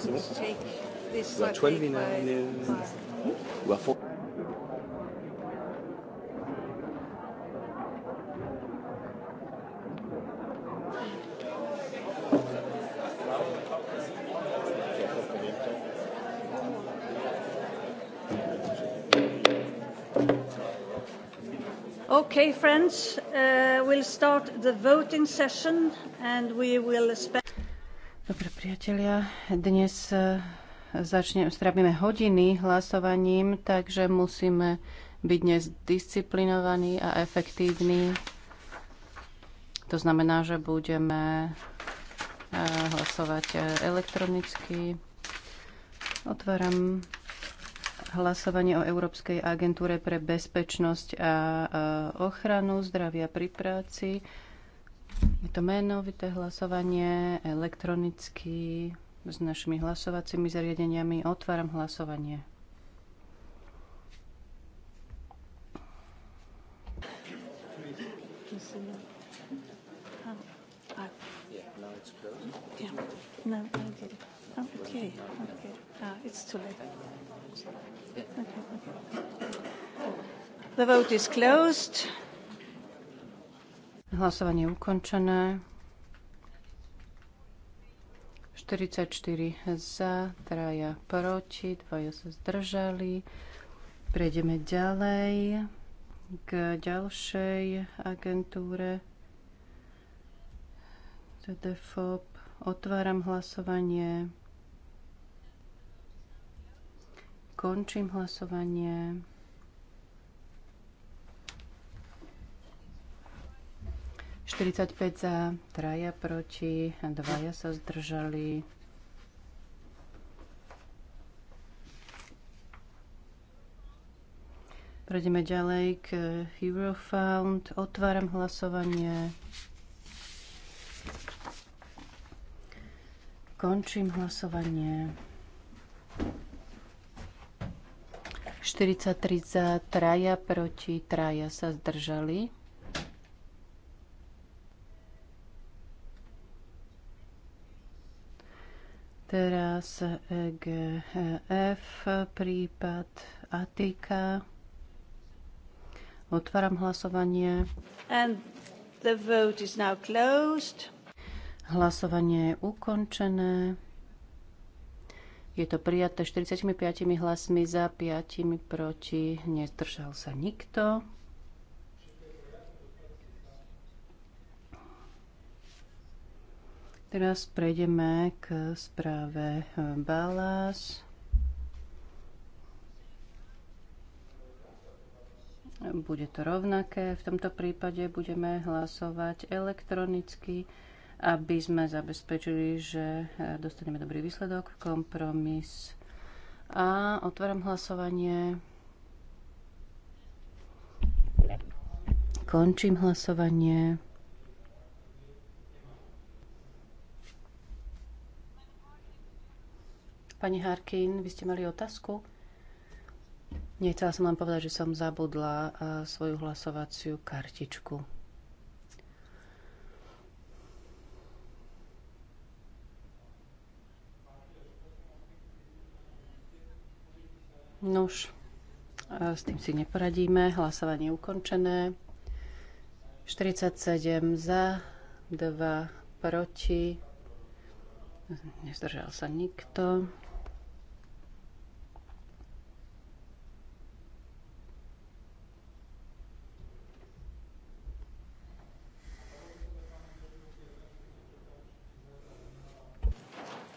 c'est bon We are 12 in, a, in a, we are four. Okay, friends, uh, we'll start the voting session and we will spend Priatelia, dnes eh, začne, strávime hodiny hlasovaním, takže musíme byť dnes disciplinovaní a efektívni. To znamená, že budeme eh, hlasovať eh, elektronicky. Otváram hlasovanie o Európskej agentúre pre bezpečnosť a ochranu zdravia pri práci. Je to menovité hlasovanie elektronicky s našimi hlasovacími zariadeniami. Otváram hlasovanie. No, oh, ah, The vote is closed. Hlasovanie je ukončené. 44 za, traja proti, 2 sa zdržali. Prejdeme ďalej k ďalšej agentúre. ZDFOP. Otváram hlasovanie. Končím hlasovanie. 45 za, traja proti, dvaja sa zdržali. Prejdeme ďalej k Eurofound. Otváram hlasovanie. Končím hlasovanie. 43 za, traja proti, traja sa zdržali. Teraz EGF, prípad Atika. Otváram hlasovanie. And the vote is now closed. Hlasovanie je ukončené. Je to prijaté 45 hlasmi za, 5 proti. Nezdržal sa nikto. Teraz prejdeme k správe eh, Balas. Bude to rovnaké. V tomto prípade budeme hlasovať elektronicky, aby sme zabezpečili, že eh, dostaneme dobrý výsledok, kompromis. A otváram hlasovanie. Končím hlasovanie. Pani Harkin, vy ste mali otázku? Nechcela som vám povedať, že som zabudla svoju hlasovaciu kartičku. Nuž, s tým si neporadíme. Hlasovanie je ukončené. 47 za, 2 proti. Nezdržal sa nikto.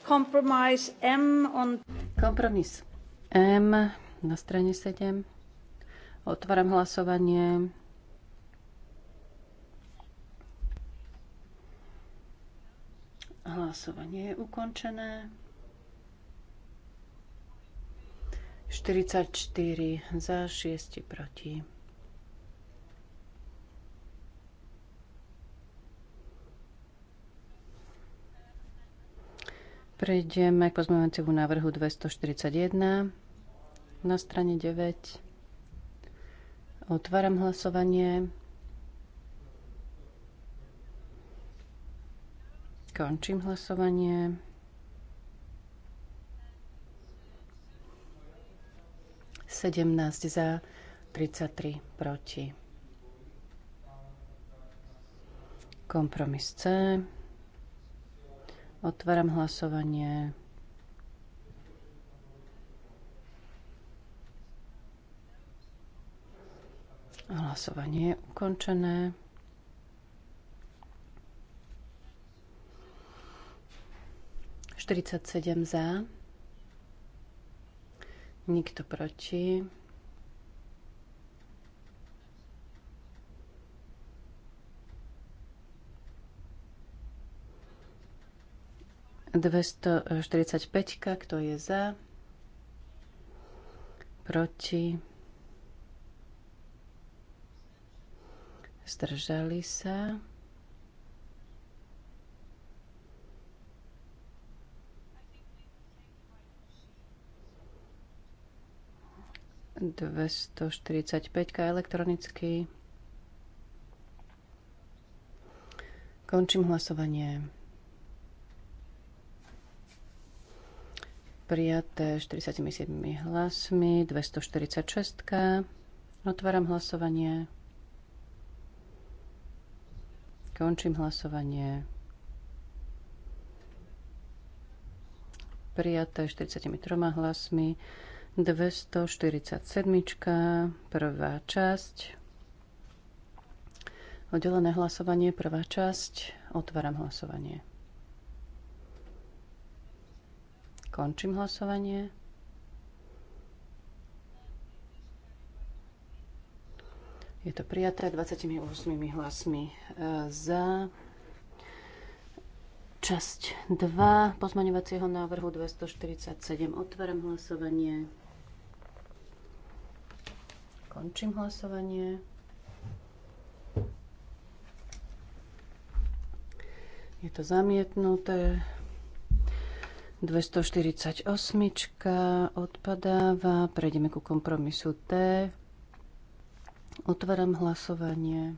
Compromise M on... Kompromis M na strane 7. Otváram hlasovanie. Hlasovanie je ukončené. 44 za, 6 proti. Prejdeme k pozmeňujúcemu návrhu 241 na strane 9. Otváram hlasovanie. Končím hlasovanie. Sedemnásť za, 33 proti. Kompromis C. Otváram hlasovanie. Hlasovanie je ukončené. Štyridsať sedem za. Nikto proti. 245, kto je za, proti, zdržali sa. Dvesto štyridsať päťka elektronicky. Končím hlasovanie. Prijaté 47 hlasmi, 246. Otváram hlasovanie. Končím hlasovanie. Prijaté 43 hlasmi, 247. Prvá časť. Oddelené hlasovanie, prvá časť. Otváram hlasovanie. Končím hlasovanie. Je to prijaté 28 hlasmi e, za časť 2 pozmaňovacieho návrhu 247. Otváram hlasovanie. Končím hlasovanie. Je to zamietnuté 248 odpadáva. Prejdeme ku kompromisu T. Otváram hlasovanie.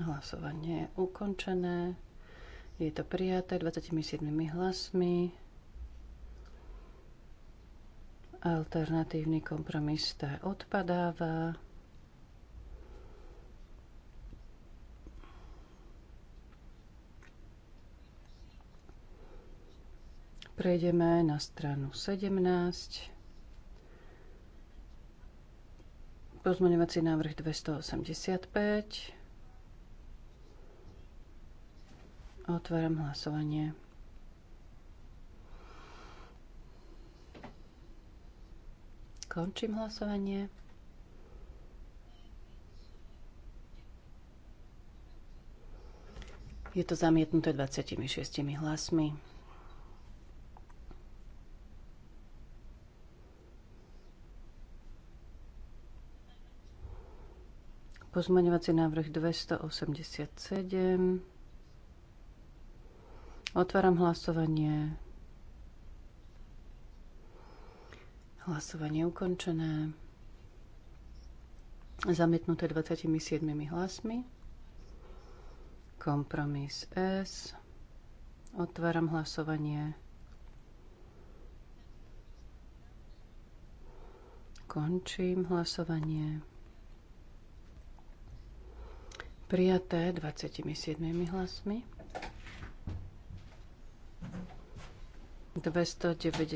Hlasovanie je ukončené. Je to prijaté 27 hlasmi. Alternatívny kompromis T odpadáva. Prejdeme na stranu 17. Pozmeňovací návrh 285. Otváram hlasovanie. Končím hlasovanie. Je to zamietnuté 26 hlasmi. Pozmaňovací návrh 287. Otváram hlasovanie. Hlasovanie ukončené. Zamietnuté 27 hlasmi. Kompromis S. Otváram hlasovanie. Končím hlasovanie. Prijaté 27 hlasmi. 292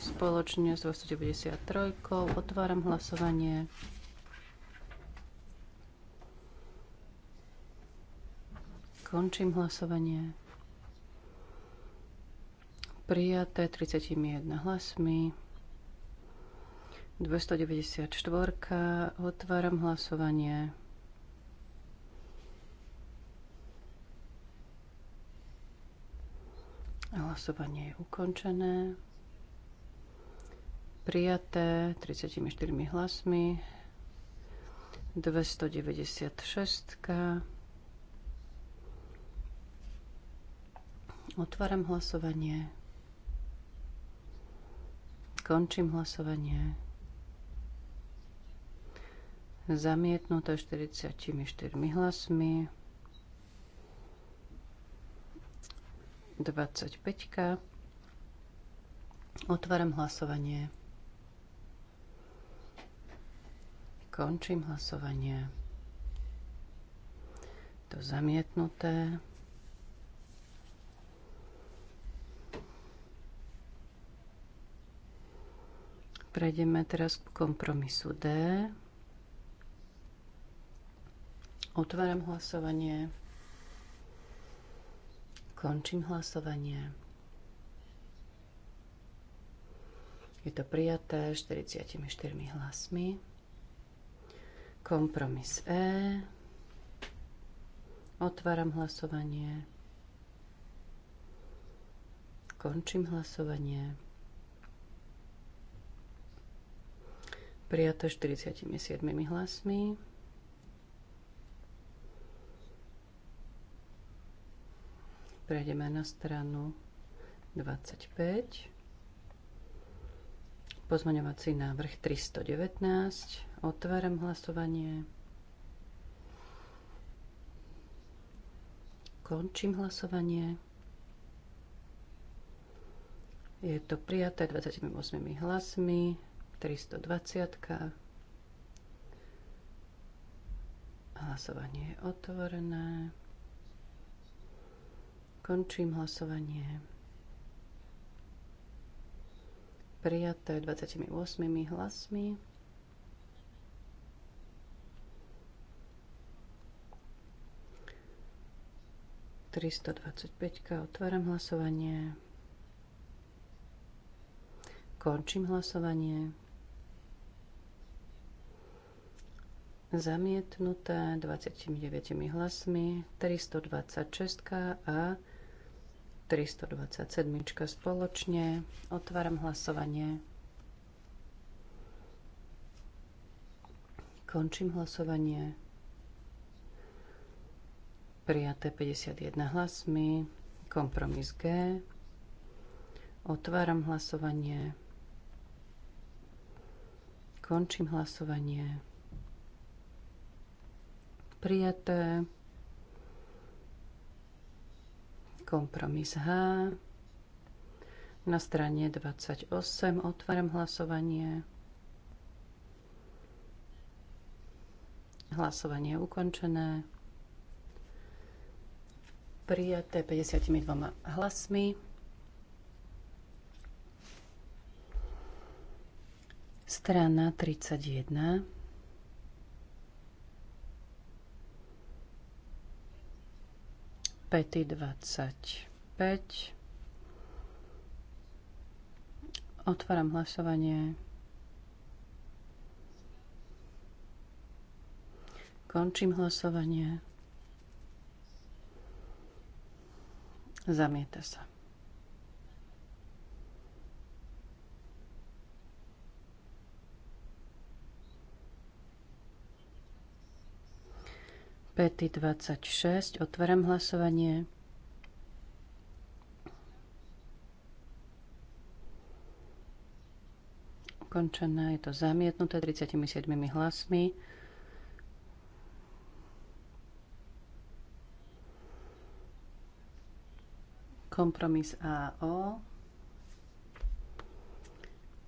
spoločne s 293. Otváram hlasovanie. Končím hlasovanie. Prijaté 31 hlasmi. 294. Otváram hlasovanie. Hlasovanie je ukončené. Prijaté 34 hlasmi. 296. Otváram hlasovanie. Končím hlasovanie zamietnuté 44 hlasmi. 25. Otváram hlasovanie. Končím hlasovanie. To zamietnuté. Prejdeme teraz k kompromisu D. Otváram hlasovanie. Končím hlasovanie. Je to prijaté 44 hlasmi. Kompromis E. Otváram hlasovanie. Končím hlasovanie. Prijaté 47 hlasmi. Prejdeme na stranu 25. Pozmaňovací návrh 319. Otváram hlasovanie. Končím hlasovanie. Je to prijaté 28 hlasmi, 320. Hlasovanie je otvorené. Končím hlasovanie. Prijaté 28 hlasmi. Tristo peťka. Otváram hlasovanie. Končím hlasovanie. Zamietnuté 29 hlasmi. 326 a 327 spoločne. Otváram hlasovanie. Končím hlasovanie. Prijaté 51 hlasmi. Kompromis G. Otváram hlasovanie. Končím hlasovanie. Prijaté Kompromis H. Na strane 28 otváram hlasovanie. Hlasovanie je ukončené. Prijaté 52 hlasmi. Strana 31. Pety 25. Otváram hlasovanie. Končím hlasovanie. Zamieta sa. Pety 26. Otváram hlasovanie. Ukončené. Je to zamietnuté 37 hlasmi. Kompromis AO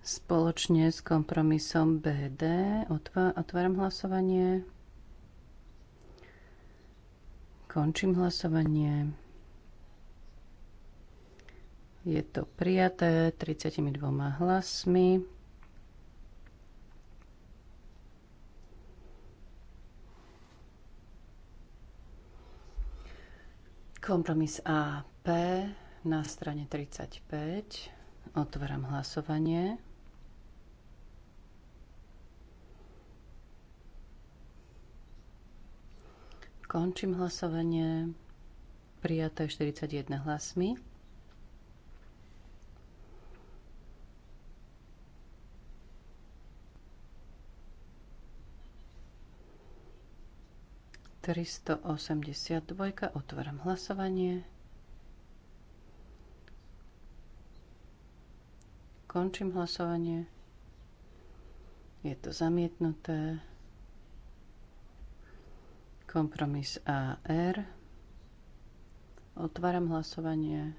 spoločne s kompromisom BD. Otváram hlasovanie. Končím hlasovanie. Je to prijaté 32 hlasmi. Kompromis AP na strane 35. Otváram hlasovanie. Končím hlasovanie. Prijaté 41 hlasmi. Tristo osemdesiat dvojka. Otváram hlasovanie. Končím hlasovanie. Je to zamietnuté. Kompromis AR. Otváram hlasovanie.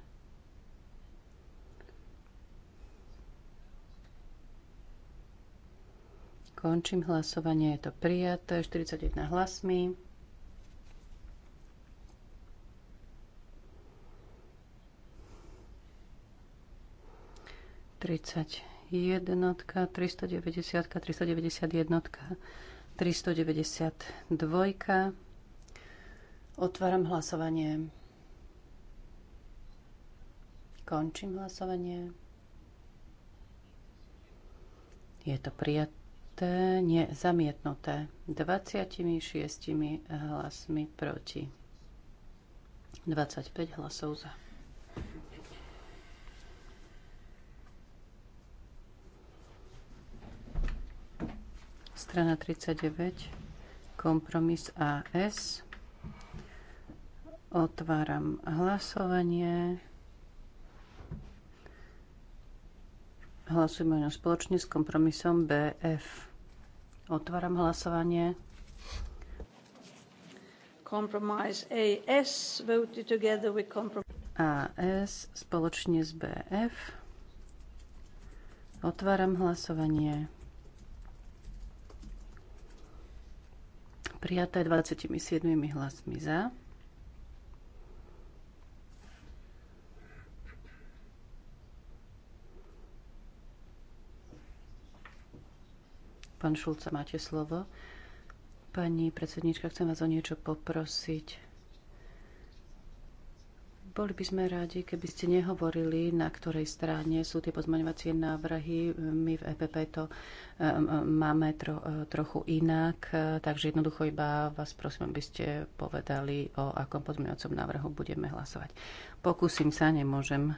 Končím hlasovanie, je to prijaté 41 hlasmi. Tridsať jednotka, 390, 391, 392. Otváram hlasovanie. Končím hlasovanie. Je to prijaté, nie zamietnuté. 26 hlasmi proti. 25 hlasov za. Strana 39, kompromis AS. Otváram hlasovanie. Hlasujeme ňom spoločne s kompromisom BF. Otváram hlasovanie. Compromise AS voted together with compromise. AS spoločne s BF. Otváram hlasovanie. Prijaté 27 hlasmi za. Pán Šulca, máte slovo. Pani predsednička, chcem vás o niečo poprosiť. Boli by sme rádi, keby ste nehovorili, na ktorej strane sú tie pozmaňovacie návrhy. My v EPP to e, e, máme tro, e, trochu inak, takže jednoducho iba vás prosím, aby ste povedali, o akom pozmaňovacom návrhu budeme hlasovať. Pokúsim sa, nemôžem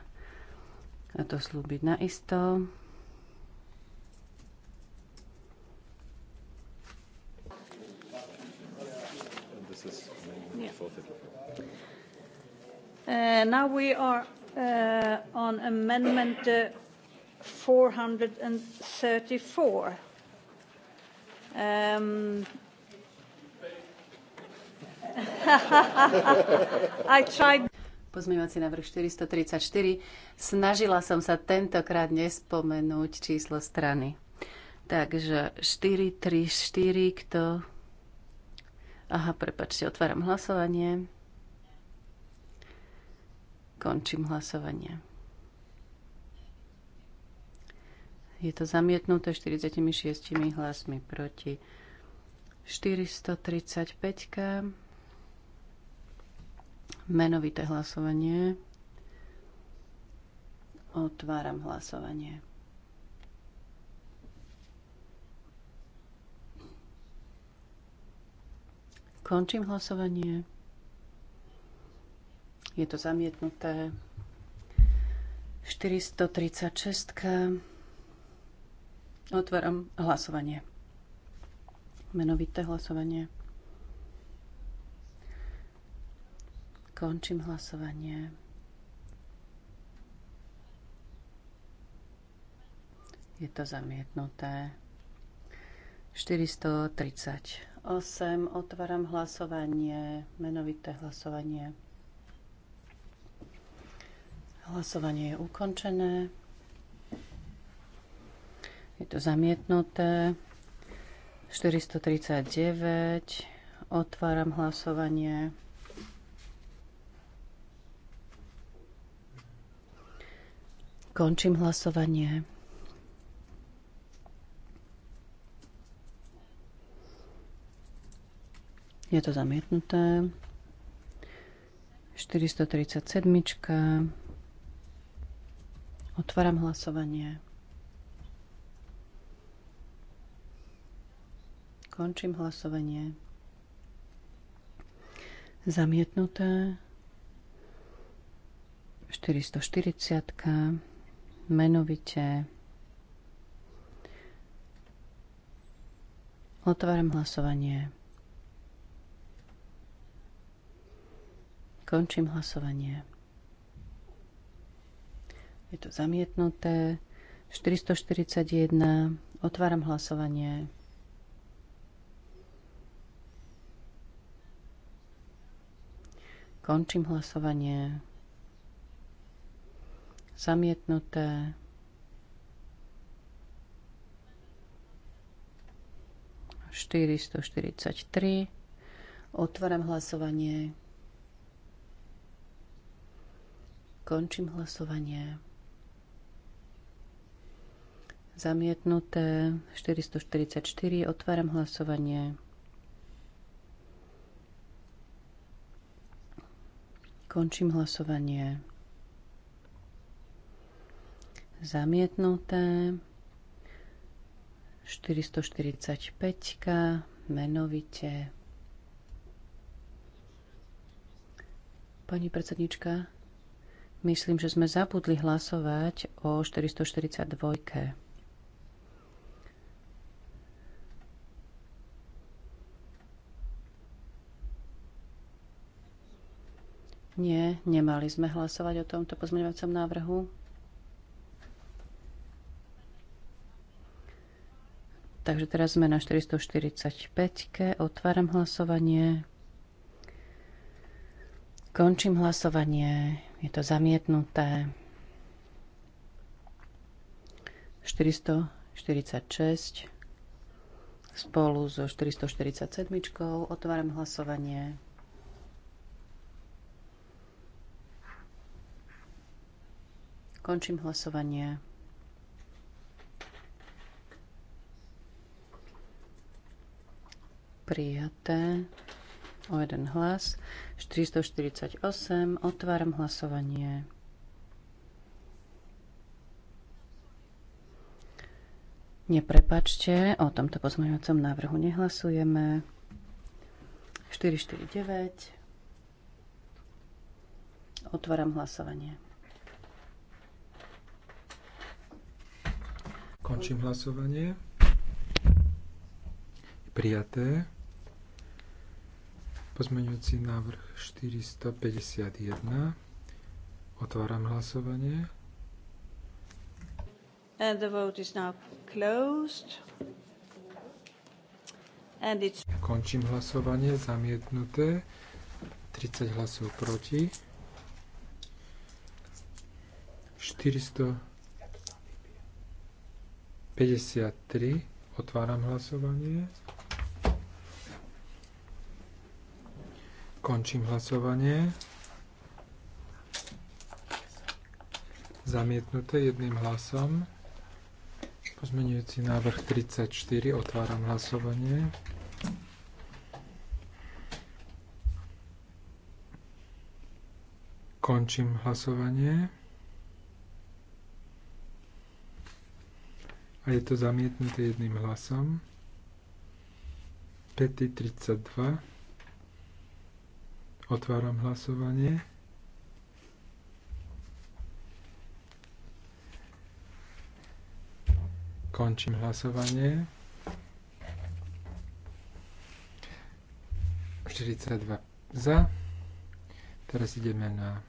to slúbiť naisto. isto. Uh, now we are uh, on amendment uh, 434. Um, I tried pozmeňovací návrh 434. Snažila som sa tentokrát nespomenúť číslo strany. Takže 434, kto... Aha, prepačte, otváram hlasovanie. Končím hlasovanie. Je to zamietnuté 46 hlasmi proti 435. Menovité hlasovanie. Otváram hlasovanie. Končím hlasovanie je to zamietnuté. 436. Otváram hlasovanie. Menovité hlasovanie. Končím hlasovanie. Je to zamietnuté. 438. Otváram hlasovanie. Menovité hlasovanie. Hlasovanie je ukončené. Je to zamietnuté. 439. Otváram hlasovanie. Končím hlasovanie. Je to zamietnuté. 437. Otváram hlasovanie. Končím hlasovanie. Zamietnuté. 440. Menovite. Otváram hlasovanie. Končím hlasovanie. Je to zamietnuté. 441. Otváram hlasovanie. Končím hlasovanie. Zamietnuté. Štyristo štyridsať tri. Otváram hlasovanie. Končím hlasovanie. Zamietnuté 444. Otváram hlasovanie. Končím hlasovanie. Zamietnuté 445. Menovite. Pani predsednička, myslím, že sme zabudli hlasovať o 442. Nie, nemali sme hlasovať o tomto pozmeňovacom návrhu. Takže teraz sme na 445. Otváram hlasovanie. Končím hlasovanie. Je to zamietnuté. 446 spolu so 447. Otváram hlasovanie. Končím hlasovanie. Prijaté o jeden hlas. 448. Otváram hlasovanie. Neprepačte, o tomto pozmeňujúcom návrhu nehlasujeme. 449. Otváram hlasovanie. Končím hlasovanie. Prijaté. Pozmeňujúci návrh 451. Otváram hlasovanie. And the vote is now closed. And it's... Končím hlasovanie. Zamietnuté. 30 hlasov proti. 400 53. Otváram hlasovanie. Končím hlasovanie. Zamietnuté jedným hlasom. Pozmenujúci návrh 34. Otváram hlasovanie. Končím hlasovanie. a je to zamietnuté jedným hlasom. Pety 32. Otváram hlasovanie. Končím hlasovanie. 42 za. Teraz ideme na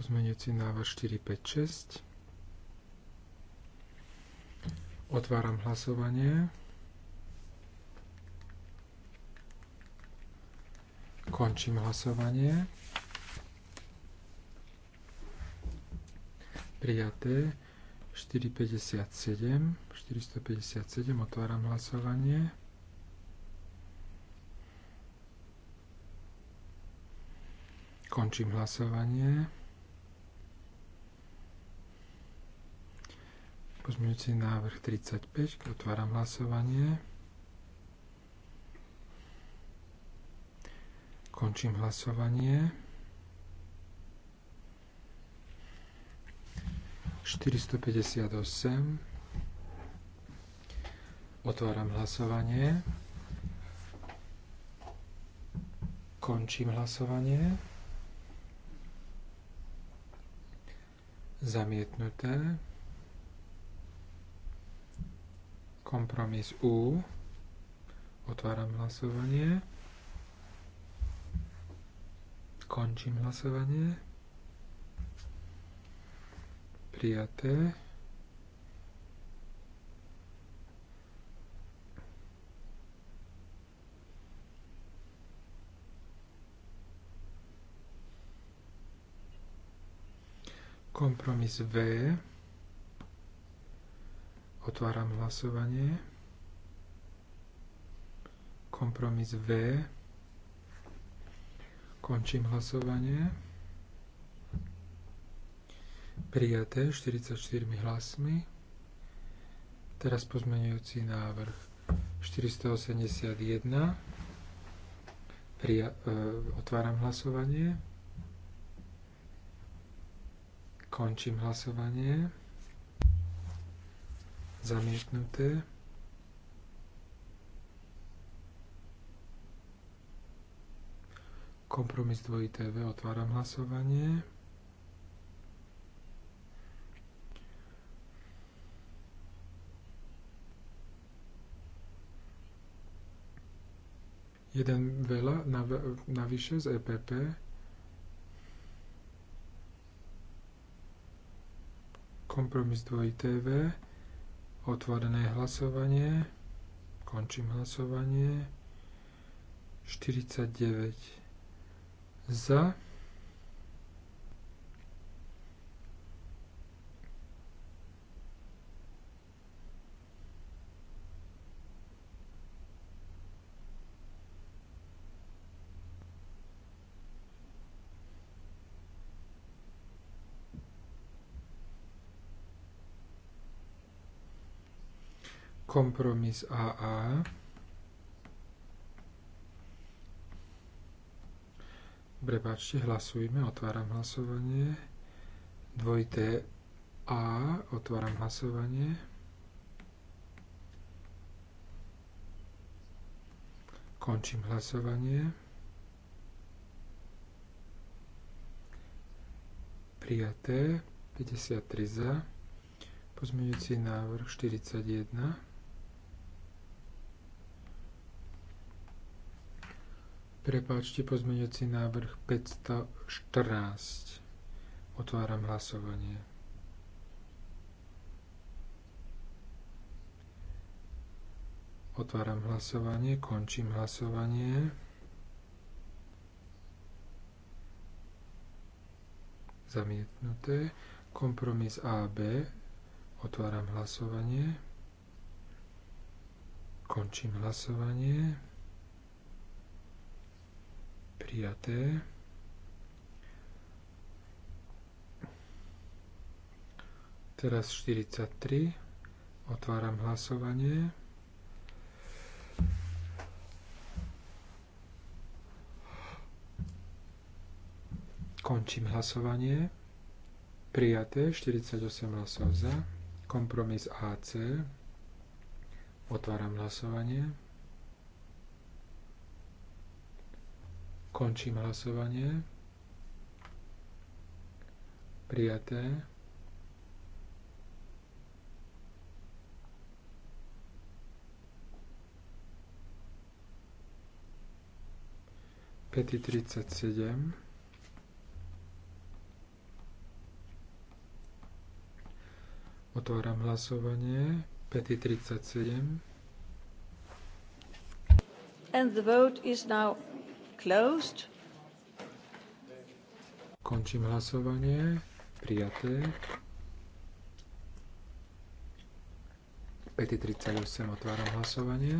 pozmeňujúci návrh 456. Otváram hlasovanie. Končím hlasovanie. Prijaté 457, 457, otváram hlasovanie. Končím hlasovanie. Pozmeňujúci návrh 35. Otváram hlasovanie. Končím hlasovanie. 458. Otváram hlasovanie. Končím hlasovanie. Zamietnuté. Kompromis U. Otváram hlasovanie. Končím hlasovanie. Prijaté. Kompromis V. Otváram hlasovanie. Kompromis V. Končím hlasovanie. Prijaté 44 hlasmi. Teraz pozmenujúci návrh 481. Prija- e, otváram hlasovanie. Končím hlasovanie Zamietnuté. Kompromis 2TV. Otváram hlasovanie. Jeden veľa nav navyše z EPP. Kompromis 2 TV. Otvorené hlasovanie. Končím hlasovanie. 49 za. kompromis AA. Prepačte, hlasujme, otváram hlasovanie. Dvojité A, otváram hlasovanie. Končím hlasovanie. Prijaté 53 za. Pozmeňujúci návrh 41. Prepáčte, pozmeňujúci návrh 514. Otváram hlasovanie. Otváram hlasovanie, končím hlasovanie. Zamietnuté. Kompromis AB. Otváram hlasovanie. Končím hlasovanie prijaté. Teraz 43. Otváram hlasovanie. Končím hlasovanie. Prijaté 48 hlasov za. Kompromis AC. Otváram hlasovanie. Končím hlasovanie. Prijaté. Pety 37. Otváram hlasovanie. Pety 37. And the vote is now closed. Končím hlasovanie. Prijaté. 5.38 38 otváram hlasovanie.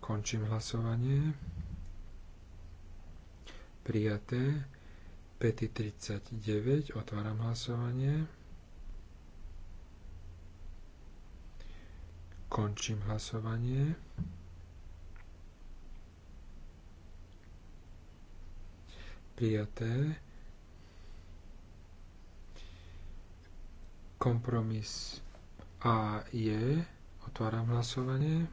Končím hlasovanie. Prijaté. Pety 39 otváram hlasovanie. Končím hlasovanie. prijaté. Kompromis A je. Otváram hlasovanie.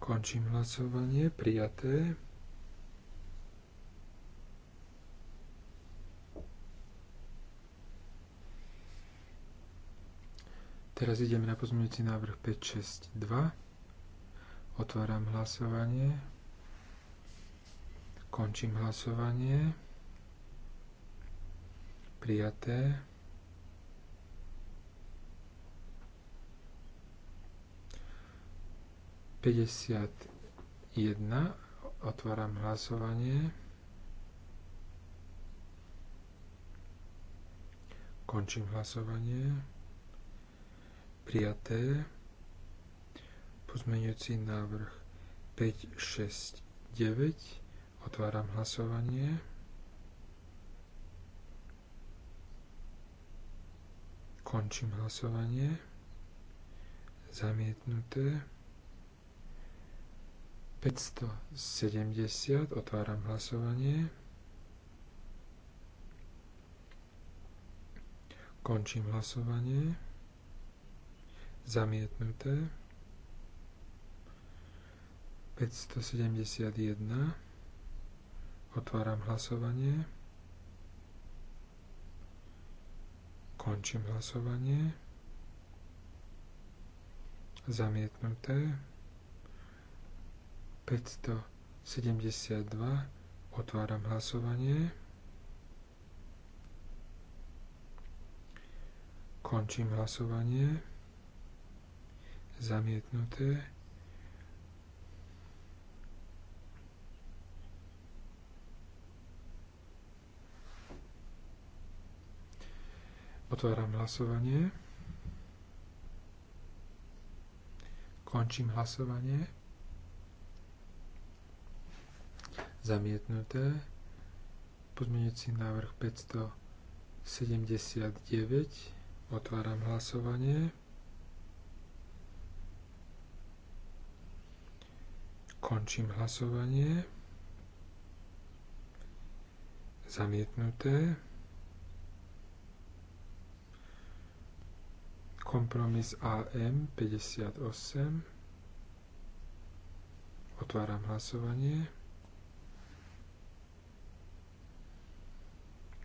Končím hlasovanie. Prijaté. Teraz ideme na pozmeňujúci návrh 562. Otváram hlasovanie. Končím hlasovanie. Prijaté. Päťdesiat jedna. Otváram hlasovanie. Končím hlasovanie. Prijaté. Pozmeňujúci návrh 5, 6, 9. Otváram hlasovanie. Končím hlasovanie. Zamietnuté. 570. Otváram hlasovanie. Končím hlasovanie. Zamietnuté. 571. Otváram hlasovanie. Končím hlasovanie. Zamietnuté. 572. Otváram hlasovanie. Končím hlasovanie. Zamietnuté. Otváram hlasovanie. Končím hlasovanie. Zamietnuté. Pozmeňujúci návrh 579. Otváram hlasovanie. Končím hlasovanie. Zamietnuté. Kompromis AM 58. Otváram hlasovanie.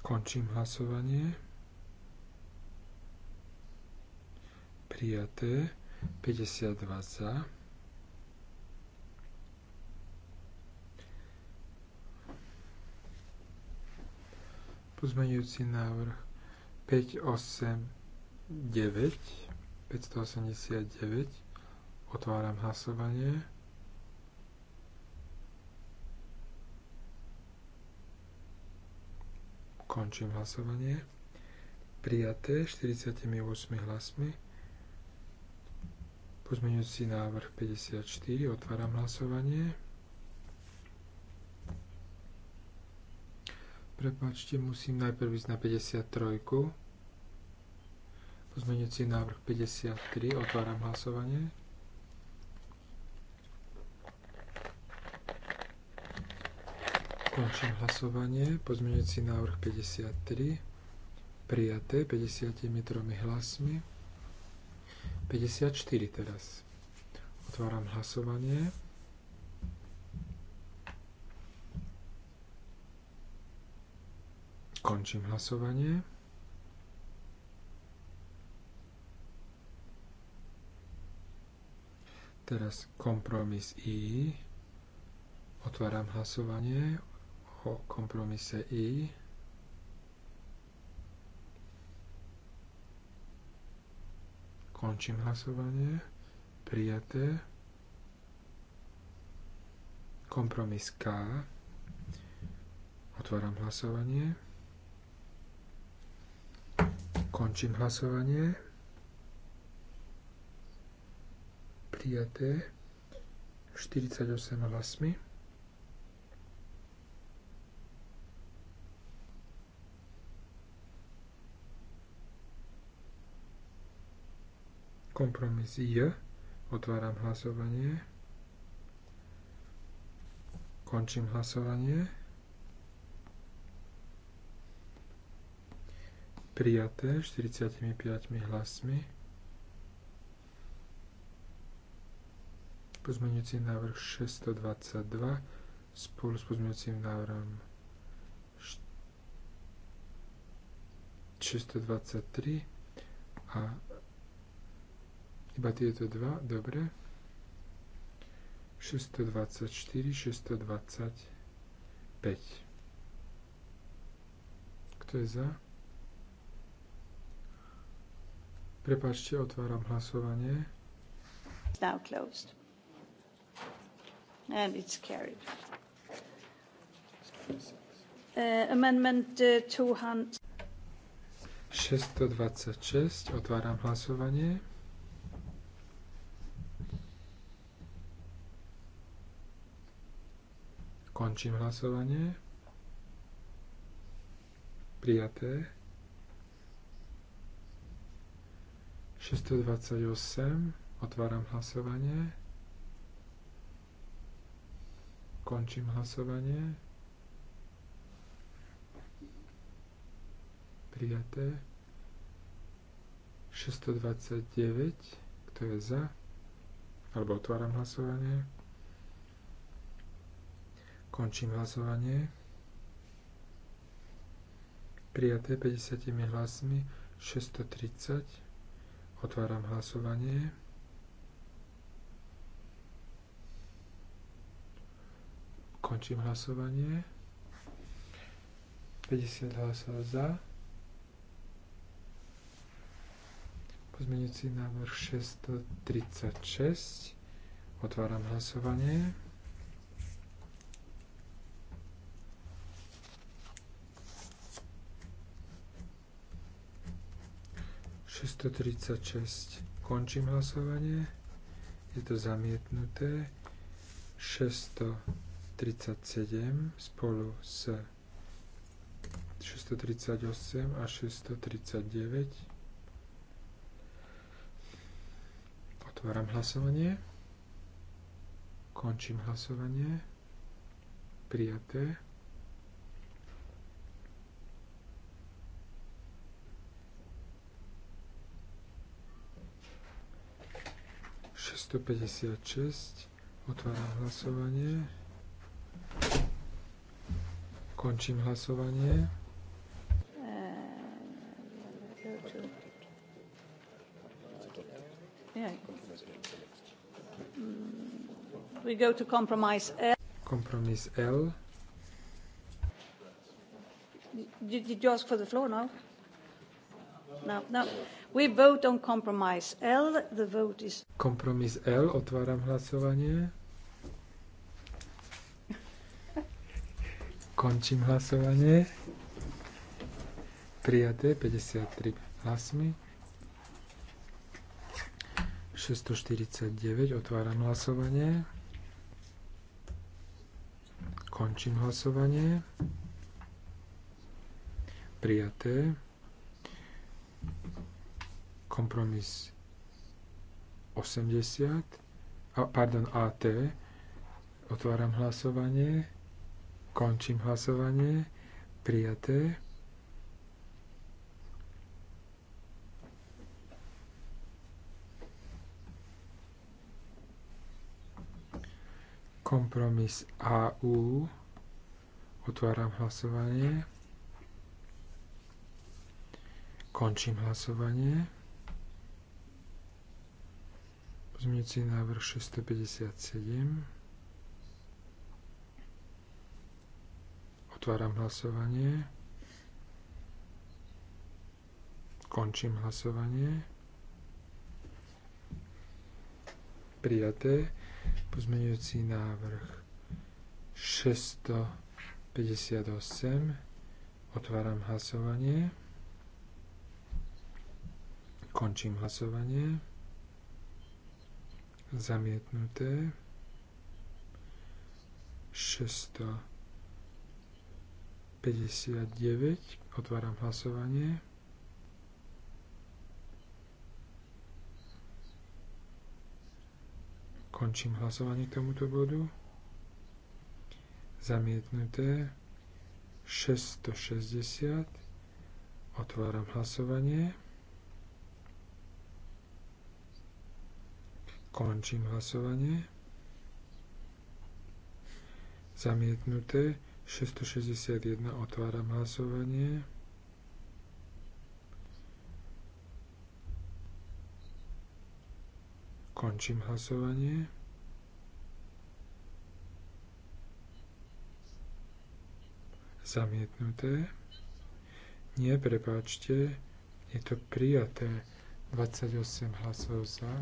Končím hlasovanie. Prijaté 52 za. Pozmeňujúci návrh 58. 9, 589. Otváram hlasovanie. Končím hlasovanie. Prijaté 48 hlasmi. Pozmeňujúci návrh 54. Otváram hlasovanie. Prepačte, musím najprv ísť na 53. Pozmeňujúci návrh 53. Otváram hlasovanie. Končím hlasovanie. Pozmeňujúci návrh 53. Prijaté 53 hlasmi. 54 teraz. Otváram hlasovanie. Končím hlasovanie. Teraz kompromis I. Otváram hlasovanie o kompromise I. Končím hlasovanie. Prijaté. Kompromis K. Otváram hlasovanie. Končím hlasovanie prijaté 48 hlasmi. Kompromis J. Otváram hlasovanie. Končím hlasovanie. Prijaté 45 hlasmi. Pozmeňujúci návrh 622 spolu s pozmeňujúcim návrhom 623 a iba tieto dva, dobre. 624, 625. Kto je za? Prepáčte, otváram hlasovanie. It's now closed and it's carried. Uh, amendment uh, 200. 626, otváram hlasovanie. Končím hlasovanie. Prijaté. 628, otváram hlasovanie. Končím hlasovanie. Prijaté. 629, kto je za? Alebo otváram hlasovanie. Končím hlasovanie. Prijaté 50 hlasmi 630. Otváram hlasovanie. Končím hlasovanie. 50 hlasov za. Pozmeňujúci návrh 636. Otváram hlasovanie. Končím hlasovanie. Je to zamietnuté. 600 637 spolu s 638 a 639. Otváram hlasovanie. Končím hlasovanie. Prijaté. Šesťsto Otváram hlasovanie. Končím hlasovanie. We go to compromise L. Kompromis L. Did, you ask for the floor now? No, no. We vote on compromise L. The vote is... Kompromis L. Otváram hlasovanie. Končím hlasovanie. Prijaté 53 hlasmi. 649. Otváram hlasovanie. Končím hlasovanie. Prijaté. Kompromis 80. A, pardon, AT. Otváram hlasovanie. Končím hlasovanie. Prijaté. kompromis AU. Otváram hlasovanie. Končím hlasovanie. si návrh 657. Otváram hlasovanie. Končím hlasovanie. Prijaté. Pozmeňujúci návrh 658. Otváram hlasovanie. Končím hlasovanie. Zamietnuté. 600. 59. Otváram hlasovanie. Končím hlasovanie k tomuto bodu. Zamietnuté. 660. Otváram hlasovanie. Končím hlasovanie. Zamietnuté. 661 otváram hlasovanie. Končím hlasovanie. Zamietnuté. Nie, prepáčte, je to prijaté. 28 hlasov za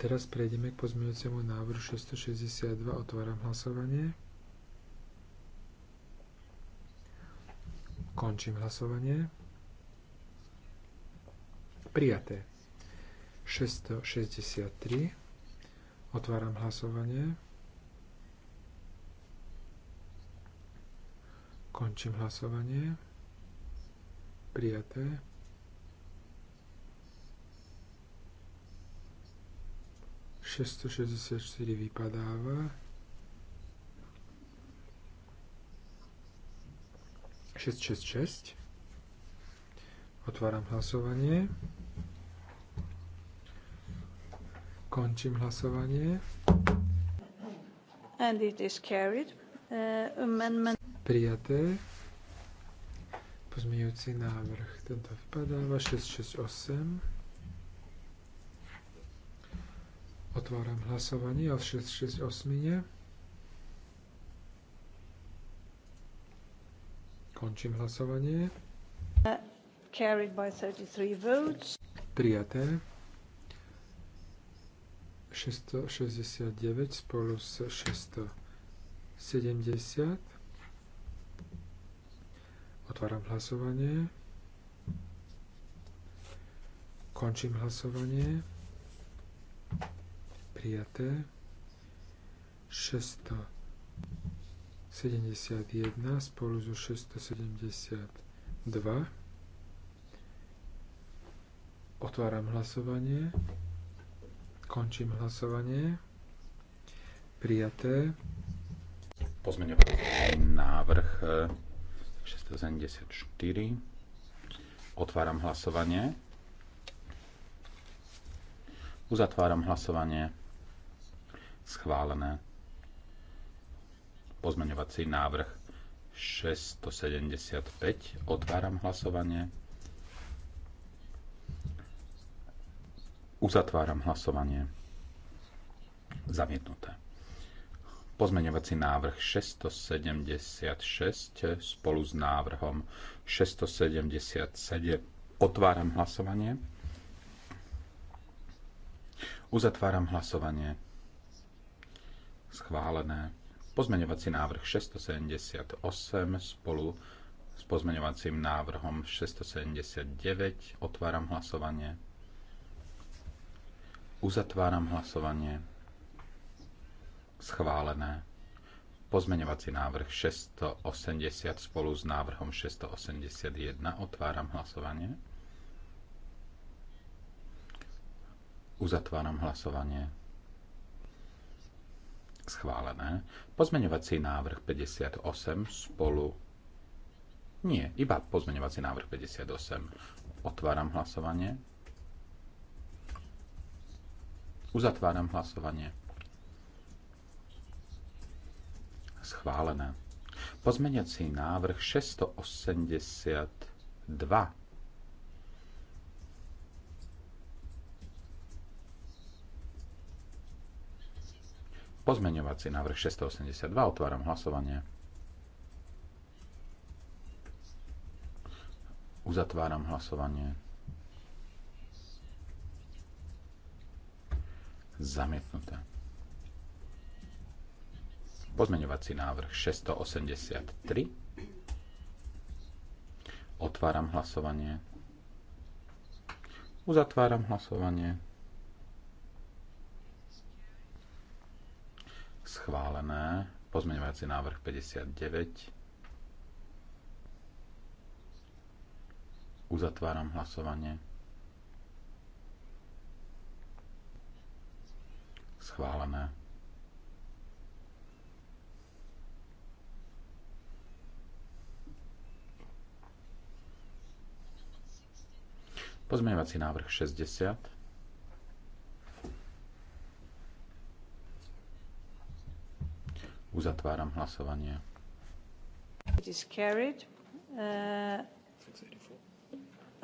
teraz prejdeme k pozmeňujúcemu návrhu 662. Otváram hlasovanie. Končím hlasovanie. Prijaté. 663. Otváram hlasovanie. Končím hlasovanie. Prijaté. 664 vypadáva. 666. Otváram hlasovanie. Končím hlasovanie. And it is carried. Uh, amendment. Prijaté. Pozmeňujúci návrh. Tento vypadáva 668. Otváram hlasovanie o 668. Končím hlasovanie. Carried by 33 votes. Prijaté. 669 spolu s 670. Otváram hlasovanie. Končím hlasovanie prijaté. 671 spolu so 672. Otváram hlasovanie. Končím hlasovanie. Prijaté. Pozmeňovací návrh 674. Eh, Otváram hlasovanie. Uzatváram hlasovanie schválené. Pozmeňovací návrh 675. Otváram hlasovanie. Uzatváram hlasovanie. Zamietnuté. Pozmeňovací návrh 676 spolu s návrhom 677. Otváram hlasovanie. Uzatváram hlasovanie schválené. Pozmeňovací návrh 678 spolu s pozmeňovacím návrhom 679 otváram hlasovanie. Uzatváram hlasovanie. Schválené. Pozmeňovací návrh 680 spolu s návrhom 681 otváram hlasovanie. Uzatváram hlasovanie schválené. Pozmeňovací návrh 58 spolu... Nie, iba pozmeňovací návrh 58. Otváram hlasovanie. Uzatváram hlasovanie. Schválené. Pozmeňací návrh 682 Pozmeňovací návrh 682. Otváram hlasovanie. Uzatváram hlasovanie. Zamietnuté. Pozmeňovací návrh 683. Otváram hlasovanie. Uzatváram hlasovanie. schválené. Pozmeňovací návrh 59. Uzatváram hlasovanie. Schválené. Pozmeňovací návrh 60. Uzatváram hlasovanie. It is carried. Uh,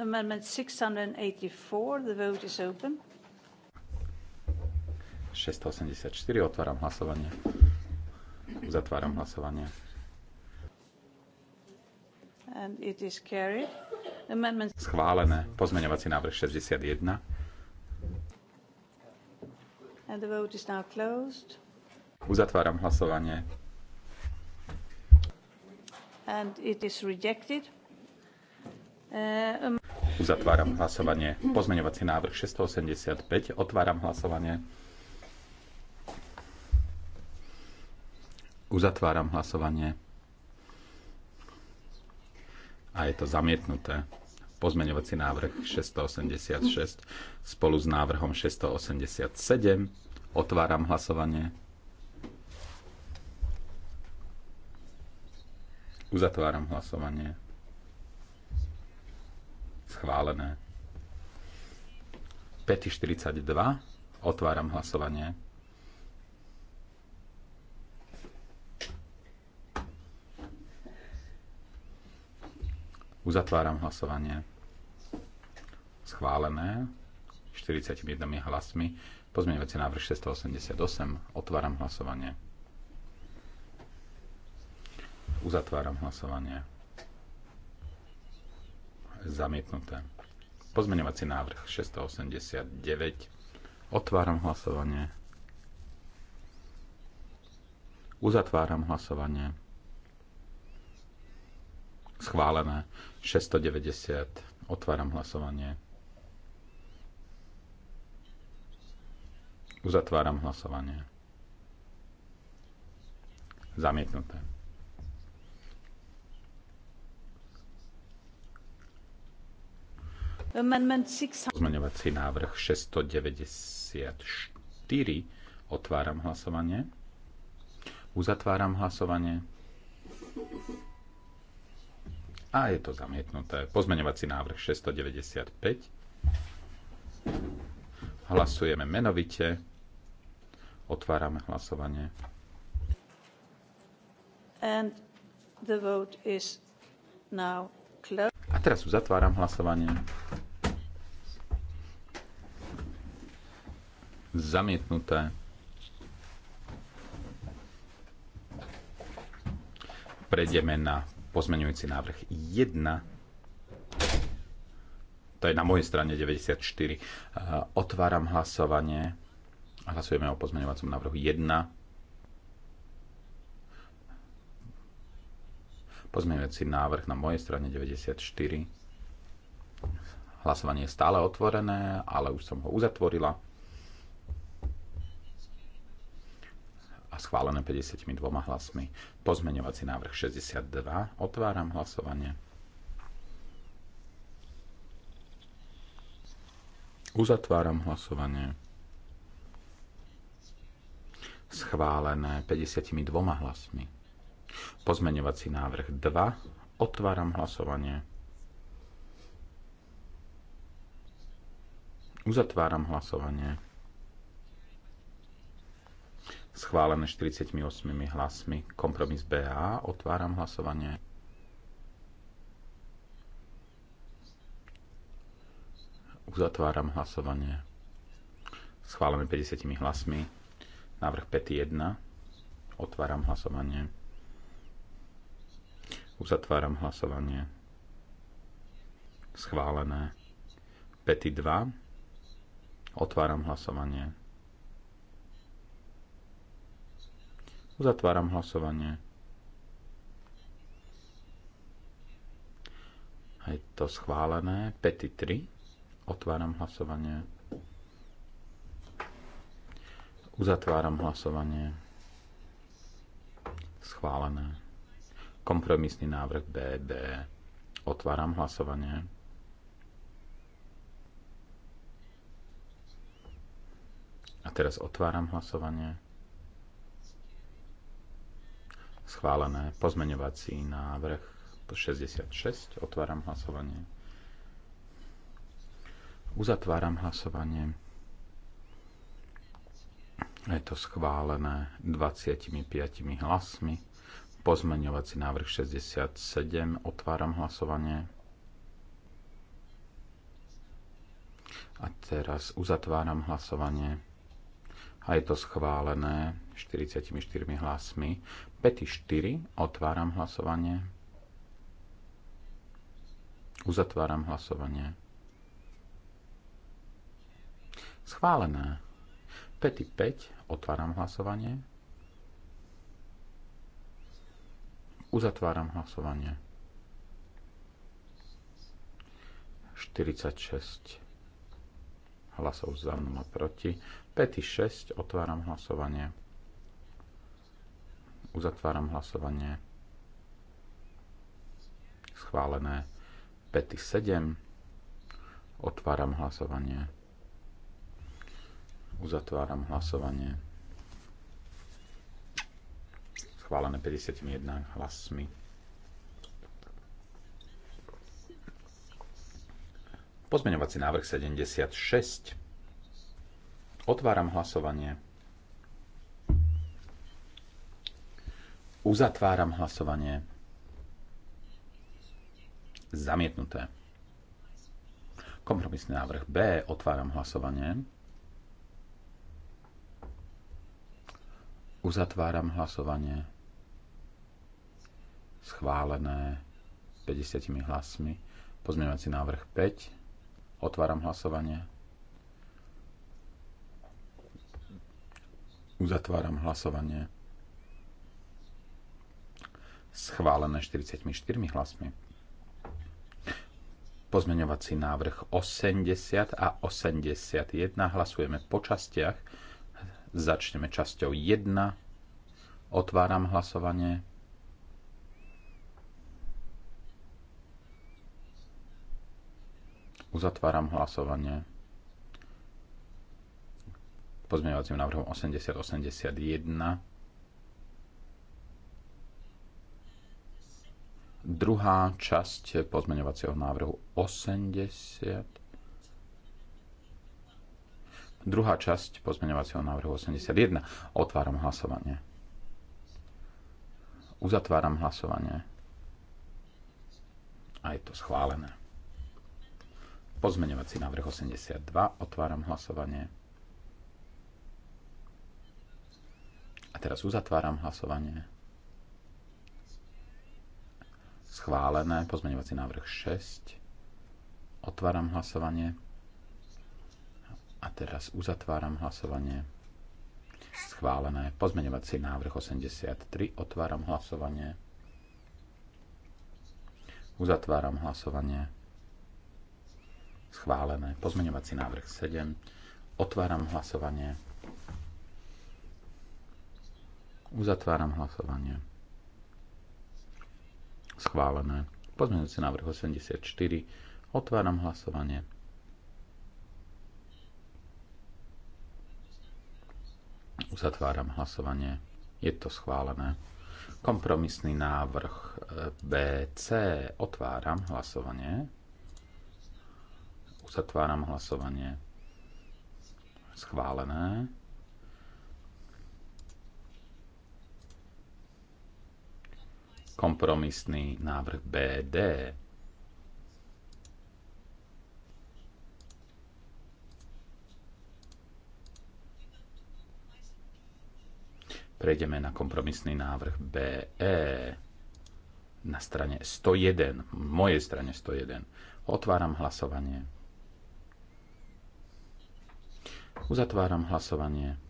amendment 684, the vote is open. 684, otváram hlasovanie. Uzatváram hlasovanie. And it is carried. Amendment... Schválené. Pozmeňovací návrh 61. And the vote is now closed. Uzatváram hlasovanie. And it is rejected. Uh, um... Uzatváram hlasovanie. Pozmeňovací návrh 685. Otváram hlasovanie. Uzatváram hlasovanie. A je to zamietnuté. Pozmeňovací návrh 686 spolu s návrhom 687. Otváram hlasovanie. Uzatváram hlasovanie. Schválené. 5.42. Otváram hlasovanie. Uzatváram hlasovanie. Schválené 41 hlasmi. Pozmeňovací návrh 688. Otváram hlasovanie. Uzatváram hlasovanie. Zamietnuté. Pozmeňovací návrh 689. Otváram hlasovanie. Uzatváram hlasovanie. Schválené. 690. Otváram hlasovanie. Uzatváram hlasovanie. Zamietnuté. Pozmeňovací návrh 694. Otváram hlasovanie. Uzatváram hlasovanie. A je to zamietnuté. Pozmeňovací návrh 695. Hlasujeme menovite. Otvárame hlasovanie. And the vote is now closed. A teraz uzatváram hlasovanie. Zamietnuté. Prejdeme na pozmeňujúci návrh 1 to je na mojej strane 94. Otváram hlasovanie. Hlasujeme o pozmeňovacom návrhu 1. Pozmeňujúci návrh na mojej strane 94. Hlasovanie je stále otvorené, ale už som ho uzatvorila. a schválené 52 hlasmi. Pozmeňovací návrh 62. Otváram hlasovanie. Uzatváram hlasovanie. Schválené 52 hlasmi. Pozmeňovací návrh 2. Otváram hlasovanie. Uzatváram hlasovanie schválené 48 hlasmi. Kompromis BA, otváram hlasovanie. Uzatváram hlasovanie. Schválené 50 hlasmi. Návrh 5.1. Otváram hlasovanie. Uzatváram hlasovanie. Schválené. 52, Otváram hlasovanie. Uzatváram hlasovanie. Je to schválené. Pety 3. Otváram hlasovanie. Uzatváram hlasovanie. Schválené. Kompromisný návrh BB. Otváram hlasovanie. A teraz otváram hlasovanie schválené. Pozmeňovací návrh 66. Otváram hlasovanie. Uzatváram hlasovanie. Je to schválené 25 hlasmi. Pozmeňovací návrh 67. Otváram hlasovanie. A teraz uzatváram hlasovanie a je to schválené 44 hlasmi. Pety 4. Otváram hlasovanie. Uzatváram hlasovanie. Schválené. Pety 5. Otváram hlasovanie. Uzatváram hlasovanie. 46 hlasov za mnou proti. Pety 6. Otváram hlasovanie. Uzatváram hlasovanie. Schválené. Pety 7. Otváram hlasovanie. Uzatváram hlasovanie. Schválené 51 hlasmi. Pozmeňovací návrh 76. Otváram hlasovanie. Uzatváram hlasovanie. Zamietnuté. Kompromisný návrh B. Otváram hlasovanie. Uzatváram hlasovanie. Schválené 50 hlasmi. Pozmeňovací návrh 5. Otváram hlasovanie. Uzatváram hlasovanie schválené 44 hlasmi. Pozmeňovací návrh 80 a 81 hlasujeme po častiach. Začneme časťou 1. Otváram hlasovanie. Uzatváram hlasovanie pozmeňovacím návrhom 8081 Druhá časť pozmeňovacieho návrhu 80 Druhá časť pozmeňovacieho návrhu 81. Otváram hlasovanie. Uzatváram hlasovanie. A je to schválené. Pozmeňovací návrh 82. Otváram hlasovanie. A teraz uzatváram hlasovanie. Schválené. Pozmeňovací návrh 6. Otváram hlasovanie. A teraz uzatváram hlasovanie. Schválené. Pozmeňovací návrh 83. Otváram hlasovanie. Uzatváram hlasovanie. Schválené. Pozmeňovací návrh 7. Otváram hlasovanie. Uzatváram hlasovanie. Schválené. Pozmeňujúci návrh 84. Otváram hlasovanie. Uzatváram hlasovanie. Je to schválené. Kompromisný návrh eh, BC. Otváram hlasovanie. Uzatváram hlasovanie. Schválené. Kompromisný návrh BD. Prejdeme na kompromisný návrh BE na strane 101, v mojej strane 101. Otváram hlasovanie. Uzatváram hlasovanie.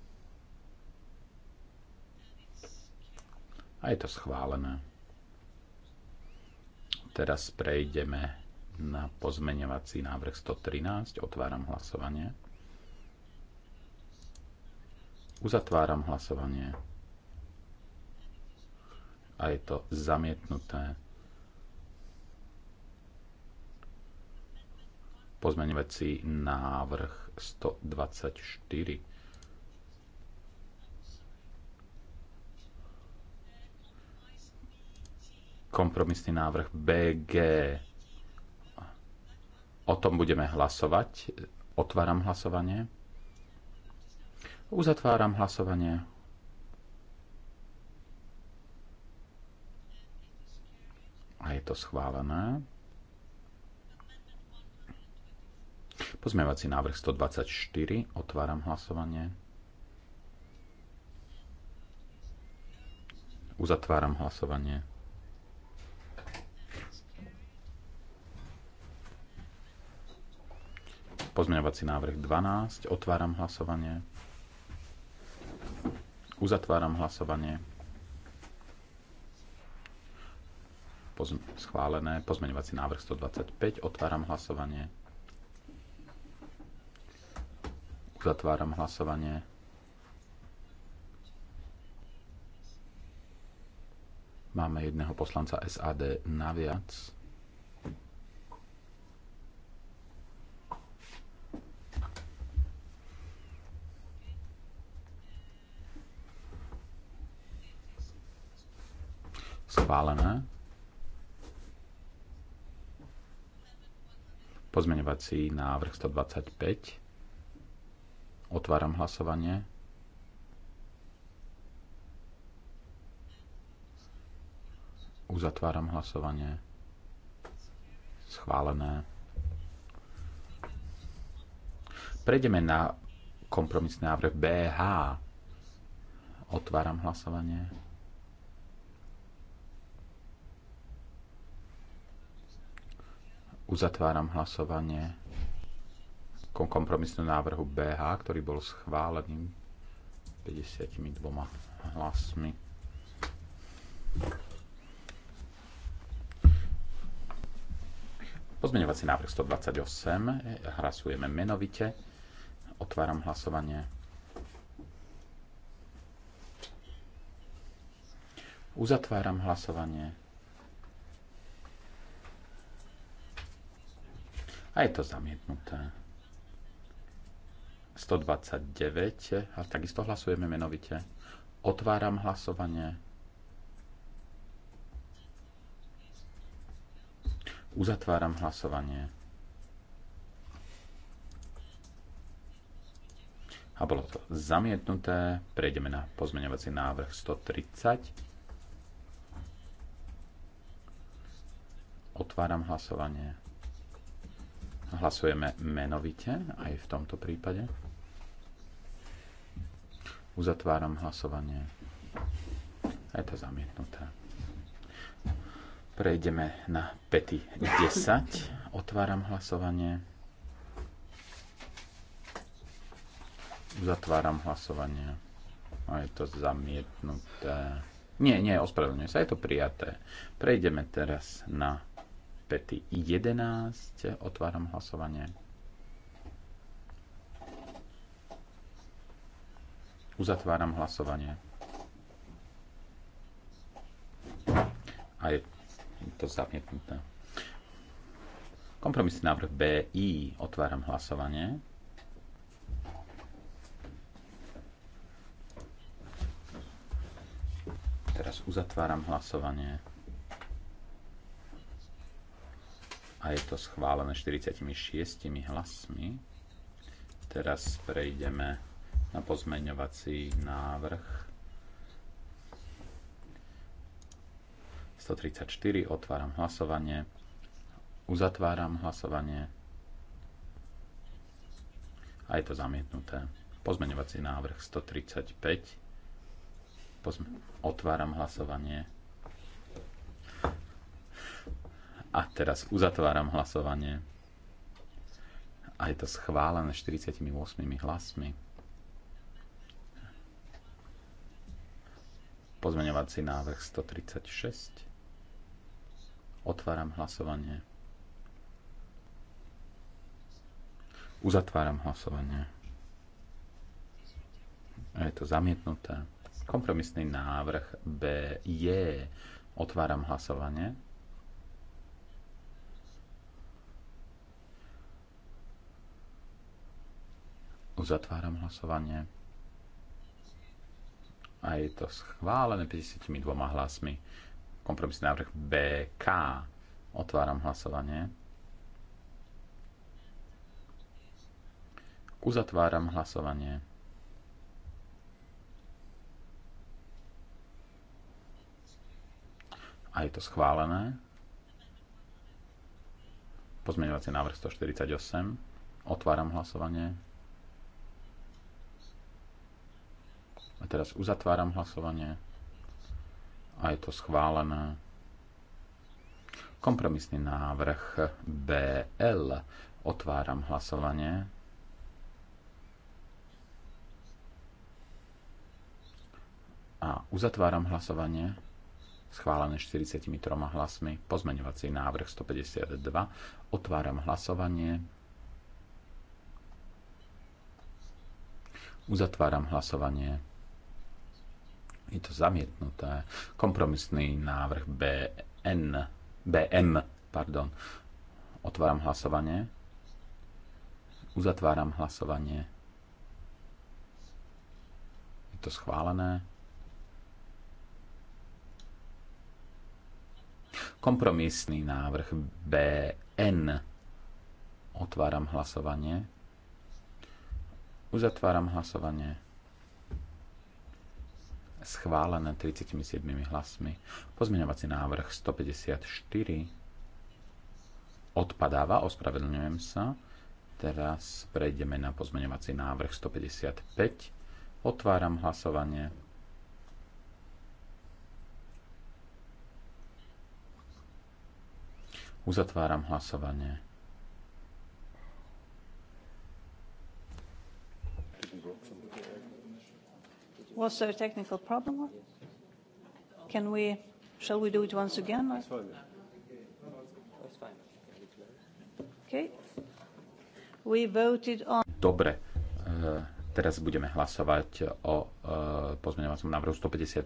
A je to schválené. Teraz prejdeme na pozmeňovací návrh 113. Otváram hlasovanie. Uzatváram hlasovanie. A je to zamietnuté. Pozmeňovací návrh 124 kompromisný návrh BG. O tom budeme hlasovať. Otváram hlasovanie. Uzatváram hlasovanie. A je to schválené. Pozmievací návrh 124. Otváram hlasovanie. Uzatváram hlasovanie. Pozmeňovací návrh 12. Otváram hlasovanie. Uzatváram hlasovanie. schválené. Pozmeňovací návrh 125. Otváram hlasovanie. Uzatváram hlasovanie. Máme jedného poslanca SAD naviac. Schválené. Pozmeňovací návrh 125. Otváram hlasovanie. Uzatváram hlasovanie. Schválené. Prejdeme na kompromisný návrh BH. Otváram hlasovanie. Uzatváram hlasovanie k kompromisnú návrhu BH, ktorý bol schválený 52 hlasmi. Pozmeňovací návrh 128. Hlasujeme menovite. Otváram hlasovanie. Uzatváram hlasovanie. A je to zamietnuté. 129. A takisto hlasujeme menovite. Otváram hlasovanie. Uzatváram hlasovanie. A bolo to zamietnuté. Prejdeme na pozmeňovací návrh 130. Otváram hlasovanie. Hlasujeme menovite aj v tomto prípade. Uzatváram hlasovanie. A je to zamietnuté. Prejdeme na pety 10. Otváram hlasovanie. Uzatváram hlasovanie. A je to zamietnuté. Nie, nie, ospravedlňujem sa, je to prijaté. Prejdeme teraz na pety 11. Otváram hlasovanie. Uzatváram hlasovanie. A je to zamietnuté. Kompromisný návrh BI. Otváram hlasovanie. Teraz uzatváram hlasovanie. a je to schválené 46 hlasmi. Teraz prejdeme na pozmeňovací návrh 134. Otváram hlasovanie. Uzatváram hlasovanie. A je to zamietnuté. Pozmeňovací návrh 135. Pozme- otváram hlasovanie. A teraz uzatváram hlasovanie. A je to schválené 48 hlasmi. Pozmeňovací návrh 136. Otváram hlasovanie. Uzatváram hlasovanie. Je to zamietnuté. Kompromisný návrh B je. Otváram hlasovanie. Uzatváram hlasovanie. A je to schválené 52 hlasmi. Kompromisný návrh BK. Otváram hlasovanie. Uzatváram hlasovanie. A je to schválené. Pozmeňovací návrh 148. Otváram hlasovanie. A teraz uzatváram hlasovanie a je to schválené. Kompromisný návrh BL. Otváram hlasovanie. A uzatváram hlasovanie schválené 43 hlasmi, pozmeňovací návrh 152. Otváram hlasovanie. Uzatváram hlasovanie. Je to zamietnuté. Kompromisný návrh BN, BM, pardon. Otváram hlasovanie. Uzatváram hlasovanie. Je to schválené. Kompromisný návrh BN. Otváram hlasovanie. Uzatváram hlasovanie schválené 37 hlasmi. Pozmeňovací návrh 154 odpadáva, ospravedlňujem sa. Teraz prejdeme na pozmeňovací návrh 155. Otváram hlasovanie. Uzatváram hlasovanie. Was there a technical problem? Can we, shall we do it once again? Or? Okay. We voted on... Dobre, eh, teraz budeme hlasovať o eh, pozmeňovacom návrhu 154.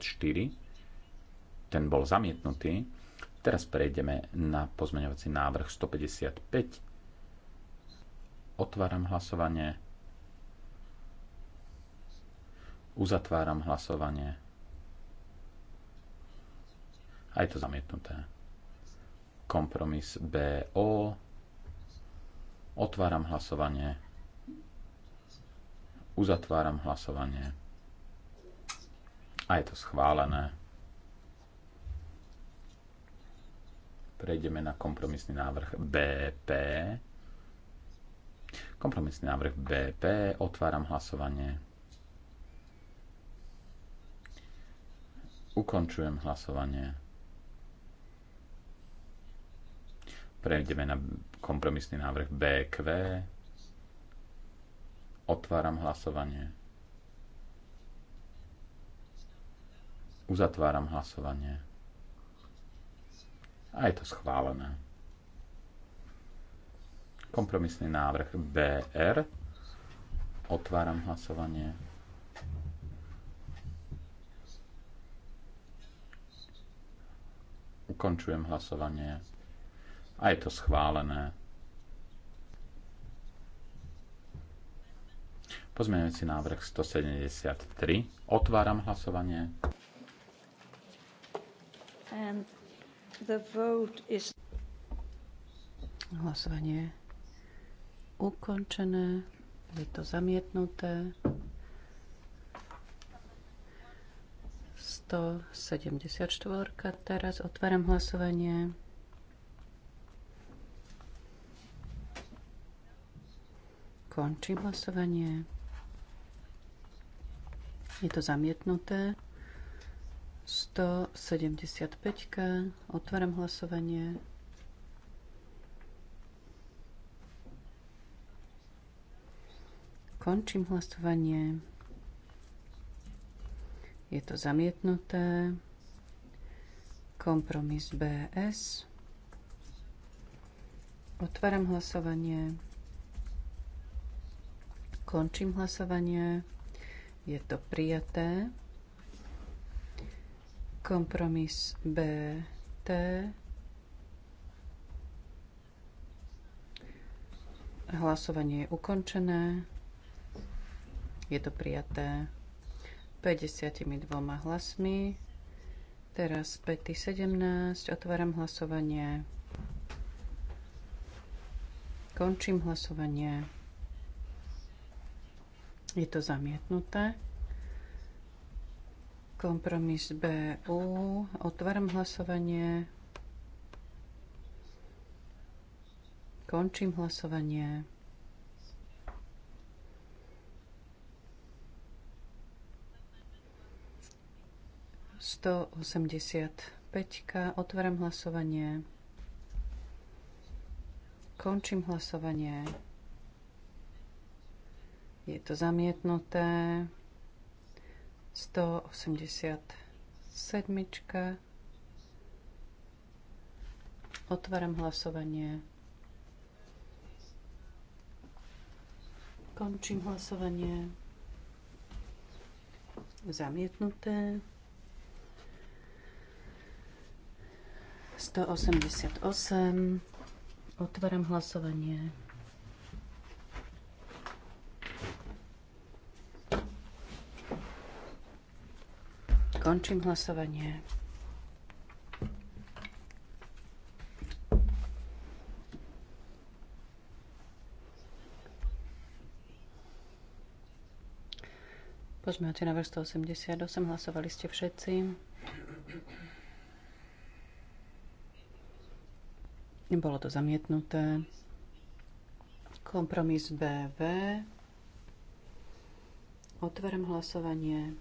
Ten bol zamietnutý. Teraz prejdeme na pozmeňovací návrh 155. Otváram hlasovanie. Uzatváram hlasovanie. Aj to zamietnuté. Kompromis BO. Otváram hlasovanie. Uzatváram hlasovanie. A je to schválené. Prejdeme na kompromisný návrh BP. Kompromisný návrh BP. Otváram hlasovanie. Ukončujem hlasovanie. Prejdeme na kompromisný návrh BQ. Otváram hlasovanie. Uzatváram hlasovanie. A je to schválené. Kompromisný návrh BR. Otváram hlasovanie. Ukončujem hlasovanie. A je to schválené. Pozmeňujúci návrh 173. Otváram hlasovanie. Um, is... Hlasovanie je ukončené. Je to zamietnuté. 174. Teraz otváram hlasovanie. Končím hlasovanie. Je to zamietnuté. 175. Otváram hlasovanie. Končím hlasovanie. Je to zamietnuté. Kompromis BS. Otváram hlasovanie. Končím hlasovanie. Je to prijaté. Kompromis BT. Hlasovanie je ukončené. Je to prijaté. 52 hlasmi. Teraz 17. Otváram hlasovanie. Končím hlasovanie. Je to zamietnuté. Kompromis BU. Otváram hlasovanie. Končím hlasovanie. 185. Otváram hlasovanie. Končím hlasovanie. Je to zamietnuté. 187. Otváram hlasovanie. Končím hlasovanie. Zamietnuté. 188. Otváram hlasovanie. Končím hlasovanie. na návrh 188. Hlasovali ste všetci. Bolo to zamietnuté. Kompromis BV. Otváram hlasovanie.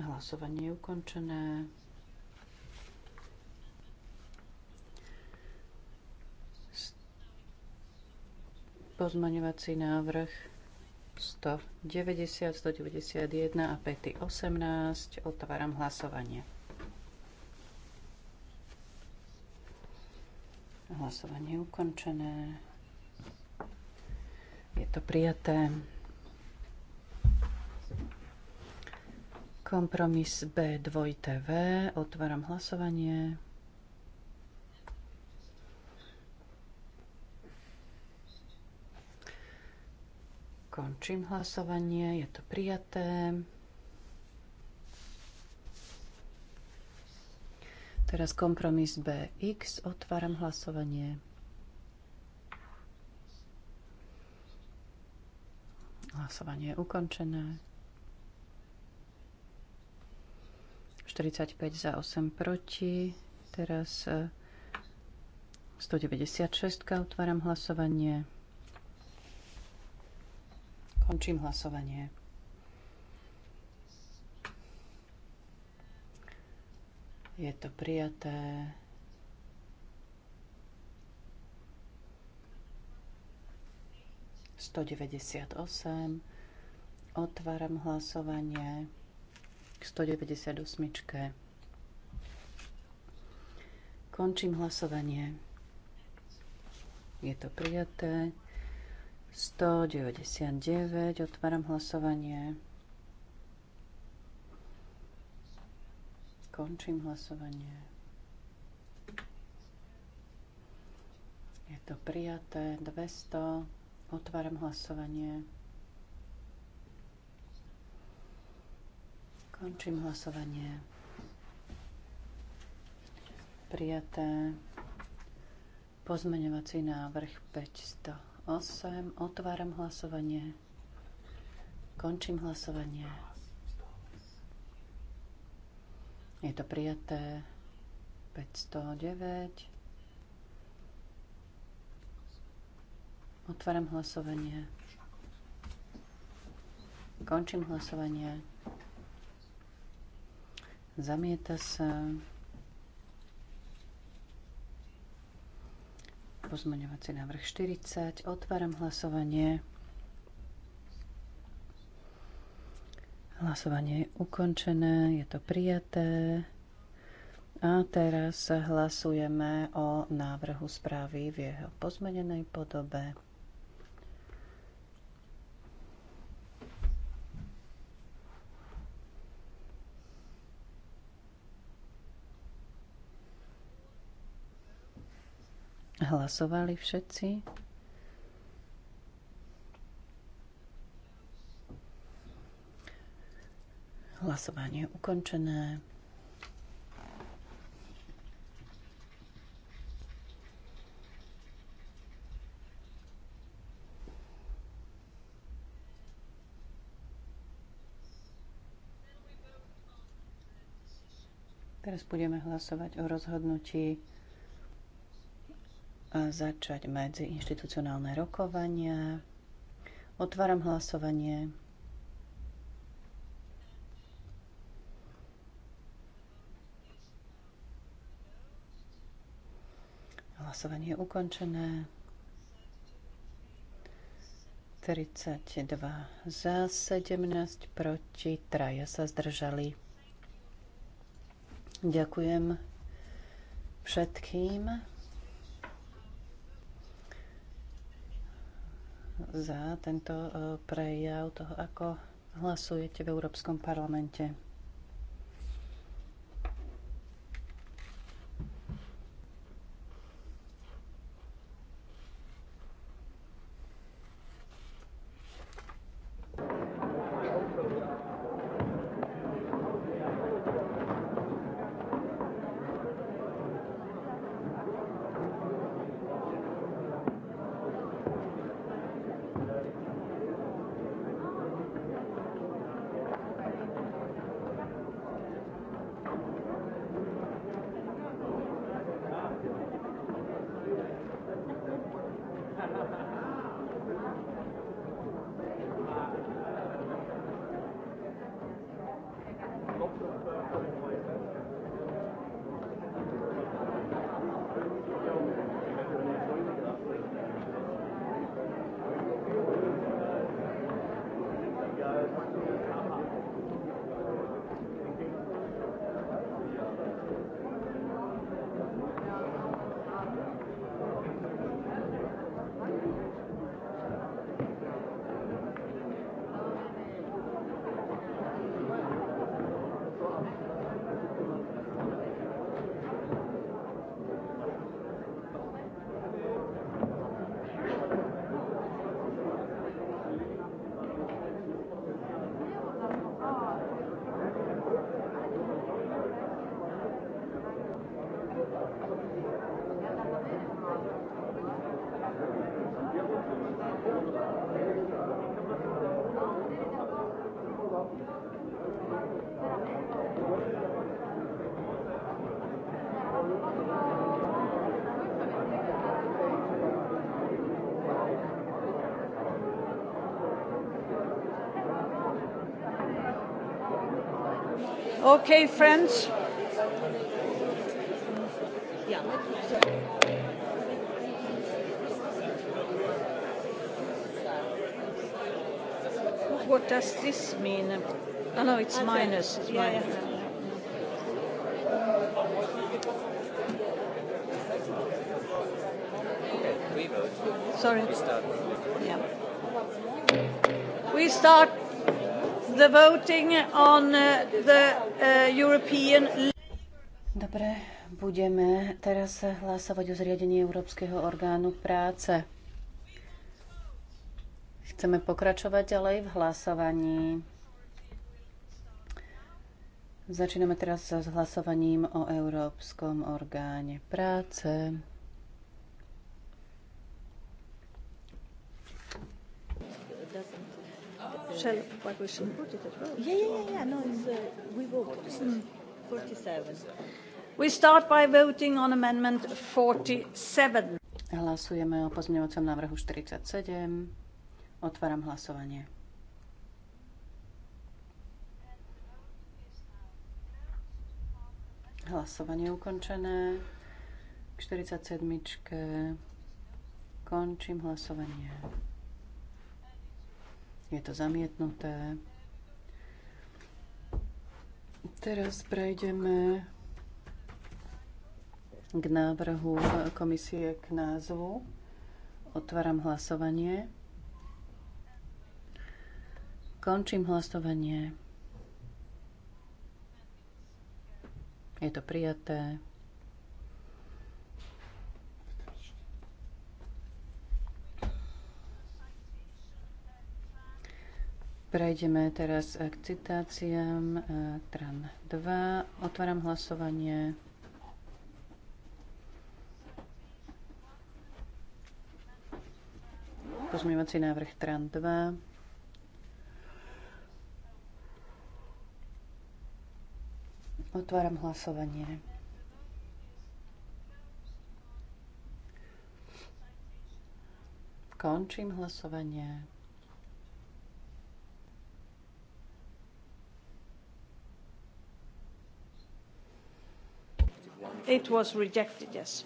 Hlasovanie je ukončené. Pozmaňovací návrh 190, 191 a 518. Otváram hlasovanie. Hlasovanie je ukončené. Je to prijaté. Kompromis B2TV. Otváram hlasovanie. Končím hlasovanie. Je to prijaté. Teraz kompromis BX. Otváram hlasovanie. Hlasovanie je ukončené. 45 za 8 proti. Teraz 196. E, otváram hlasovanie. Končím hlasovanie. je to prijaté. Sto deväťdesiat osem. Otváram hlasovanie k 198. Končím hlasovanie. Je to prijaté. 199. Otváram hlasovanie. Končím hlasovanie. Je to prijaté 200. Otváram hlasovanie. Končím hlasovanie. Prijaté pozmeňovací návrh 508. Otváram hlasovanie. Končím hlasovanie. Je to prijaté 509. Otváram hlasovanie. Končím hlasovanie. Zamieta sa. Pozmeňovací návrh 40. Otváram hlasovanie. Hlasovanie je ukončené, je to prijaté. A teraz hlasujeme o návrhu správy v jeho pozmenenej podobe. Hlasovali všetci? Hlasovanie je ukončené. Teraz budeme hlasovať o rozhodnutí a začať medzi inštitucionálne rokovania. Otváram hlasovanie. Hlasovanie je ukončené. 32 za, 17 proti, traja sa zdržali. Ďakujem všetkým za tento eh, prejav toho, ako hlasujete v Európskom parlamente. Okay, friends. What does this mean? Oh, no, it's okay. minus. It's yeah, minus. Yeah. Sorry. Yeah. We start the voting on uh, the Uh, European... Dobre, budeme teraz hlasovať o zriadení Európskeho orgánu práce. Chceme pokračovať ďalej v hlasovaní. Začíname teraz s hlasovaním o Európskom orgáne práce. Shall but we should put it at vote. Yeah, yeah, yeah, yeah. No, it's, uh, we vote. Mm. 47. We start by voting on amendment 47. Hlasujeme o pozmeňovacom návrhu 47. Otváram hlasovanie. Hlasovanie ukončené. K 47. Končím hlasovanie. Je to zamietnuté. Teraz prejdeme k návrhu komisie k názvu. Otváram hlasovanie. Končím hlasovanie. Je to prijaté. Prejdeme teraz k citáciám. E, Tran 2. Otváram hlasovanie. Pozmievací návrh Tran 2. Otváram hlasovanie. Končím hlasovanie. It was rejected, yes.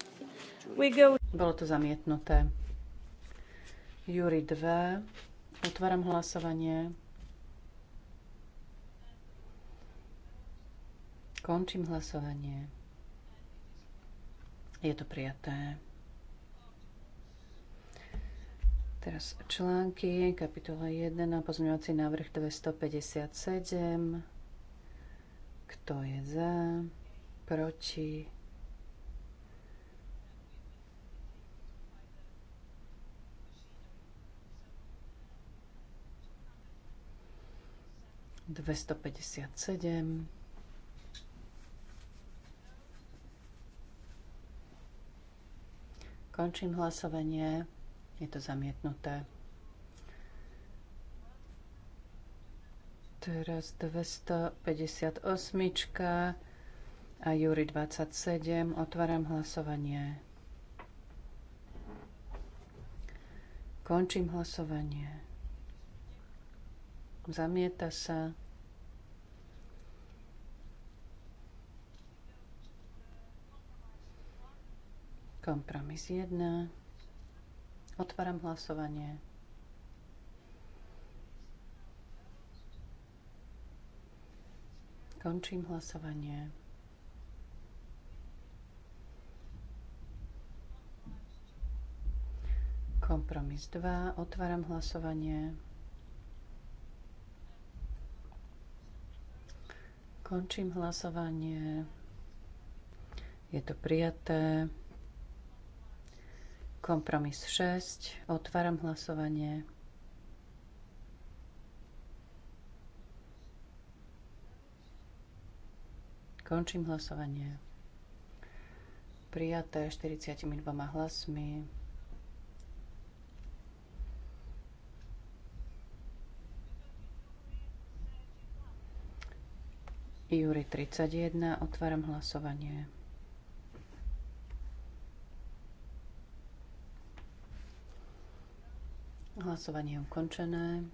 We go... Bolo to zamietnuté. Júri 2. Otváram hlasovanie. Končím hlasovanie. Je to prijaté. Teraz články, kapitola 1 a pozmeňovací návrh 257. Kto je za? Proti? 257. Končím hlasovanie. Je to zamietnuté. Teraz 258 a Júri 27. Otváram hlasovanie. Končím hlasovanie. Zamieta sa. Kompromis 1. Otváram hlasovanie. Končím hlasovanie. Kompromis 2. Otváram hlasovanie. Končím hlasovanie. Je to prijaté. Kompromis 6. Otváram hlasovanie. Končím hlasovanie. Prijaté 42 hlasmi. Júri 31. Otváram hlasovanie. Hlasovanie je ukončené.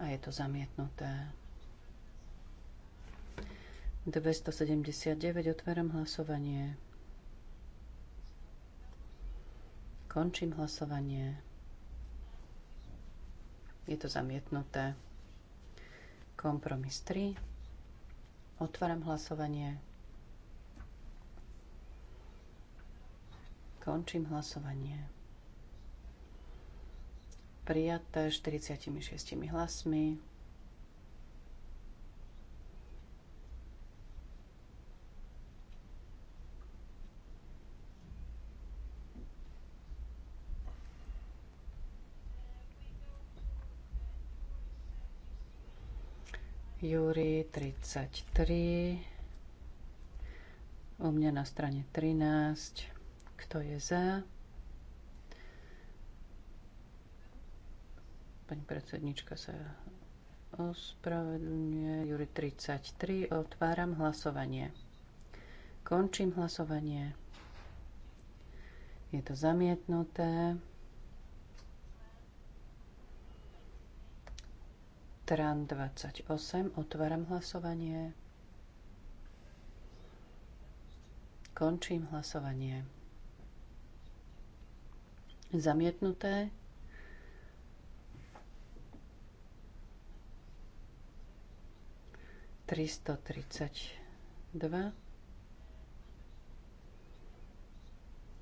A je to zamietnuté. 279. Otváram hlasovanie. Končím hlasovanie. Je to zamietnuté. Kompromis 3. Otváram hlasovanie. Končím hlasovanie. Prijaté 46 hlasmi. Júri 33. U mňa na strane 13. Kto je za? Pani predsednička sa ospravedlňuje. Júri 33. Otváram hlasovanie. Končím hlasovanie. Je to zamietnuté. Tran 28. Otváram hlasovanie. Končím hlasovanie. Zamietnuté. Tristo tridsať dva.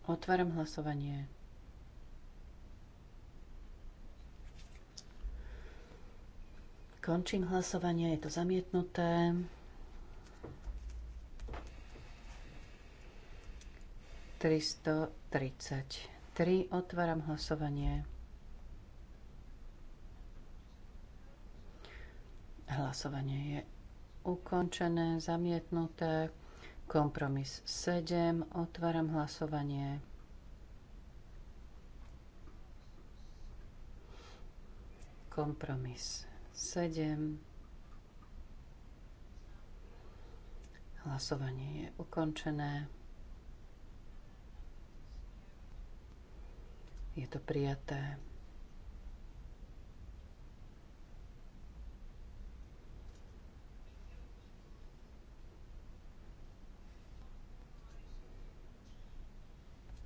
Otváram hlasovanie. Končím hlasovanie, je to zamietnuté. Tristo tridsať tri. Otváram hlasovanie. Hlasovanie je ukončené, zamietnuté. Kompromis 7. Otváram hlasovanie. Kompromis 7. Hlasovanie je ukončené. Je to prijaté.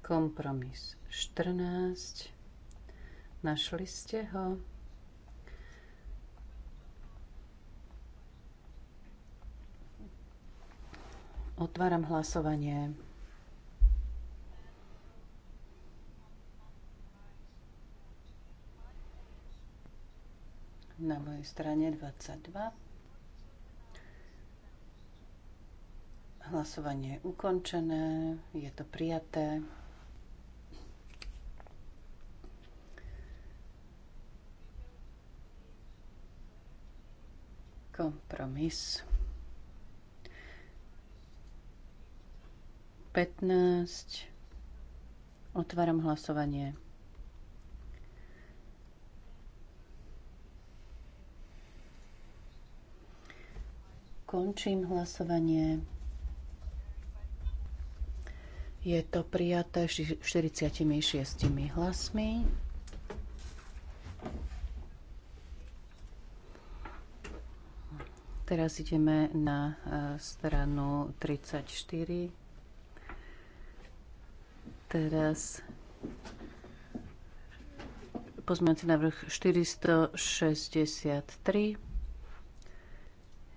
Kompromis 14. Našli ste ho? Otváram hlasovanie. Na mojej strane 22. Hlasovanie je ukončené, je to prijaté. Kompromis. 15. Otváram hlasovanie. Končím hlasovanie. Je to prijaté 46 hlasmi. Teraz ideme na eh, stranu 34. Teraz pozmeňujúci návrh 463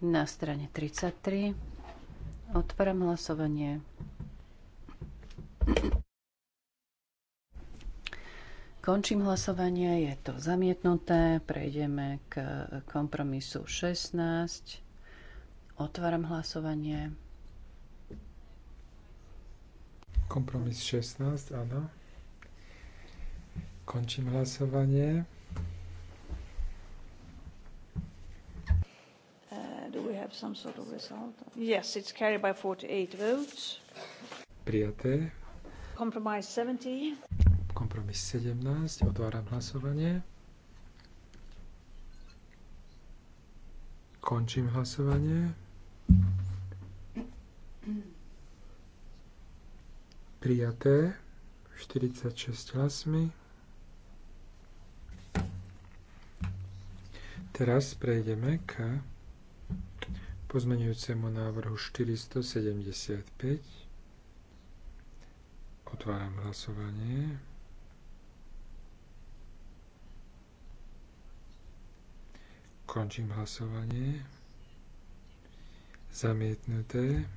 na strane 33. Otváram hlasovanie. Končím hlasovanie, je to zamietnuté. Prejdeme k kompromisu 16. Otváram hlasovanie. Kompromis 16, áno. Končím hlasovanie. Uh, do we have some sort of result? Yes, it's carried by 48 votes. Prijaté. Compromise 70. Kompromis 17. Otváram hlasovanie. Končím hlasovanie. Prijaté 46 hlasmi. Teraz prejdeme k pozmenujúcemu návrhu 475. Otváram hlasovanie. Končím hlasovanie. Zamietnuté.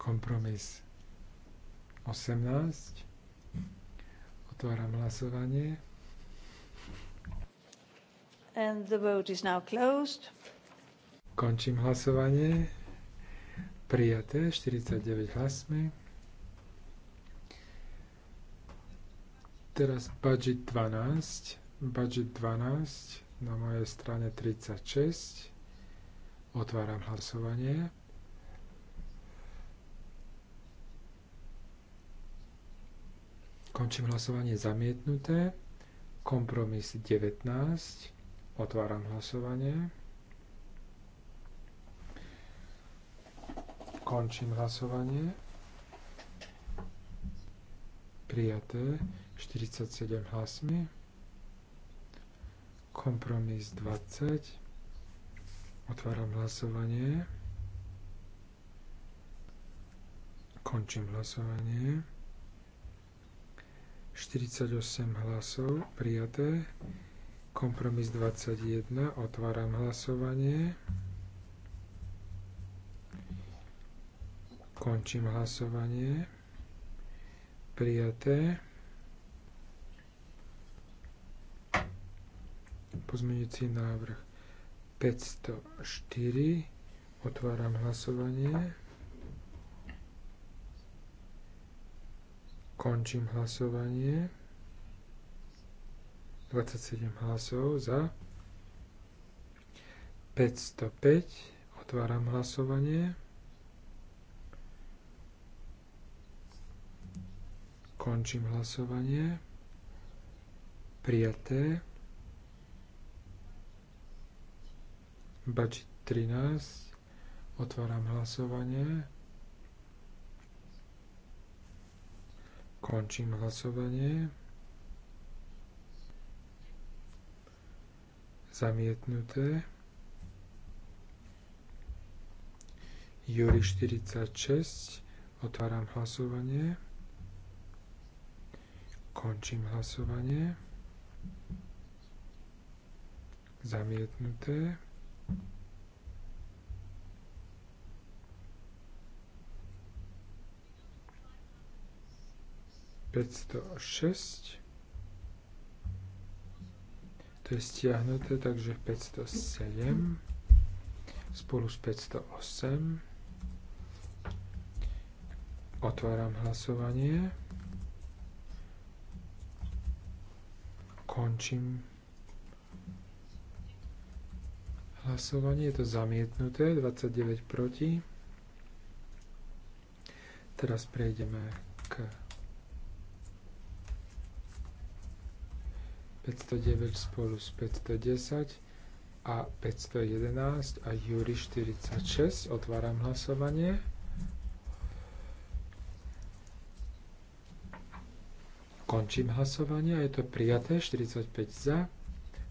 Kompromis 18. Otváram hlasovanie. And the vote is now closed. Končím hlasovanie. Prijaté 49 hlasmi. Teraz budget 12. Budget 12 na mojej strane 36. Otváram hlasovanie. Končím hlasovanie zamietnuté. Kompromis 19. Otváram hlasovanie. Končím hlasovanie. Prijaté 47 hlasmi. Kompromis 20. Otváram hlasovanie. Končím hlasovanie 48 hlasov prijaté. Kompromis 21. Otváram hlasovanie. Končím hlasovanie. Prijaté. Pozmeňujúci návrh 504. Otváram hlasovanie. Končím hlasovanie. 27 hlasov za. 505. Otváram hlasovanie. Končím hlasovanie. Prijaté. Bači 13. Otváram hlasovanie. Končím hlasovanie. Zamietnuté. Júri 46. Otváram hlasovanie. Končím hlasovanie. Zamietnuté. 506. To je stiahnuté, takže 507 spolu s 508. Otváram hlasovanie. Končím hlasovanie. Je to zamietnuté. 29 proti. Teraz prejdeme k 509 spolu s 510 a 511 a Júri 46. Otváram hlasovanie. Končím hlasovanie. Je to prijaté. 45 za.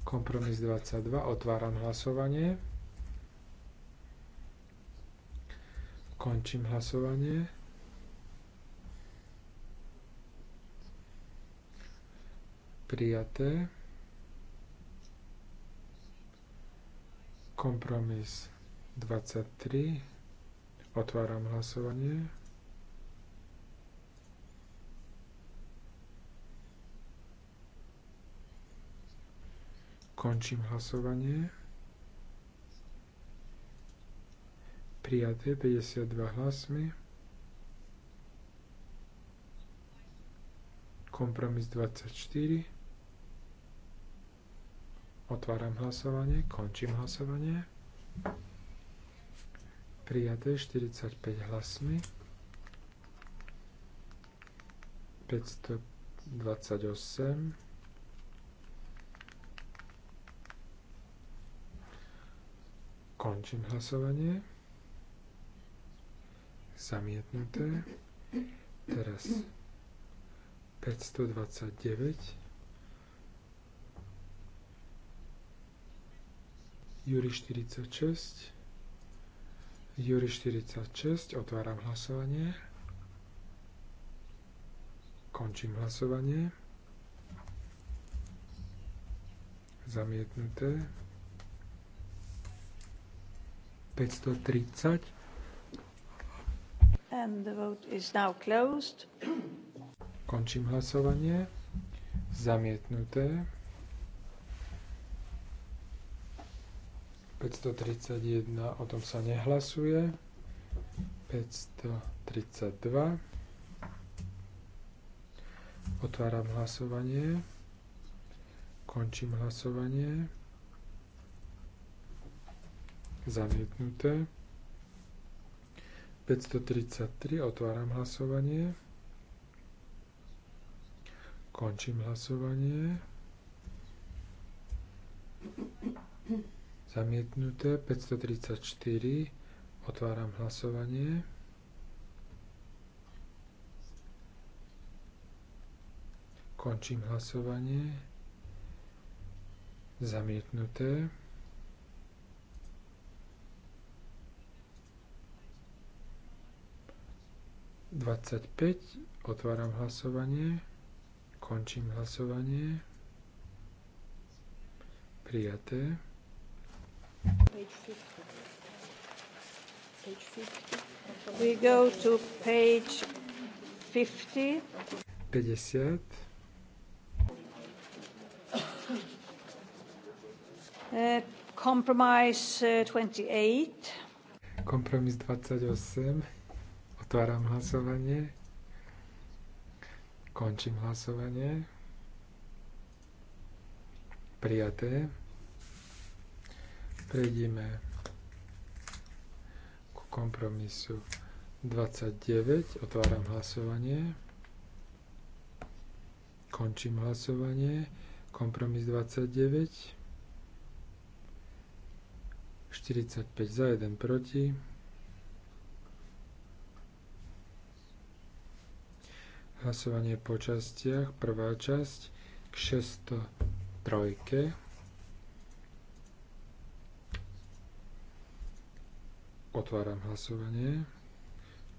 Kompromis 22. Otváram hlasovanie. Končím hlasovanie. prijaté. Kompromis 23. Otváram hlasovanie. Končím hlasovanie. Prijaté 52 hlasmi. Kompromis 24. Otváram hlasovanie, končím hlasovanie. Prijaté 45 hlasmi. 528. Končím hlasovanie. Zamietnuté. Teraz 529. Juri 46. Júri 46. Otváram hlasovanie. Končím hlasovanie. Zamietnuté. 530. And the vote is now closed. Končím hlasovanie. Zamietnuté. 531, o tom sa nehlasuje. 532. Otváram hlasovanie. Končím hlasovanie. Zamietnuté. 533. Otváram hlasovanie. Končím hlasovanie. Zamietnuté 534. Otváram hlasovanie. Končím hlasovanie. Zamietnuté. Dvadsaťpäť. Otváram hlasovanie. Končím hlasovanie. Prijaté. We go to page 50. 50. Uh, compromise uh, 28. Kompromis 28. Otváram hlasovanie. Končím hlasovanie. Prijaté. Prejdeme ku kompromisu 29. Otváram hlasovanie. Končím hlasovanie. Kompromis 29. 45 za, 1 proti. Hlasovanie po častiach. Prvá časť k 603. Otváram hlasovanie.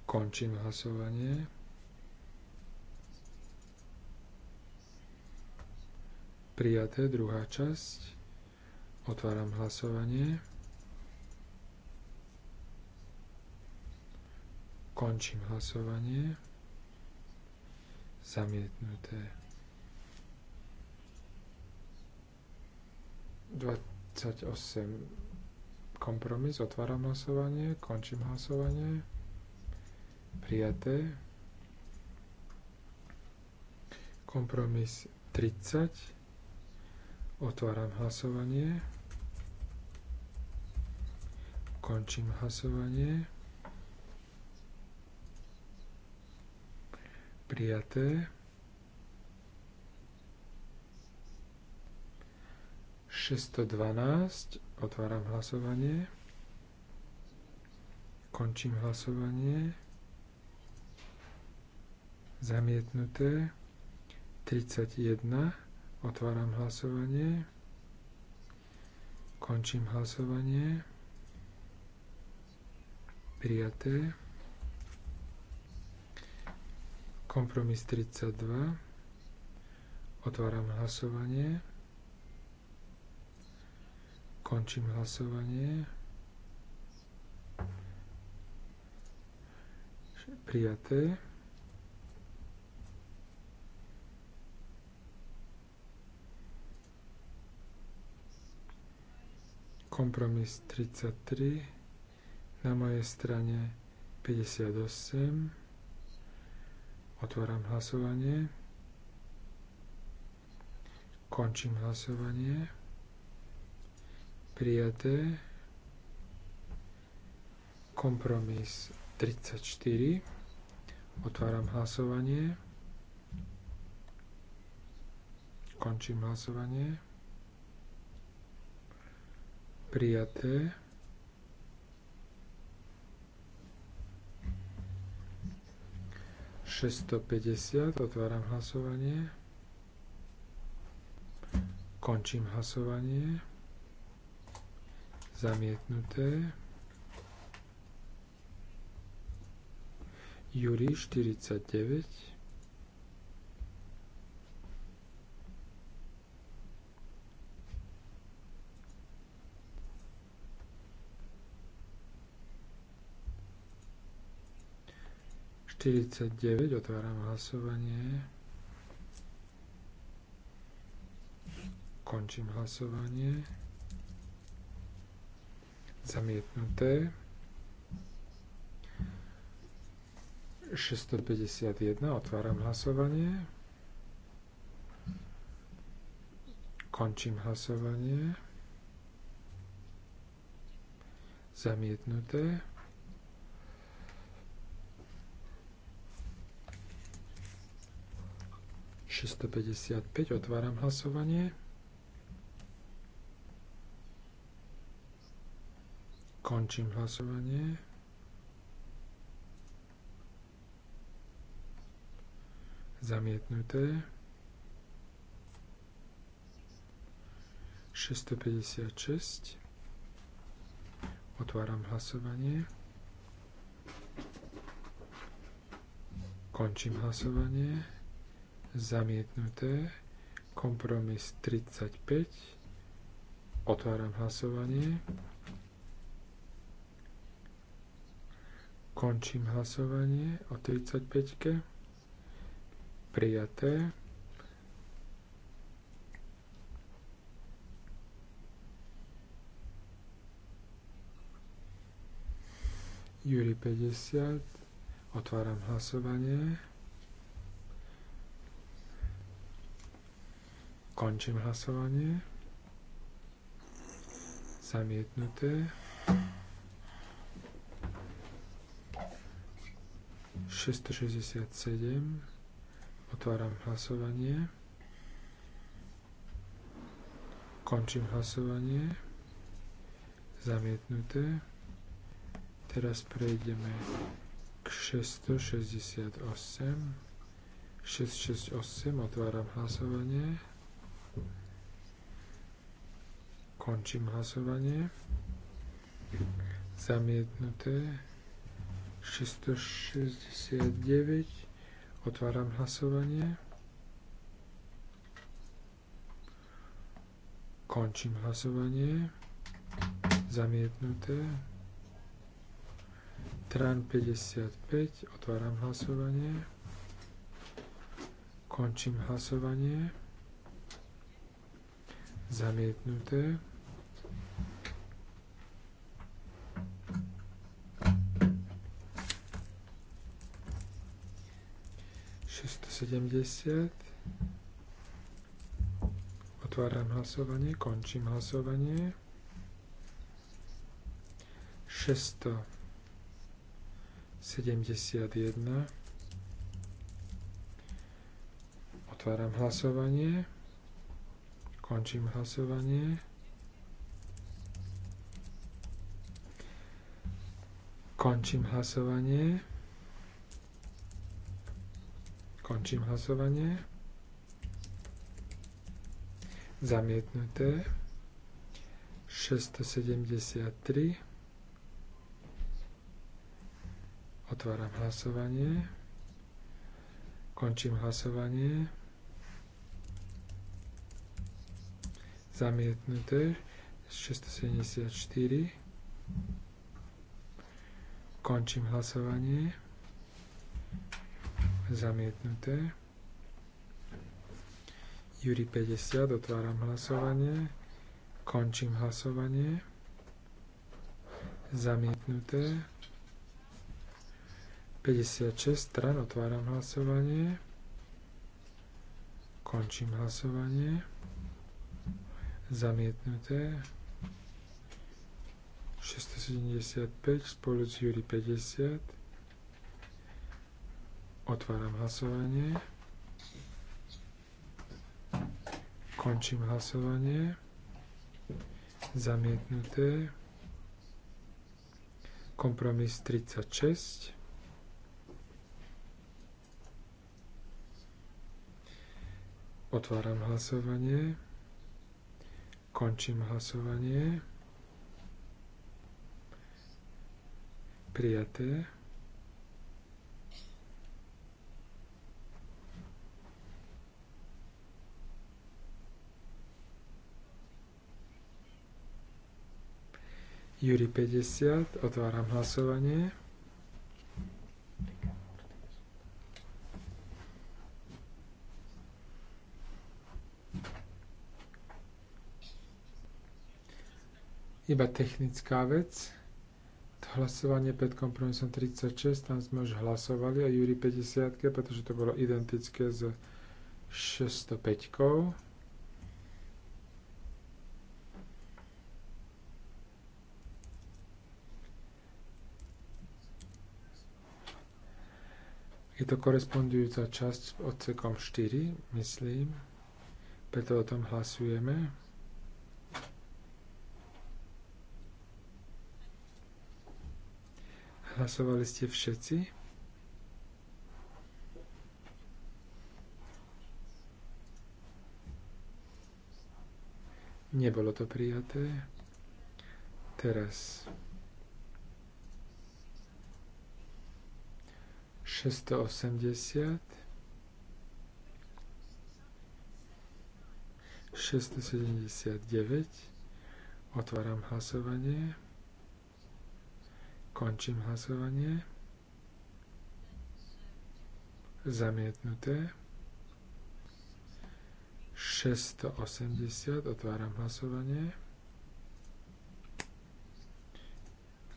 Končím hlasovanie. Prijaté druhá časť. Otváram hlasovanie. Končím hlasovanie. Zamietnuté. 28 kompromis, otváram hlasovanie, končím hlasovanie. Prijaté. Kompromis 30. Otváram hlasovanie. Končím hlasovanie. Prijaté. 612 Otváram hlasovanie. Končím hlasovanie. Zamietnuté. 31. Otváram hlasovanie. Končím hlasovanie. Prijaté. Kompromis 32. Otváram hlasovanie. Končím hlasovanie. Prijaté. Kompromis 33. Na mojej strane 58. Otváram hlasovanie. Končím hlasovanie prijaté. Kompromis 34. Otváram hlasovanie. Končím hlasovanie. Prijaté. Šesto päťdesiat. Otváram hlasovanie. Končím hlasovanie zamietnuté. Júri 49. Štyridsať deväť, otváram hlasovanie. Končím hlasovanie. Zamietnuté. 651. Otváram hlasovanie. Končím hlasovanie. Zamietnuté. Šesťstopäťdesiatpäť. Otváram hlasovanie. Končím hlasovanie. Zamietnuté. 656. Otváram hlasovanie. Končím hlasovanie. Zamietnuté. Kompromis 35. Otváram hlasovanie. Končím hlasovanie o 35. Prijaté. Júri 50. Otváram hlasovanie. Končím hlasovanie. Zamietnuté. 667. Otváram hlasovanie. Končím hlasovanie. Zamietnuté. Teraz prejdeme k 668. 668. Otváram hlasovanie. Končím hlasovanie. Zamietnuté. 669. Otváram hlasovanie. Končím hlasovanie. Zamietnuté. Tran 55. Otváram hlasovanie. Končím hlasovanie. Zamietnuté. 70, Otváram hlasovanie, končím hlasovanie. 671. Otváram hlasovanie. Končím hlasovanie. Končím hlasovanie. Končím hlasovanie. Zamietnuté. 673. Otváram hlasovanie. Končím hlasovanie. Zamietnuté. 674. Končím hlasovanie. Zamietnuté. Júri 50, otváram hlasovanie. Končím hlasovanie. Zamietnuté. 56 stran, otváram hlasovanie. Končím hlasovanie. Zamietnuté. 675 spolu s Júri 50. Otváram hlasovanie. Končím hlasovanie. Zamietnuté. Kompromis 36. Otváram hlasovanie. Končím hlasovanie. Prijaté. Juri 50, otváram hlasovanie. Iba technická vec. Hlasovanie pred kompromisom 36, tam sme už hlasovali o juri 50, pretože to bolo identické s 605. Je to korespondujúca časť s odsekom 4, myslím. Preto o tom hlasujeme. Hlasovali ste všetci? Nebolo to prijaté. Teraz 680, 679. Otváram hlasovanie. Končím hlasovanie. Zamietnuté. 680. Otváram hlasovanie.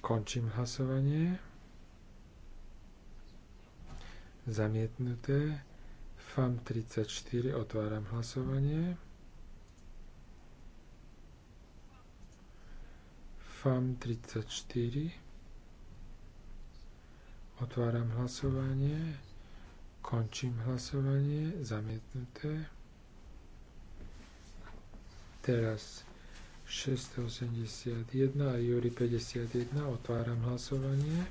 Končím hlasovanie Zamietnuté. FAM 34. Otváram hlasovanie. FAM 34. Otváram hlasovanie. Končím hlasovanie. Zamietnuté. Teraz 681 a Júri 51. Otváram hlasovanie.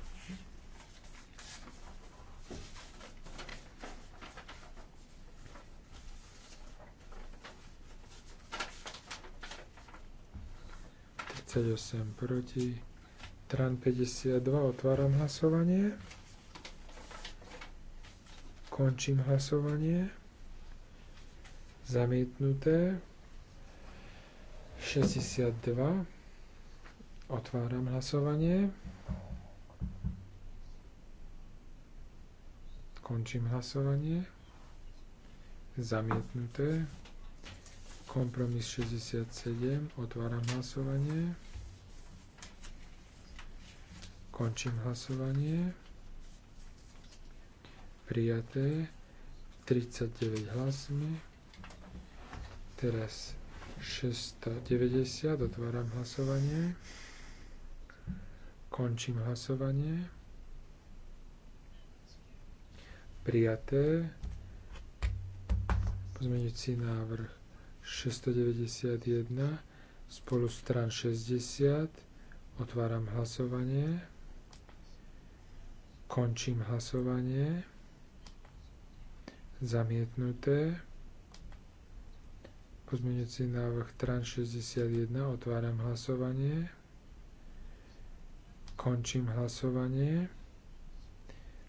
38 proti. Tran 52. Otváram hlasovanie. Končím hlasovanie. Zamietnuté. 62. Otváram hlasovanie. Končím hlasovanie. Zamietnuté. Kompromis 67. Otváram hlasovanie. Končím hlasovanie. Prijaté 39 hlasmi. Teraz 690. Otváram hlasovanie. Končím hlasovanie. Prijaté. Pozmeňujúci návrh 691 spolu stran 60. Otváram hlasovanie. Končím hlasovanie. Zamietnuté. Pozmeňujúci návrh tran 61. Otváram hlasovanie. Končím hlasovanie.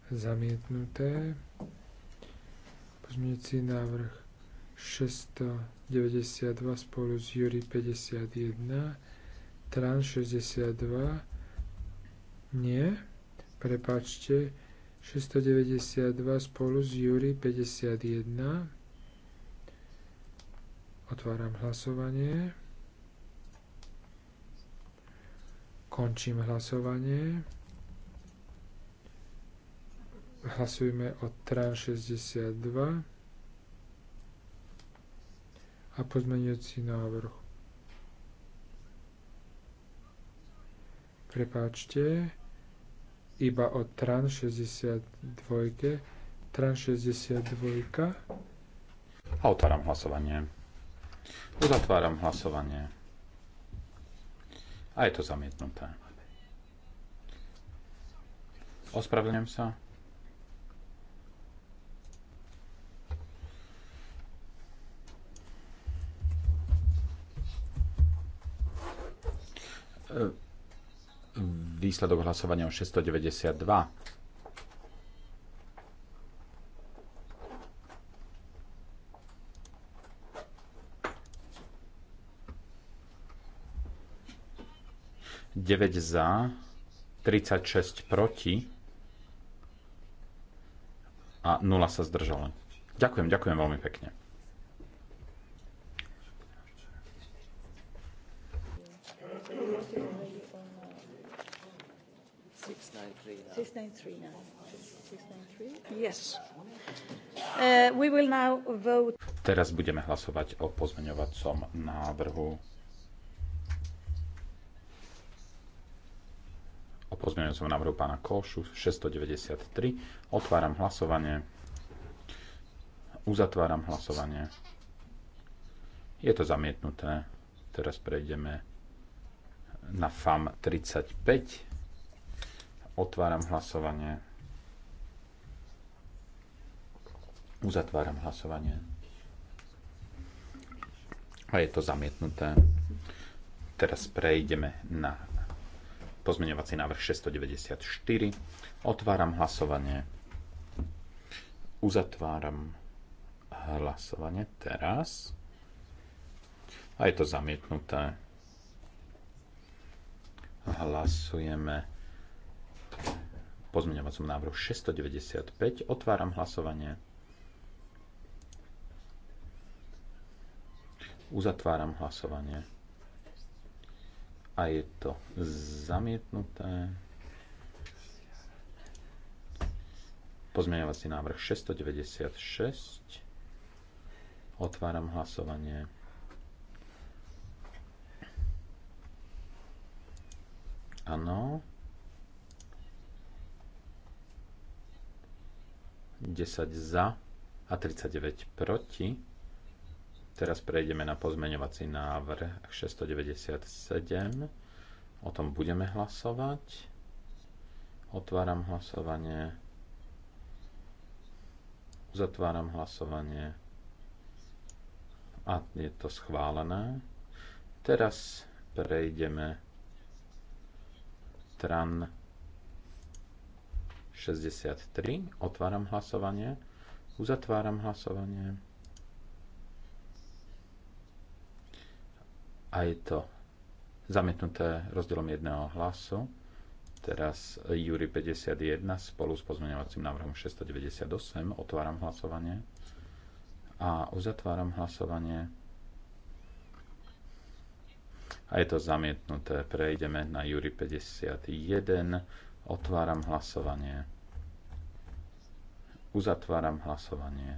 Zamietnuté. Pozmeňujúci návrh 692 spolu s Juri 51, Tran 62, nie, prepačte, 692 spolu s Juri 51. Otváram hlasovanie. Končím hlasovanie. Hlasujeme o TRAN 62 a pozmeňujúci návrh. Prepáčte, iba o TRAN 62, TRAN 62. A otváram hlasovanie. Uzatváram hlasovanie. A je to zamietnuté. Ospravedlňujem sa. Výsledok hlasovania o 692. Deväť za, 36 proti a nula sa zdržala. Ďakujem, ďakujem veľmi pekne. Uh, Teraz budeme hlasovať o pozmeňovacom návrhu o pozmeňovacom návrhu pána Košu 693. Otváram hlasovanie. Uzatváram hlasovanie. Je to zamietnuté. Teraz prejdeme na FAM 35. Otváram hlasovanie. Uzatváram hlasovanie. A je to zamietnuté. Teraz prejdeme na pozmeňovací návrh 694. Otváram hlasovanie. Uzatváram hlasovanie teraz. A je to zamietnuté. Hlasujeme pozmeňovacom návrhu 695. Otváram hlasovanie. Uzatváram hlasovanie. A je to zamietnuté. Pozmeňovací návrh 696. Otváram hlasovanie. Áno. 10 za a 39 proti. Teraz prejdeme na pozmeňovací návrh 697. O tom budeme hlasovať. Otváram hlasovanie. Uzatváram hlasovanie. A je to schválené. Teraz prejdeme tran 63. Otváram hlasovanie. Uzatváram hlasovanie. A je to zamietnuté rozdielom jedného hlasu. Teraz Júri 51 spolu s pozmeňovacím návrhom 698. Otváram hlasovanie. A uzatváram hlasovanie. A je to zamietnuté. Prejdeme na Júri 51. Otváram hlasovanie. Uzatváram hlasovanie.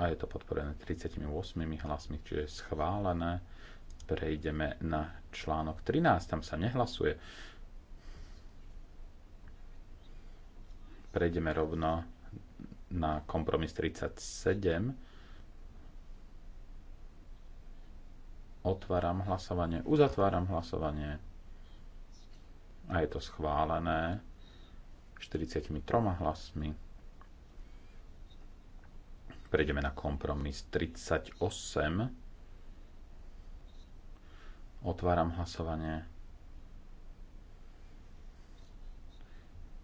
A je to podporené 38 hlasmi, čiže je schválené. Prejdeme na článok 13, tam sa nehlasuje. Prejdeme rovno na kompromis 37. Otváram hlasovanie, uzatváram hlasovanie a je to schválené 43 hlasmi. Prejdeme na kompromis 38. Otváram hlasovanie.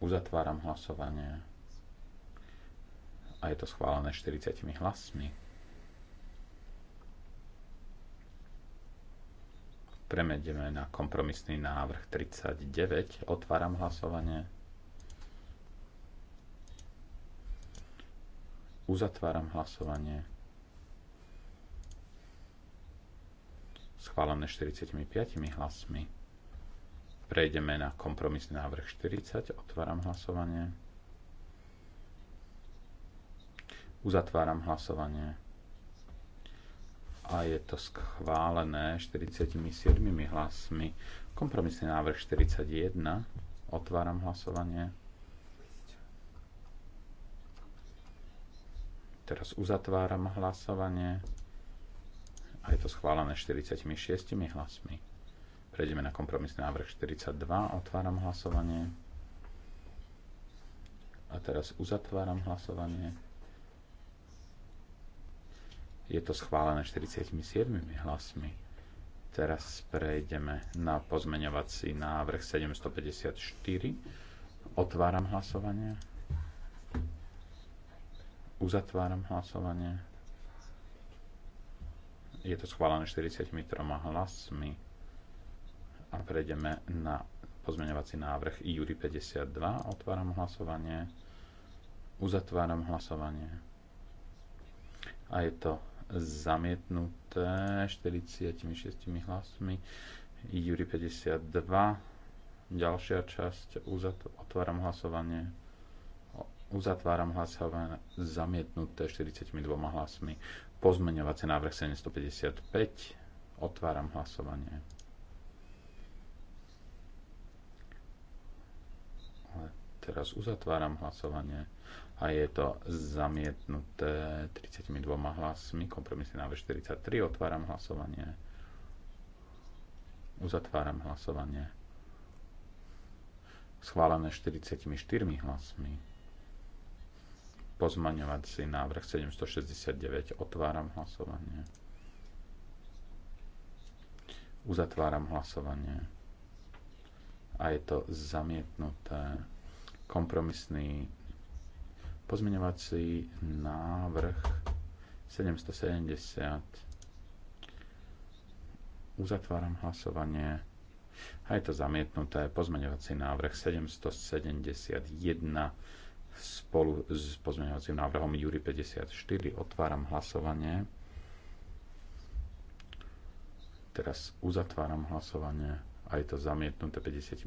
Uzatváram hlasovanie. A je to schválené 40 hlasmi. Premedeme na kompromisný návrh 39. Otváram hlasovanie. Uzatváram hlasovanie. Schválené 45 hlasmi. Prejdeme na kompromisný návrh 40. Otváram hlasovanie. Uzatváram hlasovanie a je to schválené 47 hlasmi. Kompromisný návrh 41. Otváram hlasovanie. Teraz uzatváram hlasovanie a je to schválené 46 hlasmi. Prejdeme na kompromisný návrh 42. Otváram hlasovanie. A teraz uzatváram hlasovanie je to schválené 47 hlasmi. Teraz prejdeme na pozmeňovací návrh 754. Otváram hlasovanie. Uzatváram hlasovanie. Je to schválené 43 hlasmi. A prejdeme na pozmeňovací návrh Júri 52. Otváram hlasovanie. Uzatváram hlasovanie. A je to zamietnuté 46 hlasmi. Júri 52. Ďalšia časť. Otváram hlasovanie. Uzatváram hlasovanie zamietnuté 42 hlasmi. Pozmeňovací návrh 755. Otváram hlasovanie. Teraz uzatváram hlasovanie a je to zamietnuté 32 hlasmi. Kompromisný návrh 43. Otváram hlasovanie. Uzatváram hlasovanie. Schválené 44 hlasmi. Pozmaňovací návrh 769. Otváram hlasovanie. Uzatváram hlasovanie. A je to zamietnuté kompromisný Pozmeňovací návrh 770. Uzatváram hlasovanie. A je to zamietnuté. Pozmeňovací návrh 771 spolu s pozmeňovacím návrhom Júri 54. Otváram hlasovanie. Teraz uzatváram hlasovanie a je to zamietnuté 54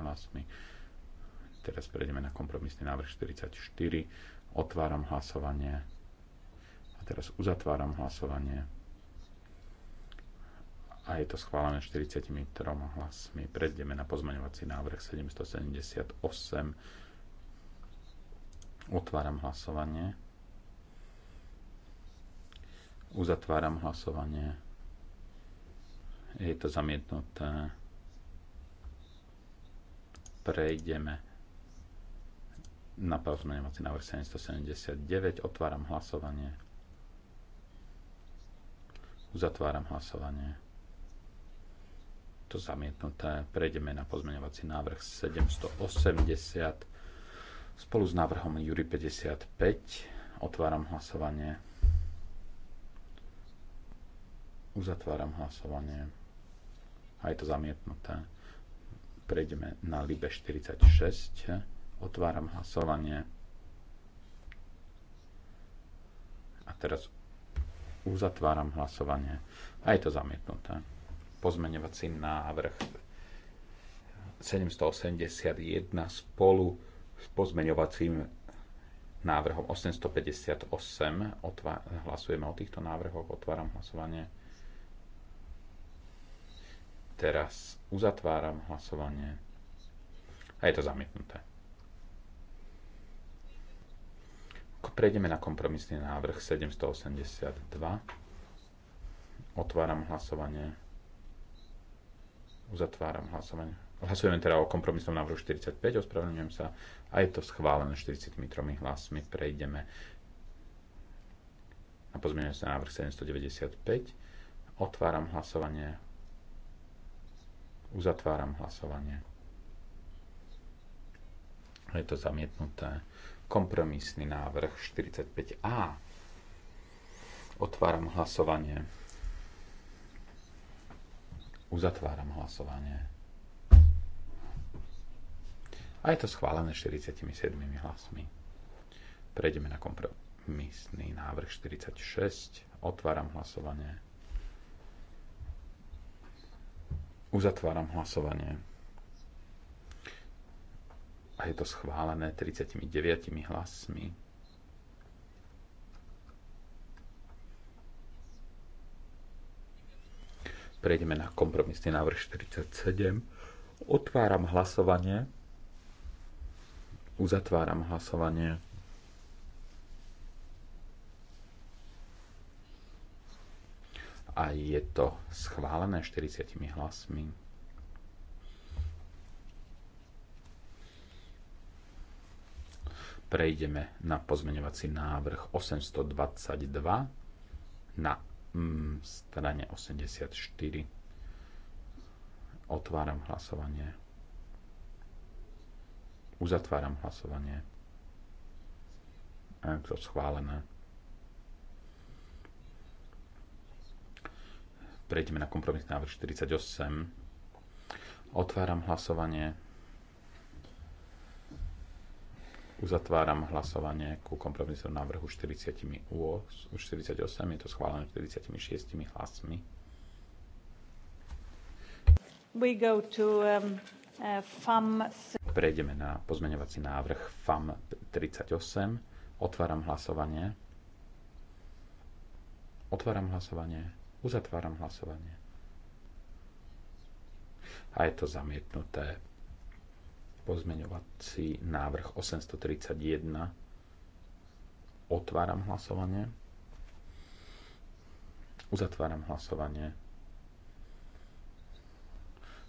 hlasmi. Teraz prejdeme na kompromisný návrh 44. Otváram hlasovanie. A teraz uzatváram hlasovanie. A je to schválené 43 hlasmi. Prejdeme na pozmaňovací návrh 778. Otváram hlasovanie. Uzatváram hlasovanie. Je to zamietnuté. Prejdeme na pozmeňovací návrh 779. Otváram hlasovanie. Uzatváram hlasovanie. To zamietnuté. Prejdeme na pozmeňovací návrh 780 spolu s návrhom Jury 55. Otváram hlasovanie. Uzatváram hlasovanie. A je to zamietnuté. Prejdeme na Libe 46 Otváram hlasovanie. A teraz uzatváram hlasovanie. A je to zamietnuté. Pozmeňovací návrh 781 spolu s pozmeňovacím návrhom 858. Otvá- hlasujeme o týchto návrhoch. Otváram hlasovanie. Teraz uzatváram hlasovanie. A je to zamietnuté. Prejdeme na kompromisný návrh 782. Otváram hlasovanie. Uzatváram hlasovanie. Hlasujeme teda o kompromisnom návrhu 45, ospravedlňujem sa. A je to schválené 43 hlasmi. Prejdeme na pozmeňujúci návrh 795. Otváram hlasovanie. Uzatváram hlasovanie. Je to zamietnuté. Kompromisný návrh 45A. Otváram hlasovanie. Uzatváram hlasovanie. A je to schválené 47 hlasmi. Prejdeme na kompromisný návrh 46. Otváram hlasovanie. Uzatváram hlasovanie a je to schválené 39 hlasmi. Prejdeme na kompromisný návrh 47. Otváram hlasovanie. Uzatváram hlasovanie. A je to schválené 40 hlasmi. prejdeme na pozmeňovací návrh 822 na mm, strane 84. Otváram hlasovanie. Uzatváram hlasovanie. A to schválené. Prejdeme na kompromisný návrh 48. Otváram hlasovanie. Uzatváram hlasovanie ku kompromisnú návrhu 48, 48, je to schválené 46 hlasmi. We go to, um, uh, FAM... Prejdeme na pozmeňovací návrh FAM 38. Otváram hlasovanie. Otváram hlasovanie. Uzatváram hlasovanie. A je to zamietnuté Pozmeňovací návrh 831. Otváram hlasovanie. Uzatváram hlasovanie.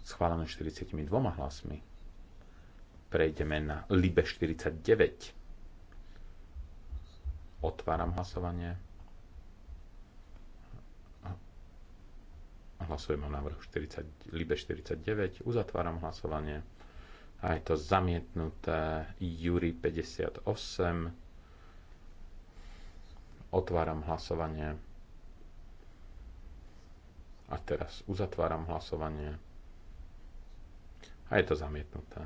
Schválené 42 hlasmi. Prejdeme na Libe 49. Otváram hlasovanie. Hlasujeme o návrhu 40, Libe 49. Uzatváram hlasovanie. A je to zamietnuté. Júri 58. Otváram hlasovanie. A teraz uzatváram hlasovanie. A je to zamietnuté.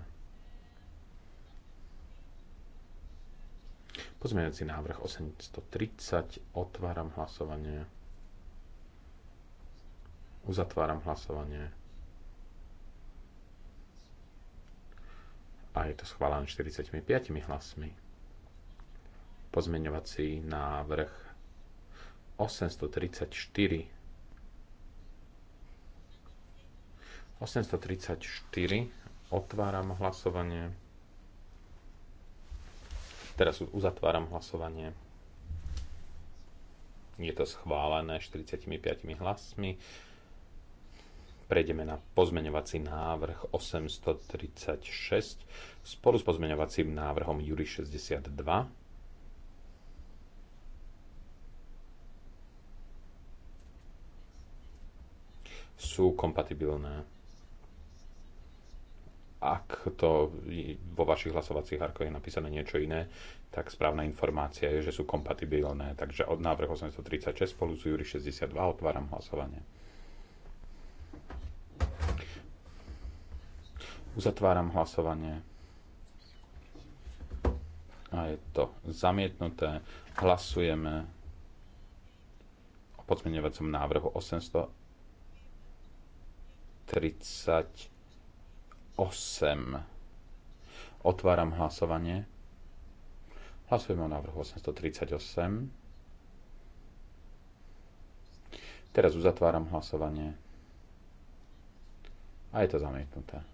Pozmeňujúci návrh 830. Otváram hlasovanie. Uzatváram hlasovanie. a je to schválené 45 hlasmi. Pozmeňovací návrh 834 834 otváram hlasovanie teraz uzatváram hlasovanie je to schválené 45 hlasmi prejdeme na pozmeňovací návrh 836 spolu s pozmeňovacím návrhom Juri 62. Sú kompatibilné. Ak to vo vašich hlasovacích harkoch je napísané niečo iné, tak správna informácia je, že sú kompatibilné. Takže od návrh 836 spolu s Júri 62 otváram hlasovanie. Uzatváram hlasovanie. A je to zamietnuté. Hlasujeme o pozmeňovacom návrhu 838. Otváram hlasovanie. Hlasujeme o návrhu 838. Teraz uzatváram hlasovanie. A je to zamietnuté.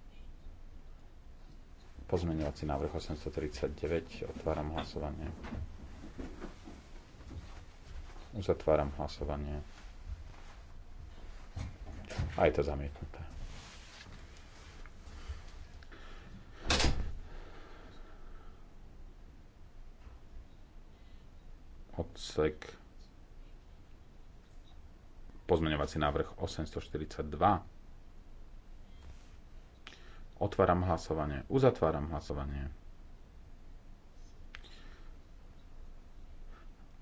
Pozmeňovací návrh 839. Otváram hlasovanie. Uzatváram hlasovanie. A je to zamietnuté. Odsek pozmeňovací návrh 842 Otváram hlasovanie. Uzatváram hlasovanie.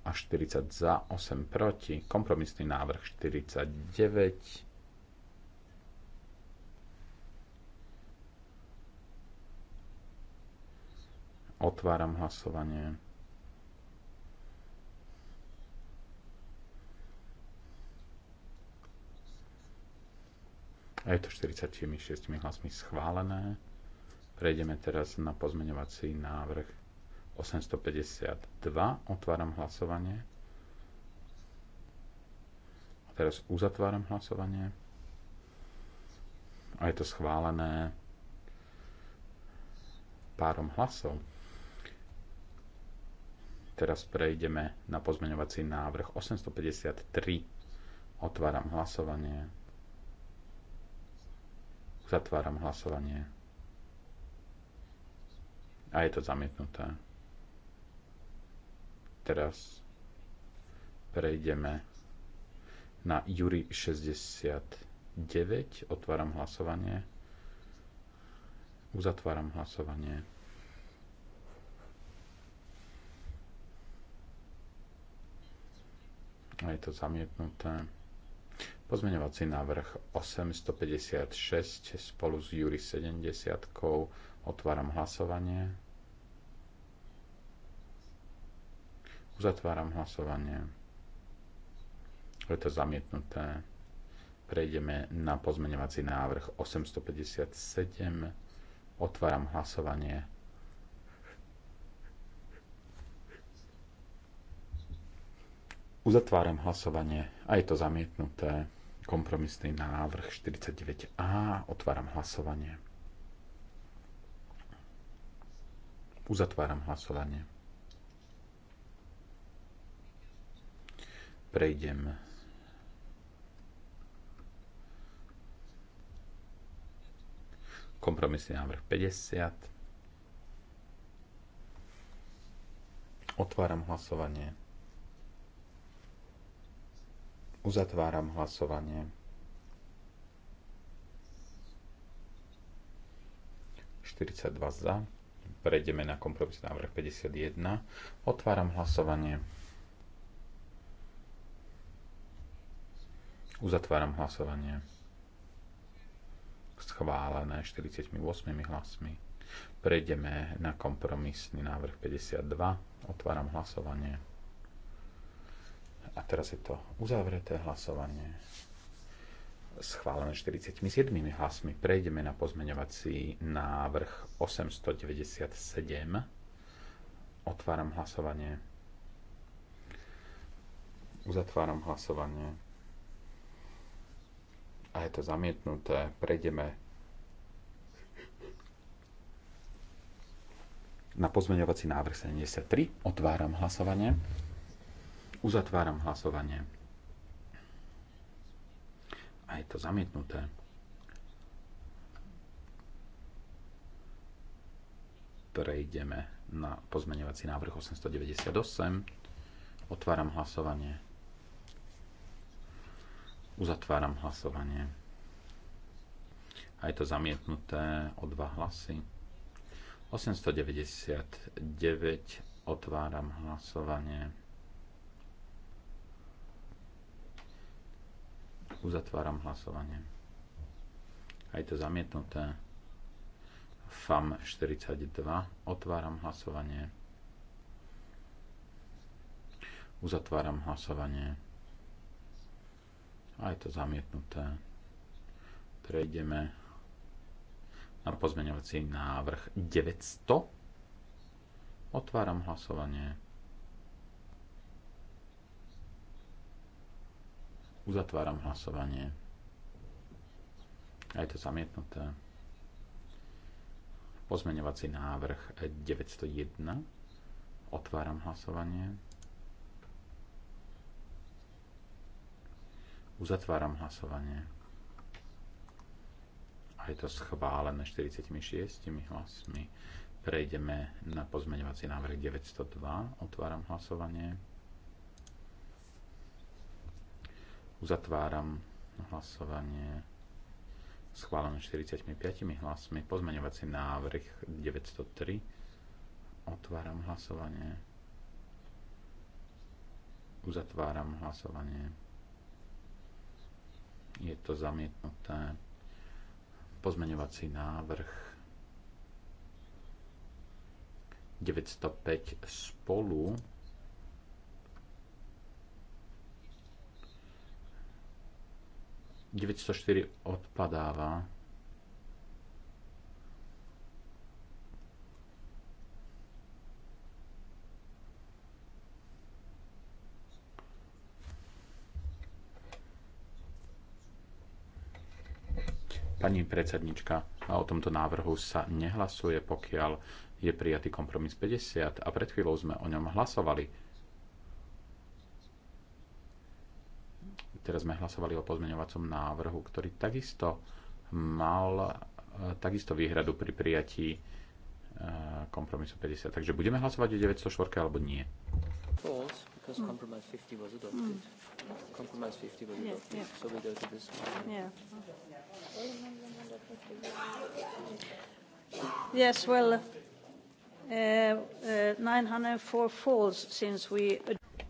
A 40 za, 8 proti. Kompromisný návrh 49. Otváram hlasovanie. A je to 46 hlasmi schválené. Prejdeme teraz na pozmeňovací návrh 852. Otváram hlasovanie. A teraz uzatváram hlasovanie. A je to schválené párom hlasov. Teraz prejdeme na pozmeňovací návrh 853. Otváram hlasovanie. Zatváram hlasovanie. A je to zamietnuté. Teraz prejdeme na Juri 69. Otváram hlasovanie. Uzatváram hlasovanie. A je to zamietnuté. Pozmeňovací návrh 856 spolu s Júri 70. Otváram hlasovanie. Uzatváram hlasovanie. Je to zamietnuté. Prejdeme na pozmeňovací návrh 857. Otváram hlasovanie. Uzatváram hlasovanie a je to zamietnuté. Kompromisný návrh 49A. Otváram hlasovanie. Uzatváram hlasovanie. Prejdem kompromisný návrh 50. Otváram hlasovanie. Uzatváram hlasovanie. za. Prejdeme na kompromis návrh 51. Otváram hlasovanie. Uzatváram hlasovanie. Schválené 48 hlasmi. Prejdeme na kompromisný návrh 52. Otváram hlasovanie. A teraz je to uzavreté hlasovanie. Schválené 47 hlasmi. Prejdeme na pozmeňovací návrh 897. Otváram hlasovanie. Uzatváram hlasovanie. A je to zamietnuté. Prejdeme na pozmeňovací návrh 73. Otváram hlasovanie. Uzatváram hlasovanie. A je to zamietnuté. Prejdeme na pozmeňovací návrh 898. Otváram hlasovanie. Uzatváram hlasovanie. A je to zamietnuté o dva hlasy. 899. Otváram hlasovanie. Uzatváram hlasovanie. Aj to zamietnuté. FAM 42. Otváram hlasovanie. Uzatváram hlasovanie. Aj to zamietnuté. Prejdeme na pozmeňovací návrh 900. Otváram hlasovanie. Uzatváram hlasovanie. A je to zamietnuté. Pozmeňovací návrh 901. Otváram hlasovanie. Uzatváram hlasovanie. A je to schválené 46 hlasmi. Prejdeme na pozmeňovací návrh 902. Otváram hlasovanie. Uzatváram hlasovanie schválené 45 hlasmi. Pozmeňovací návrh 903. Otváram hlasovanie. Uzatváram hlasovanie. Je to zamietnuté. Pozmeňovací návrh 905 spolu 904 odpadáva. Pani predsednička, a o tomto návrhu sa nehlasuje, pokiaľ je prijatý kompromis 50 a pred chvíľou sme o ňom hlasovali. teraz sme hlasovali o pozmeňovacom návrhu, ktorý takisto mal e, takisto výhradu pri prijatí e, kompromisu 50. Takže budeme hlasovať o 904 alebo nie? Mm. Mm. Yes, well, uh, uh, 904 falls since we...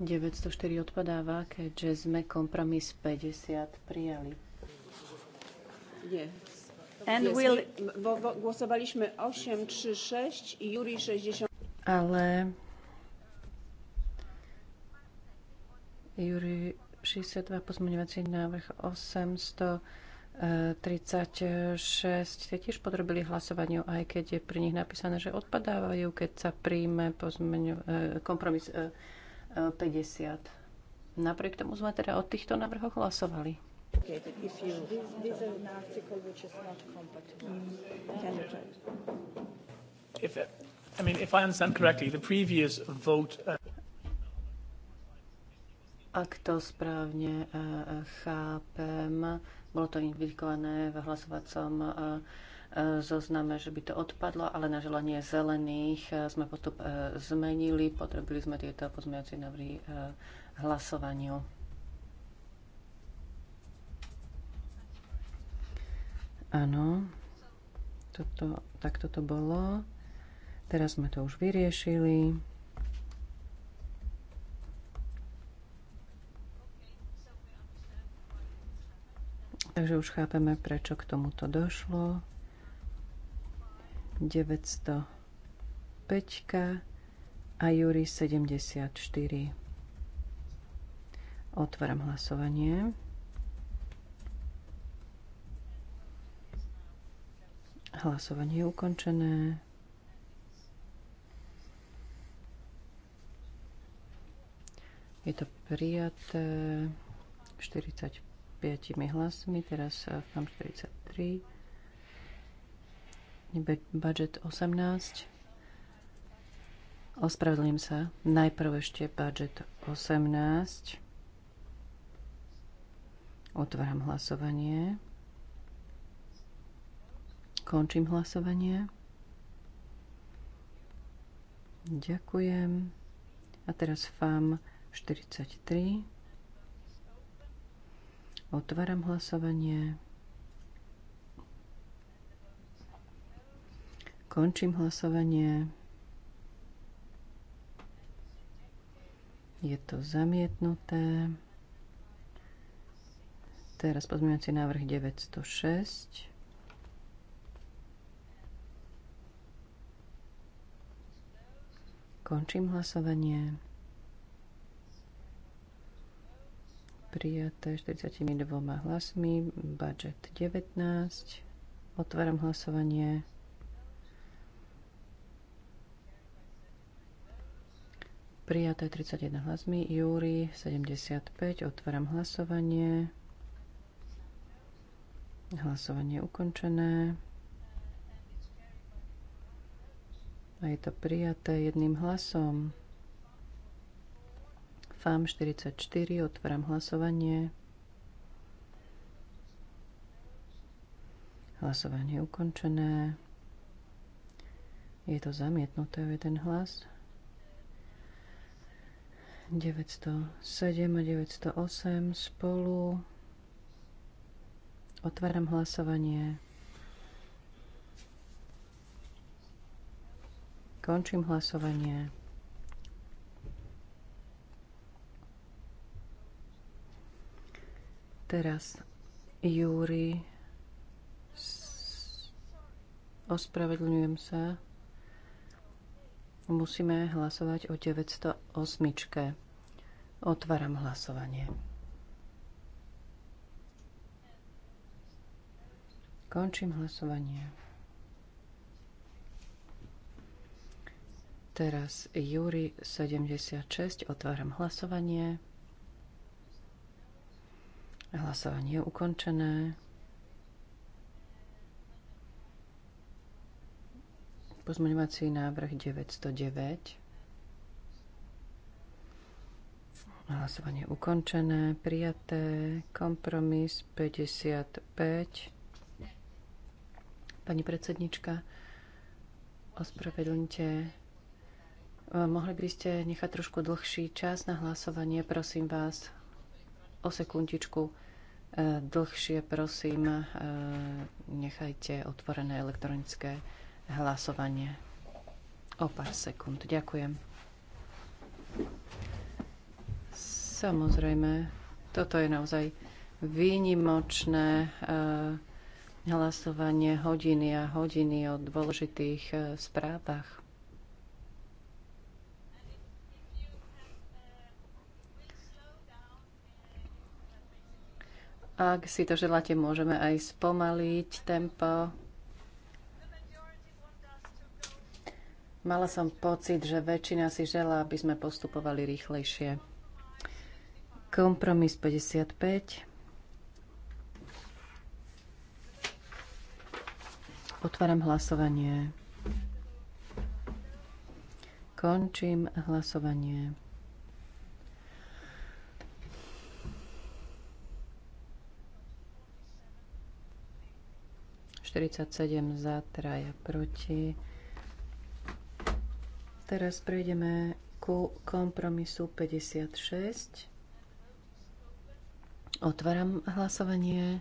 904 odpadáva, keďže sme kompromis 50 prijali. Yes. And yes. We'll, bo, bo, głosowaliśmy 8, 3, 6 i Juri 60. Ale Juri 62 pozmeňovací návrh 836 ste tiež podrobili hlasovaniu, aj keď je pri nich napísané, že odpadávajú, keď sa príjme pozmeňo- e, kompromis e, 50. Napriek tomu sme teda od týchto návrhoch hlasovali. Ak to správne uh, chápem, bolo to indikované v hlasovacom uh, zozname, že by to odpadlo, ale na želanie zelených eh, sme postup eh, zmenili, potrebili sme tieto pozmeňovacie návrhy eh, hlasovaniu. Áno, toto, tak toto bolo. Teraz sme to už vyriešili. Takže už chápeme, prečo k tomuto došlo. 905 a Júri 74. Otváram hlasovanie. Hlasovanie je ukončené. Je to prijaté 45 hlasmi, teraz tam 43 budget 18. Ospravedlím sa. Najprv ešte budget 18. Otváram hlasovanie. Končím hlasovanie. Ďakujem. A teraz FAM 43. Otváram hlasovanie. Končím hlasovanie. Je to zamietnuté. Teraz pozmeňujúci návrh 906. Končím hlasovanie. Prijaté 42 hlasmi. Budget 19. Otváram hlasovanie. Prijaté 31 hlasmi. Júri 75. Otváram hlasovanie. Hlasovanie je ukončené. A je to prijaté jedným hlasom. FAM 44. Otváram hlasovanie. Hlasovanie je ukončené. Je to zamietnuté o jeden hlas. 907 a 908 spolu. Otváram hlasovanie. Končím hlasovanie. Teraz Júri. Ospravedlňujem sa. Musíme hlasovať o 908. Otváram hlasovanie. Končím hlasovanie. Teraz Júri 76. Otváram hlasovanie. Hlasovanie je ukončené. Pozmeňovací návrh 909. Hlasovanie ukončené, prijaté, kompromis 55. Pani predsednička, ospravedlňte. Mohli by ste nechať trošku dlhší čas na hlasovanie, prosím vás, o sekundičku e, dlhšie, prosím, e, nechajte otvorené elektronické hlasovanie o pár sekúnd. Ďakujem. Samozrejme, toto je naozaj výnimočné eh, hlasovanie hodiny a hodiny o dôležitých eh, správach. Ak si to želáte, môžeme aj spomaliť tempo. Mala som pocit, že väčšina si žela, aby sme postupovali rýchlejšie. Kompromis 55. Otváram hlasovanie. Končím hlasovanie. Štyridsaťsedem za, traja proti. Teraz prejdeme ku kompromisu 56. Otváram hlasovanie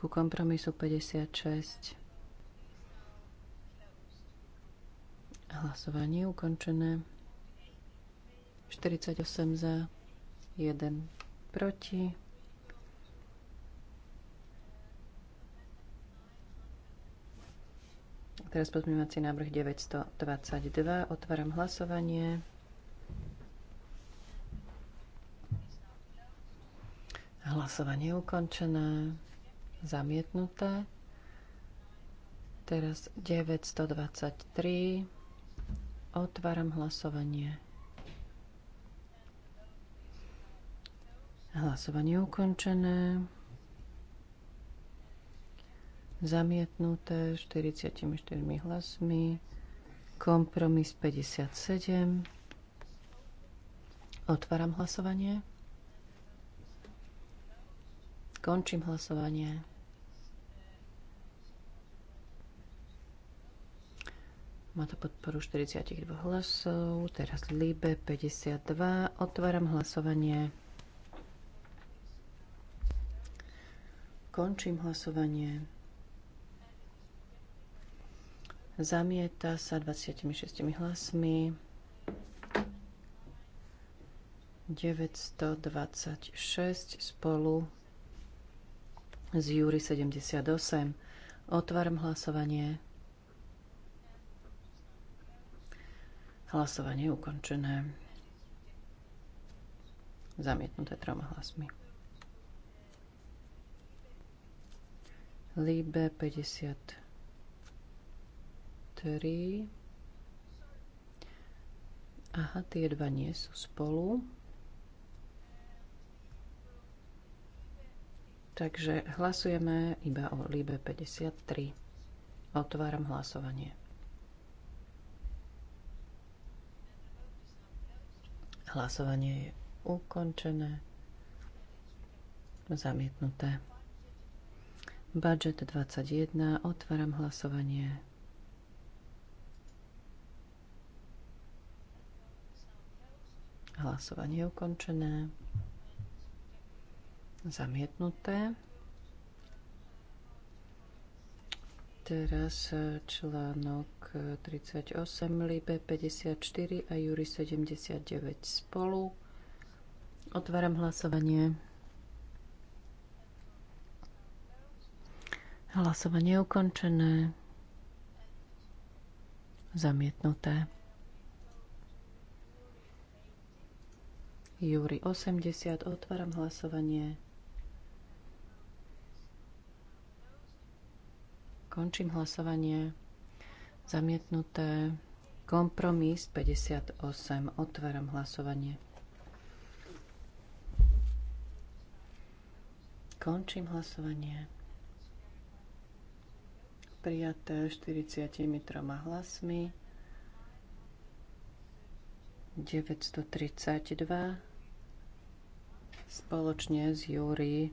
ku kompromisu 56. Hlasovanie ukončené. 48 za, 1 proti. Teraz pozmývací návrh 922. Otváram hlasovanie. Hlasovanie je ukončené. Zamietnuté. Teraz 923. Otváram hlasovanie. Hlasovanie je ukončené zamietnuté 44 hlasmi. Kompromis 57. Otváram hlasovanie. Končím hlasovanie. Má to podporu 42 hlasov. Teraz Libe 52. Otváram hlasovanie. Končím hlasovanie. Zamieta sa 26 hlasmi. 926 spolu z Júry 78. Otváram hlasovanie. Hlasovanie je ukončené. Zamietnuté troma hlasmi. Líbe 50 3. Aha, tie dva nie sú spolu. Takže hlasujeme iba o Libe 53. Otváram hlasovanie. Hlasovanie je ukončené. Zamietnuté. Budget 21. Otváram hlasovanie. Hlasovanie je ukončené. Zamietnuté. Teraz e, článok 38, Libe 54 a júri 79 spolu. Otváram hlasovanie. Hlasovanie je ukončené. Zamietnuté. Júri 80. Otváram hlasovanie. Končím hlasovanie. Zamietnuté. Kompromis 58. Otváram hlasovanie. Končím hlasovanie. Prijaté 43 hlasmi. 932 spoločne s Júri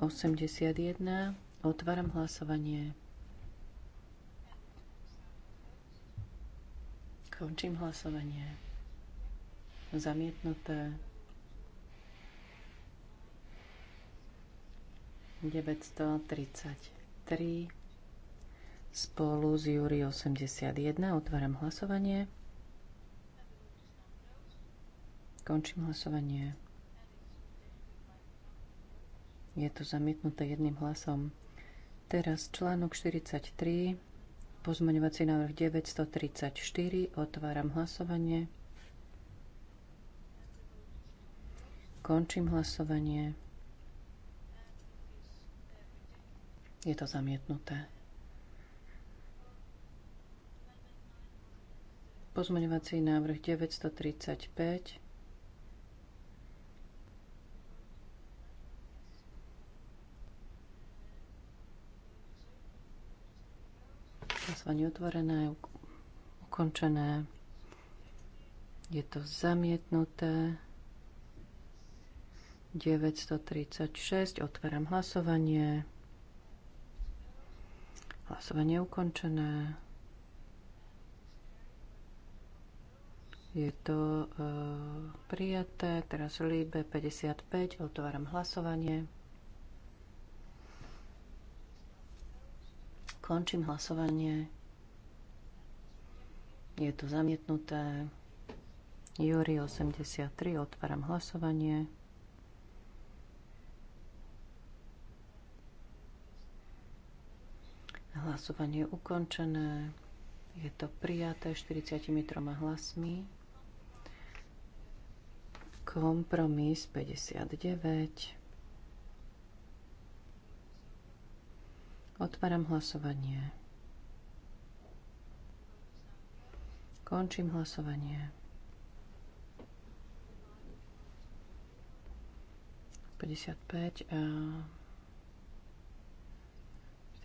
81. Otváram hlasovanie. Končím hlasovanie. Zamietnuté. 933 spolu s Júri 81. Otváram hlasovanie. Končím hlasovanie. Je to zamietnuté jedným hlasom. Teraz článok 43, pozmeňovací návrh 934. Otváram hlasovanie. Končím hlasovanie. Je to zamietnuté. Pozmeňovací návrh 935. Hlasovanie otvorené, ukončené. Je to zamietnuté. 936. Otváram hlasovanie. Hlasovanie ukončené. Je to e, prijaté. Teraz líbe 55. Otváram hlasovanie. Končím hlasovanie. Je to zamietnuté. Júri 83, otváram hlasovanie. Hlasovanie je ukončené. Je to prijaté 43 hlasmi. Kompromis 59. Otváram hlasovanie. Končím hlasovanie. 55 a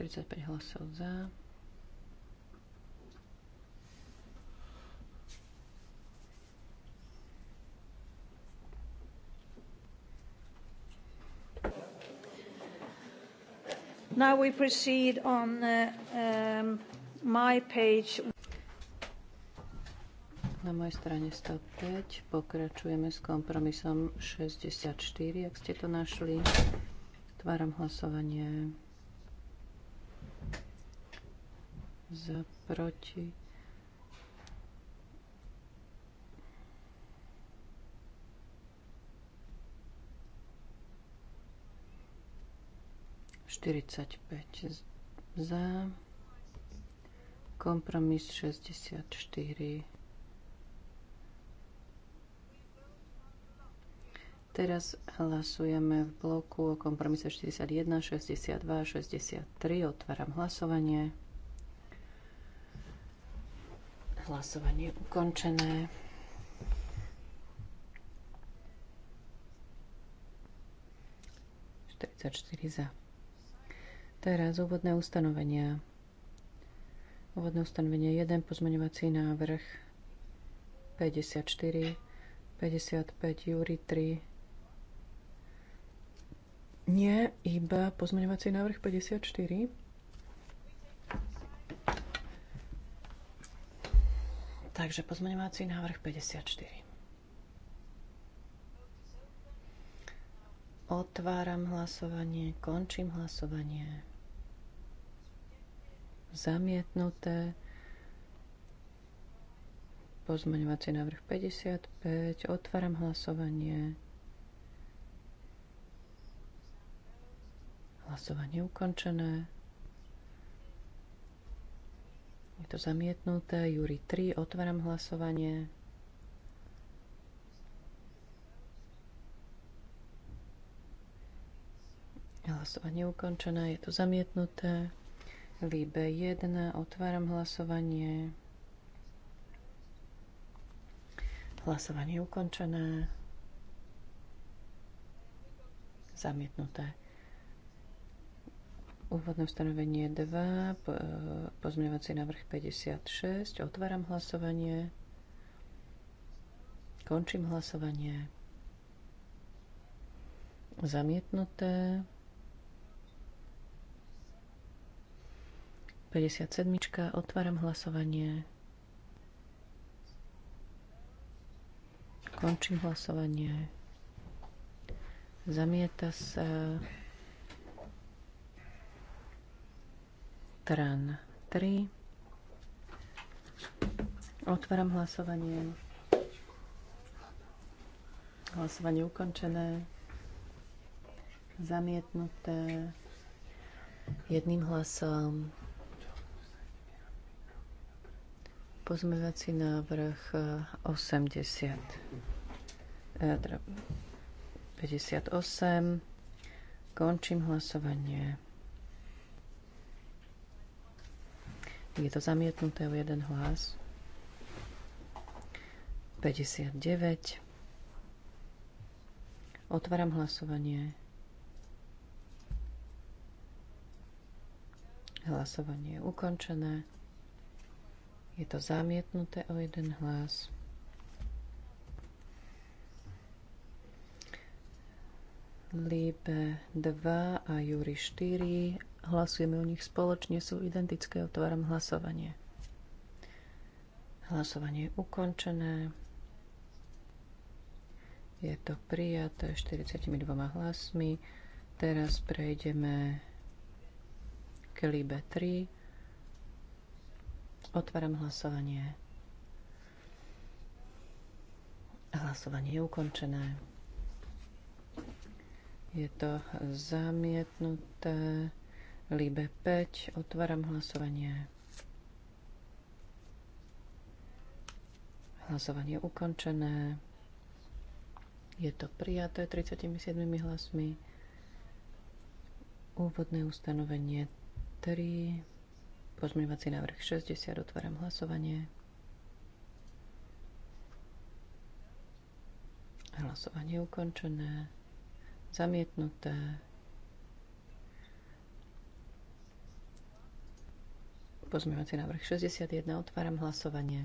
45 hlasov za. Now we proceed on uh, um, my page. Na mojej strane 105 pokračujeme s kompromisom 64, ak ste to našli. Tváram hlasovanie za proti 45 za, kompromis 64. Teraz hlasujeme v bloku o kompromise 61, 62, 63. Otváram hlasovanie. Hlasovanie ukončené. 44 za. Teraz úvodné ustanovenia. Úvodné ustanovenie 1, pozmeňovací návrh 54, 55, Júri 3. Nie, iba pozmeňovací návrh 54. Takže pozmeňovací návrh 54. Otváram hlasovanie, končím hlasovanie zamietnuté. Pozmeňovací návrh 55. Otváram hlasovanie. Hlasovanie ukončené. Je to zamietnuté. Júri 3. Otváram hlasovanie. Hlasovanie ukončené. Je to zamietnuté. Libe 1. Otváram hlasovanie. Hlasovanie ukončené. Zamietnuté. Úvodné ustanovenie 2, pozmeňovací návrh 56. Otváram hlasovanie. Končím hlasovanie. Zamietnuté. 57. Otváram hlasovanie. Končím hlasovanie. Zamieta sa tran 3. Otváram hlasovanie. Hlasovanie ukončené. Zamietnuté. Jedným hlasom Pozmevací návrh 80. Eh, 58. Eh, teda Končím hlasovanie. Je to zamietnuté o jeden hlas. 59. Otváram hlasovanie. Hlasovanie je ukončené. Je to zamietnuté o jeden hlas. Líbe 2 a Júri 4. Hlasujeme o nich spoločne, sú identické. Otváram hlasovanie. Hlasovanie je ukončené. Je to prijaté 42 hlasmi. Teraz prejdeme k Libe 3 Otváram hlasovanie. Hlasovanie je ukončené. Je to zamietnuté. Libe 5. Otváram hlasovanie. Hlasovanie je ukončené. Je to prijaté 37 hlasmi. Úvodné ustanovenie 3. Pozmeňovací návrh 60. Otváram hlasovanie. Hlasovanie ukončené. Zamietnuté. Pozmeňovací návrh 61. Otváram hlasovanie.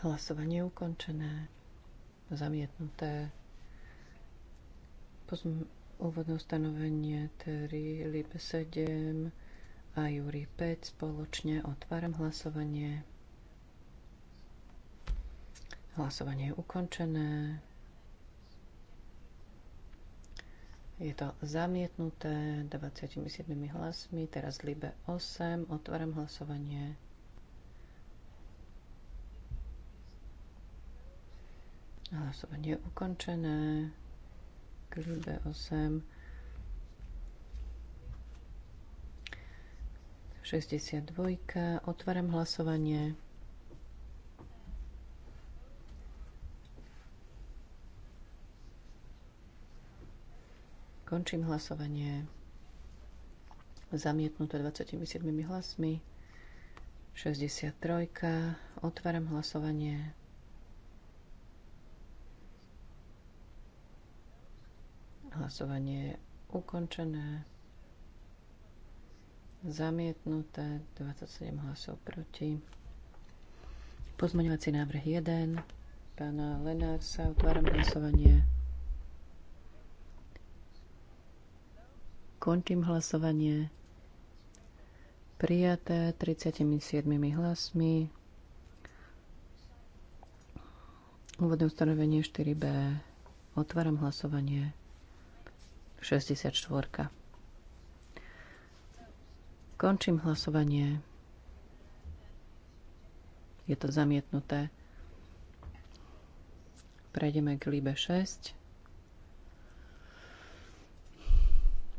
Hlasovanie ukončené. Zamietnuté. Pozme- Úvodné ustanovenie 3, LIB 7 a Júri 5 spoločne. Otváram hlasovanie. Hlasovanie je ukončené. Je to zamietnuté 27 hlasmi, teraz Libe 8, otváram hlasovanie. Hlasovanie je ukončené k 8 62. Otváram hlasovanie. Končím hlasovanie. Zamietnuté 27 hlasmi. 63. Otváram hlasovanie. Hlasovanie je ukončené. Zamietnuté. 27 hlasov proti. Pozmeňovací návrh 1. Pána Lenársa. Otváram hlasovanie. Končím hlasovanie. Prijaté 37 hlasmi. Úvodné ustanovenie 4b. Otváram hlasovanie. 64. Končím hlasovanie. Je to zamietnuté. Prejdeme k líbe 6.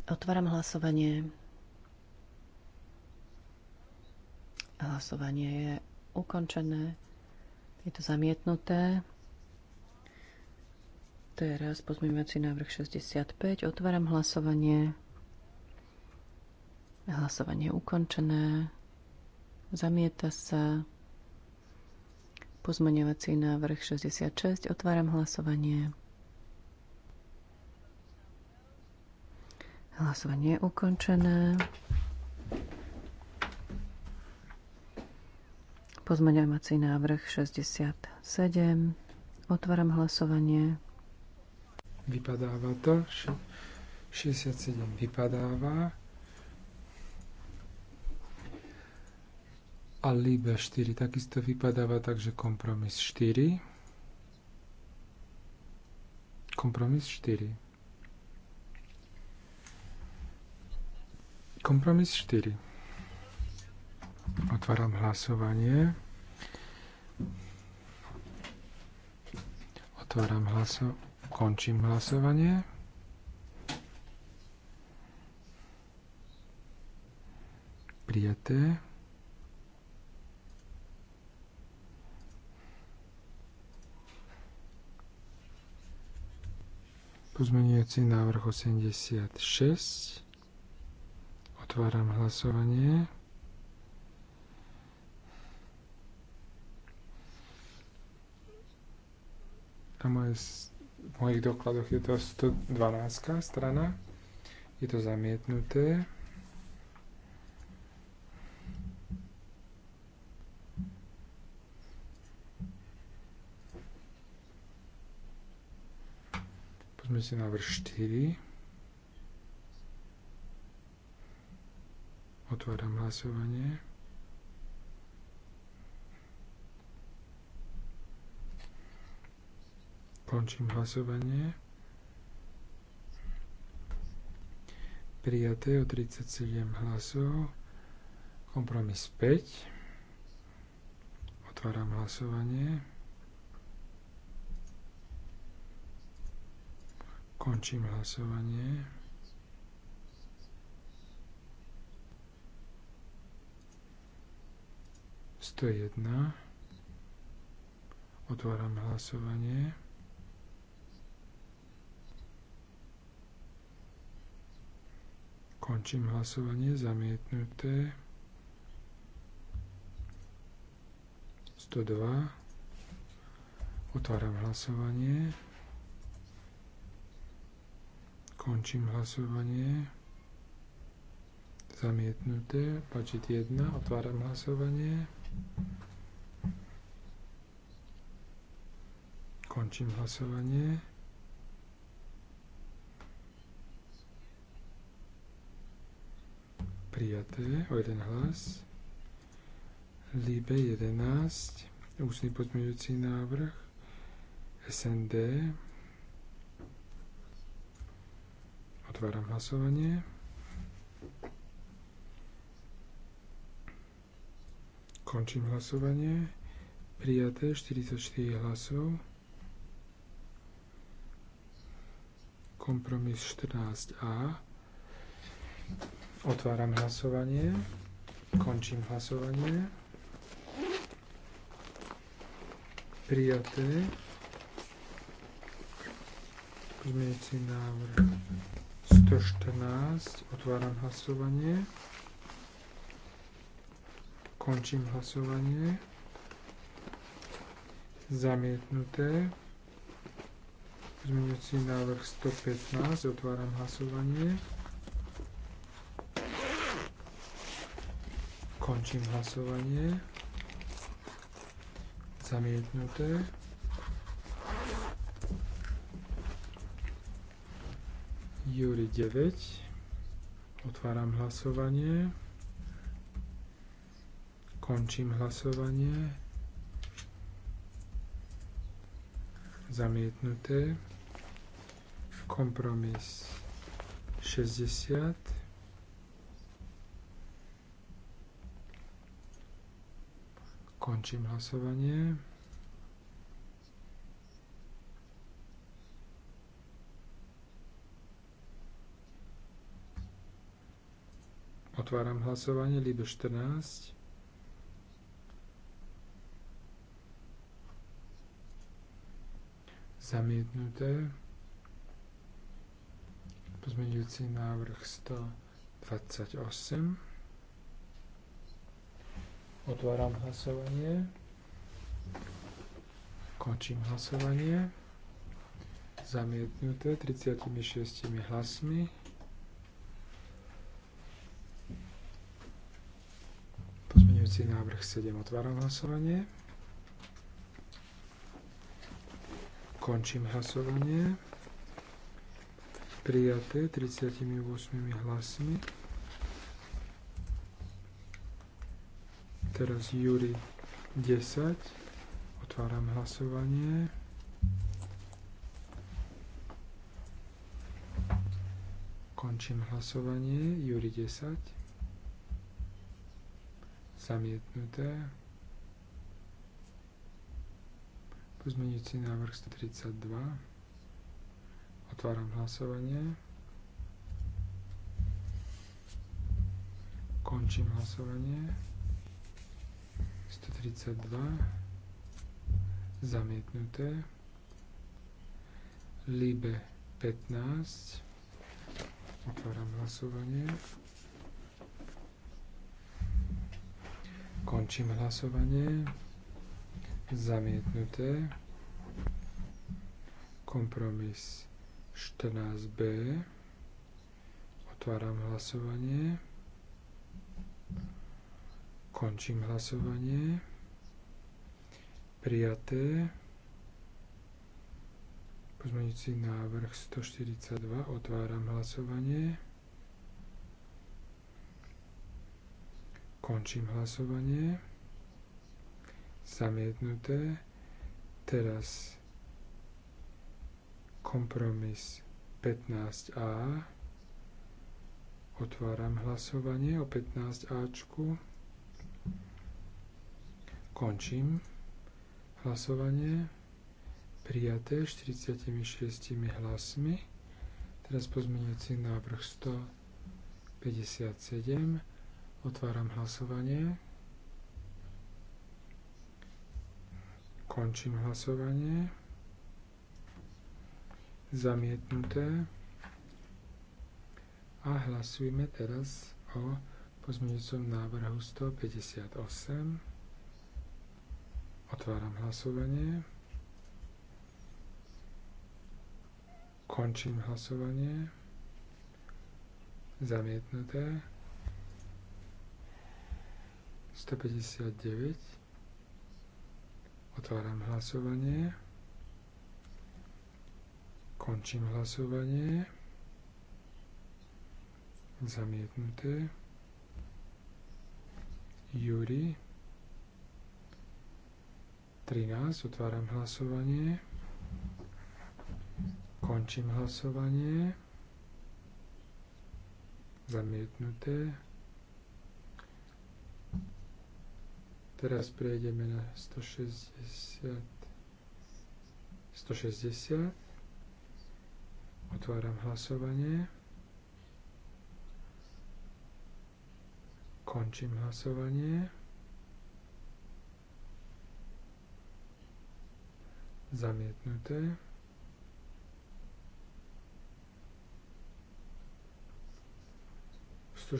Otváram hlasovanie. Hlasovanie je ukončené. Je to zamietnuté. Teraz pozmeňovací návrh 65. Otváram hlasovanie. Hlasovanie je ukončené. Zamieta sa. Pozmeňovací návrh 66. Otváram hlasovanie. Hlasovanie je ukončené. Pozmeňovací návrh 67. Otváram hlasovanie vypadáva to, 67 vypadáva a Libe 4 takisto vypadáva, takže kompromis 4. Kompromis 4. Kompromis 4. Otváram hlasovanie. Otváram hlasovanie. Končím hlasovanie. Prijaté. Pozmenujúci návrh 86. Otváram hlasovanie. A moje mojich dokladoch je to 112. strana. Je to zamietnuté. Poďme si na vrš 4. Otváram hlasovanie. Končím hlasovanie. Prijaté o 37 hlasov. Kompromis 5. Otváram hlasovanie. Končím hlasovanie. Sto jedna. Otváram hlasovanie. Končím hlasovanie. Zamietnuté. 102. Otváram hlasovanie. Končím hlasovanie. Zamietnuté. Budget 1. Otváram hlasovanie. Končím hlasovanie. prijaté o jeden hlas. Líbe 11, ústny pozmeňujúci návrh. SND. Otváram hlasovanie. Končím hlasovanie. Prijaté 44 hlasov. Kompromis 14a. Otváram hlasovanie. Končím hlasovanie. Prijaté. Pozmienujúci návrh 114. Otváram hlasovanie. Končím hlasovanie. Zamietnuté. Pozmienujúci návrh 115. Otváram hlasovanie. Končím hlasovanie. Zamietnuté. Júri 9. Otváram hlasovanie. Končím hlasovanie. Zamietnuté. Kompromis 60. Končím hlasovanie. Otváram hlasovanie, líbe 14. Zamietnuté. Pozmeňujúci návrh 128. Otváram hlasovanie. Končím hlasovanie. Zamietnuté 36 hlasmi. Pozmeňujúci návrh 7. Otváram hlasovanie. Končím hlasovanie. Prijaté 38 hlasmi. Teraz Júri 10. Otváram hlasovanie. Končím hlasovanie. Júri 10. Zamietnuté. Pozmeňujúci návrh 132. Otváram hlasovanie. Končím hlasovanie. 132 zamietnuté. Libe 15. Otváram hlasovanie. Končím hlasovanie. Zamietnuté. Kompromis 14b. Otváram hlasovanie. Končím hlasovanie. Prijaté. Pozmeňujúci návrh 142. Otváram hlasovanie. Končím hlasovanie. Zamietnuté. Teraz kompromis 15a. Otváram hlasovanie o 15ačku. Končím hlasovanie. Prijaté 46 hlasmi. Teraz pozmeňujúci návrh 157. Otváram hlasovanie. Končím hlasovanie. Zamietnuté. A hlasujeme teraz o pozmeňujúcom návrhu 158. Otváram hlasovanie. Končím hlasovanie. Zamietnuté. 159. Otváram hlasovanie. Končím hlasovanie. Zamietnuté. Júri. 13. Otváram hlasovanie. Končím hlasovanie. Zamietnuté. Teraz prejdeme na 160. 160. Otváram hlasovanie. Končím hlasovanie. Zamietnuté. Sto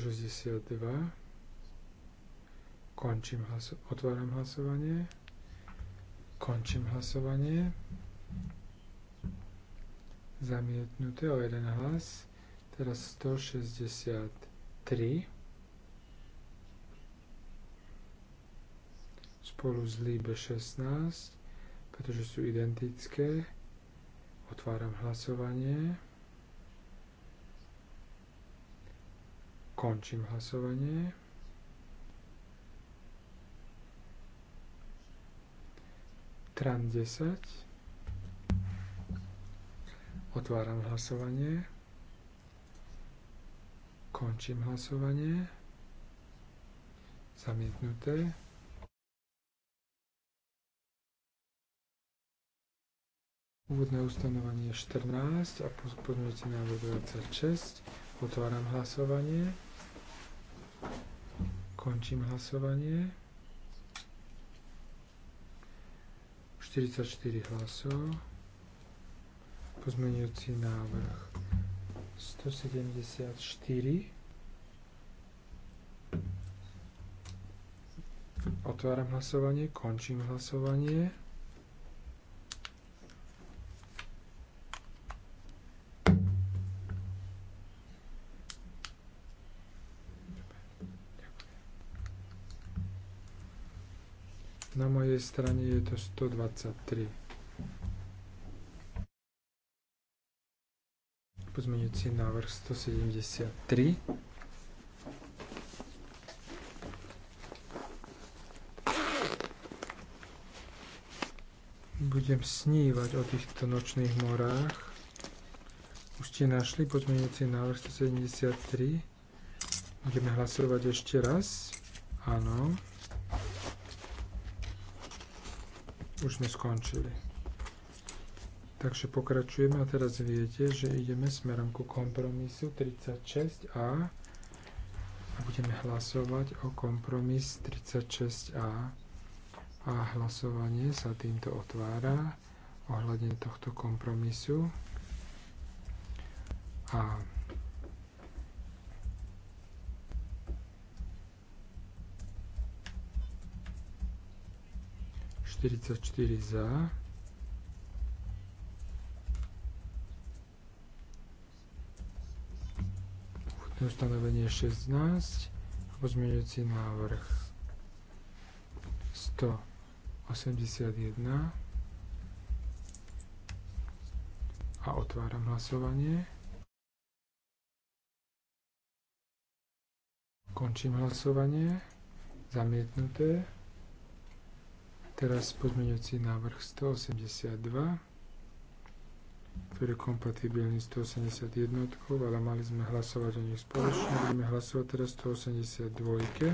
Končím hlaso- otváram hlasovanie. Končím hlasovanie. Zamietnuté o jeden hlas. Teraz 163. Spolu s Líbe 16 pretože sú identické. Otváram hlasovanie. Končím hlasovanie. Tran 10. Otváram hlasovanie. Končím hlasovanie. Zamietnuté. Úvodné ustanovanie 14 a pozmeňujúci návrh 26. Otváram hlasovanie. Končím hlasovanie. 44 hlasov. Pozmeňujúci návrh 174. Otváram hlasovanie, končím hlasovanie. Na mojej strane je to 123. Pozmeňujúci návrh 173. Budem snívať o týchto nočných morách. Už ste našli pozmeňujúci návrh 173. Budeme hlasovať ešte raz. Áno. Už sme skončili. Takže pokračujeme a teraz viete, že ideme smerom ku kompromisu 36a a budeme hlasovať o kompromis 36a a hlasovanie sa týmto otvára ohľadne tohto kompromisu. A 44 za. Úvodné ustanovenie 16 pozmeňujúci návrh 181 a otváram hlasovanie. Končím hlasovanie. Zamietnuté. Teraz pozmeňujúci návrh 182, ktorý je kompatibilný 181, ale mali sme hlasovať o nich spoločne. Budeme hlasovať teraz 182.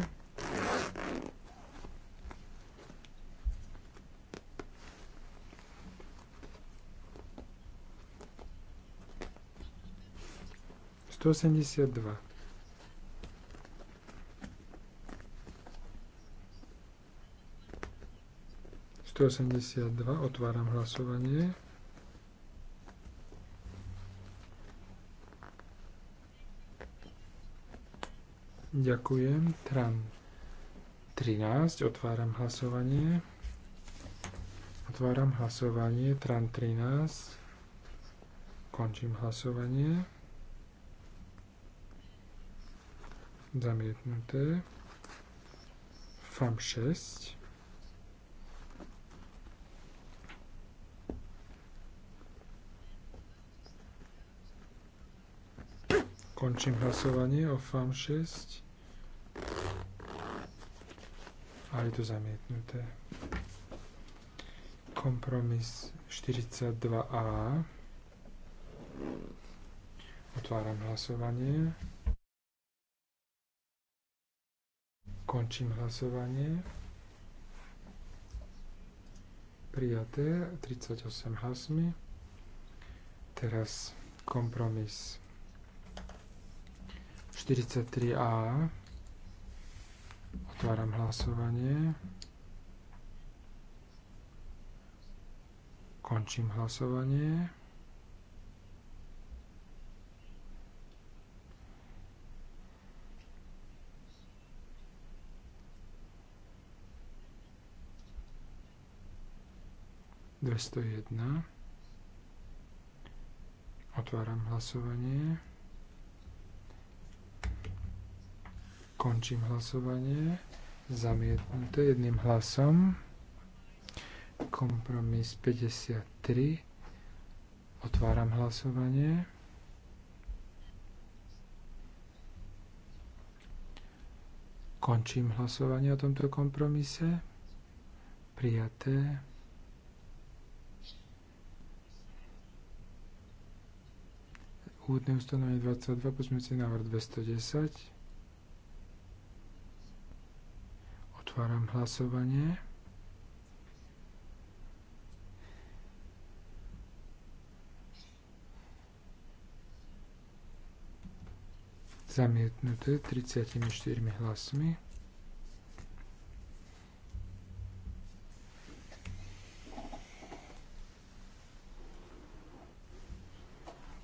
Сто семьдесят два. 182. Otváram hlasovanie. Ďakujem. Tran 13. Otváram hlasovanie. Otváram hlasovanie. Tran 13. Končím hlasovanie. Zamietnuté. FAM 6. Končím hlasovanie o FAM 6. A je to zamietnuté. Kompromis 42A. Otváram hlasovanie. Končím hlasovanie. Prijaté 38 hlasmi. Teraz kompromis 43A. Otváram hlasovanie. Končím hlasovanie. Dvesto jedna. Otváram hlasovanie. Končím hlasovanie. Zamietnuté jedným hlasom. Kompromis 53. Otváram hlasovanie. Končím hlasovanie o tomto kompromise. Prijaté. Úvodné ustanovenie 22, pozmeňujúci návrh 210. Otváram hlasovanie. Zamietnuté 34 hlasmi.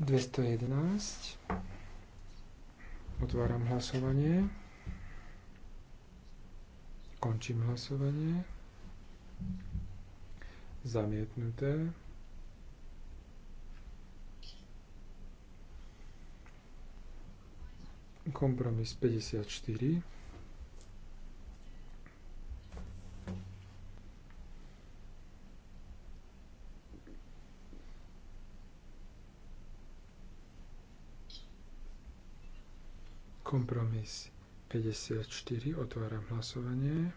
Dvesto jedenáct. Otváram hlasovanie. Končím hlasovanie. Zamietnuté. Kompromis 54. Kompromis 54. Otváram hlasovanie.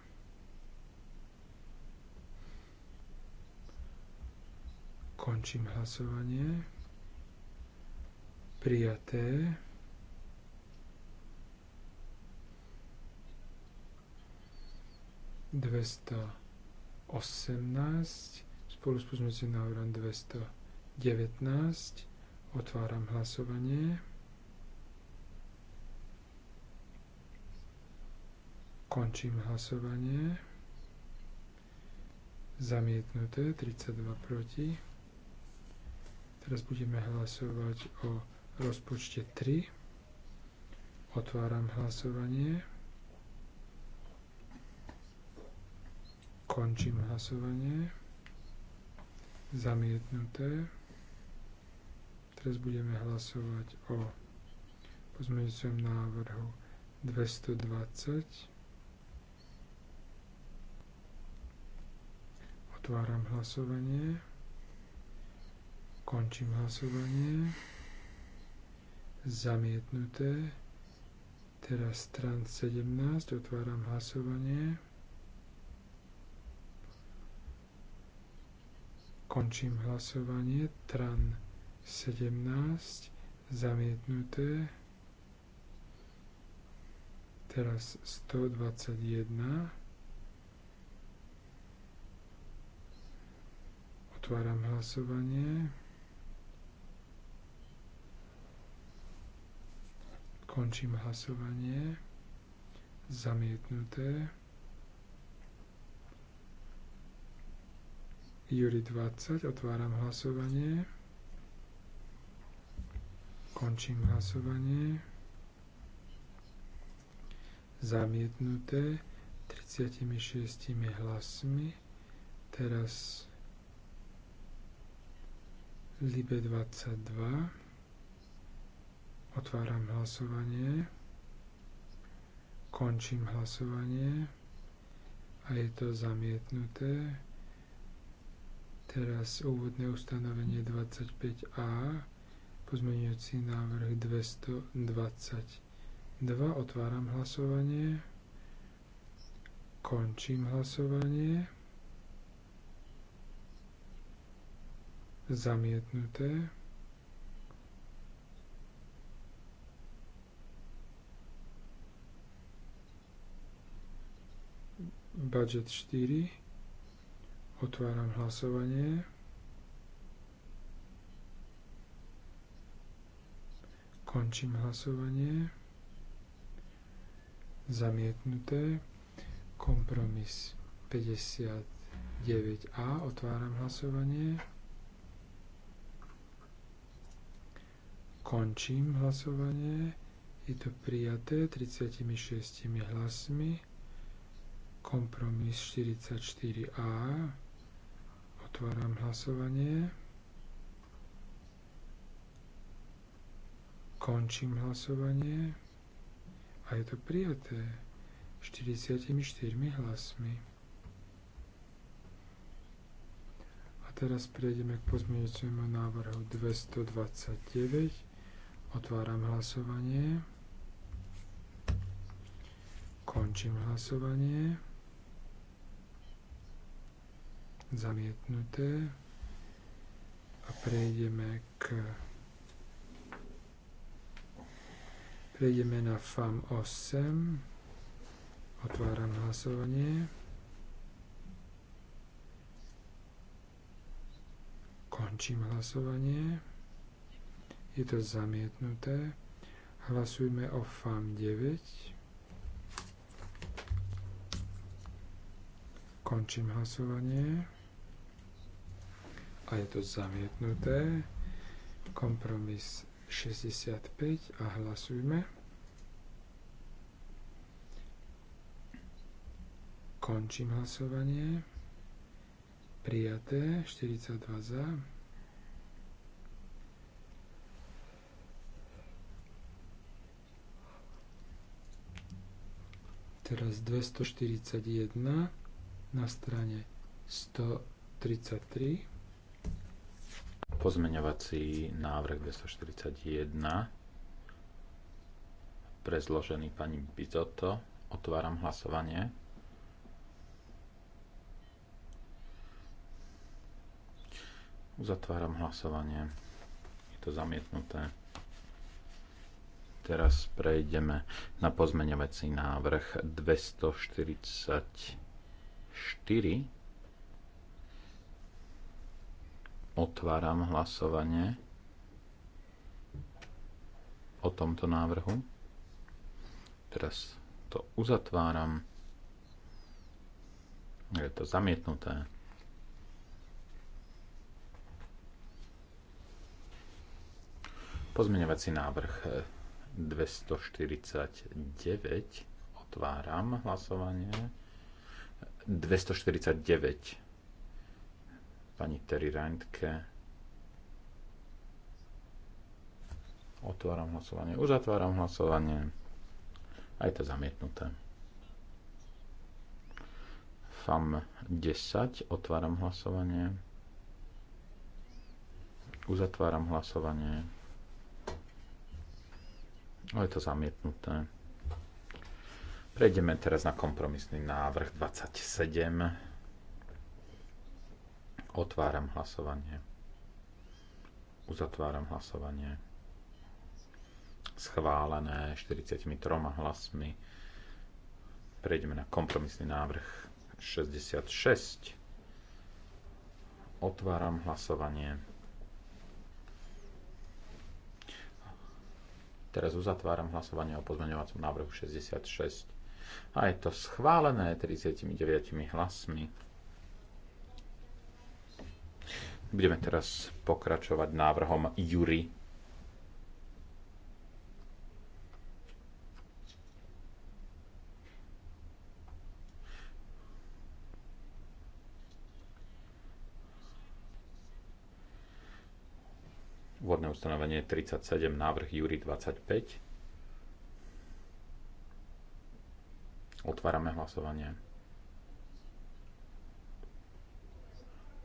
Končím hlasovanie. Prijaté. Dvesto osemnáct. Spolu s pozmúcim návrhom 219. Otváram hlasovanie. Končím hlasovanie. Zamietnuté 32 proti. Teraz budeme hlasovať o rozpočte 3. Otváram hlasovanie. Končím hlasovanie. Zamietnuté. Teraz budeme hlasovať o pozmeňujúcom návrhu 220. Otváram hlasovanie. Končím hlasovanie. Zamietnuté. Teraz stran 17. Otváram hlasovanie. Končím hlasovanie. Tran 17. Zamietnuté. Teraz 121. Otváram hlasovanie. Končím hlasovanie. Zamietnuté. Júri 20. Otváram hlasovanie. Končím hlasovanie. Zamietnuté 36 hlasmi. Teraz Libe 22. Otváram hlasovanie. Končím hlasovanie. A je to zamietnuté. Teraz úvodné ustanovenie 25a. Pozmeňujúci návrh 222. Otváram hlasovanie. Končím hlasovanie zamietnuté. Budget 4. Otváram hlasovanie. Končím hlasovanie. Zamietnuté. Kompromis 59a. Otváram hlasovanie. Končím hlasovanie. Je to prijaté 36 hlasmi. Kompromis 44A. Otváram hlasovanie. Končím hlasovanie. A je to prijaté 44 hlasmi. A teraz prejdeme k pozmeňujúcemu návrhu 229 Otváram hlasovanie. Končím hlasovanie. Zamietnuté. A prejdeme k prejdeme na FAM 8. Otváram hlasovanie. Končím hlasovanie je to zamietnuté. Hlasujme o FAM 9. Končím hlasovanie. A je to zamietnuté. Kompromis 65 a hlasujme. Končím hlasovanie. Prijaté 42 za. teraz 241 na strane 133. Pozmeňovací návrh 241 prezložený pani Bizotto. Otváram hlasovanie. Uzatváram hlasovanie. Je to zamietnuté. Teraz prejdeme na pozmeňovací návrh 244. Otváram hlasovanie o tomto návrhu. Teraz to uzatváram. Je to zamietnuté. Pozmeňovací návrh 249 otváram hlasovanie 249 pani Terry Reintke otváram hlasovanie uzatváram hlasovanie aj to zamietnuté FAM 10 otváram hlasovanie uzatváram hlasovanie ale je to zamietnuté. Prejdeme teraz na kompromisný návrh 27. Otváram hlasovanie. Uzatváram hlasovanie. Schválené 43 hlasmi. Prejdeme na kompromisný návrh 66. Otváram hlasovanie. Teraz uzatváram hlasovanie o pozmeňovacom návrhu 66. A je to schválené 39 hlasmi. Budeme teraz pokračovať návrhom Jury Úvodné ustanovenie 37, návrh Júri 25. Otvárame hlasovanie.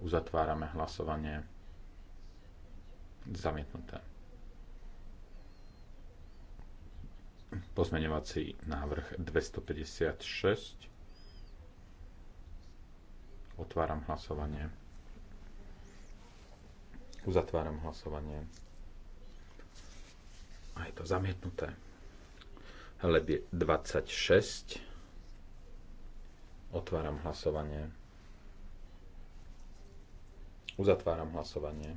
Uzatvárame hlasovanie. Zamietnuté. Pozmeňovací návrh 256. Otváram hlasovanie. Uzatváram hlasovanie. A je to zamietnuté. Leb 26. Otváram hlasovanie. Uzatváram hlasovanie.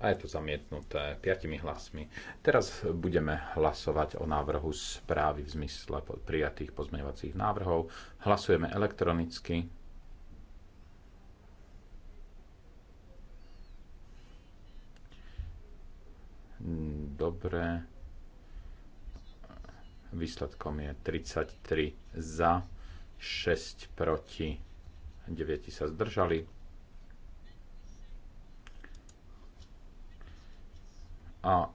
A je to zamietnuté piatimi hlasmi. Teraz budeme hlasovať o návrhu správy v zmysle prijatých pozmeňovacích návrhov. Hlasujeme elektronicky. Mm, dobre. Výsledkom je 33 za, 6 proti, 9 sa zdržali. A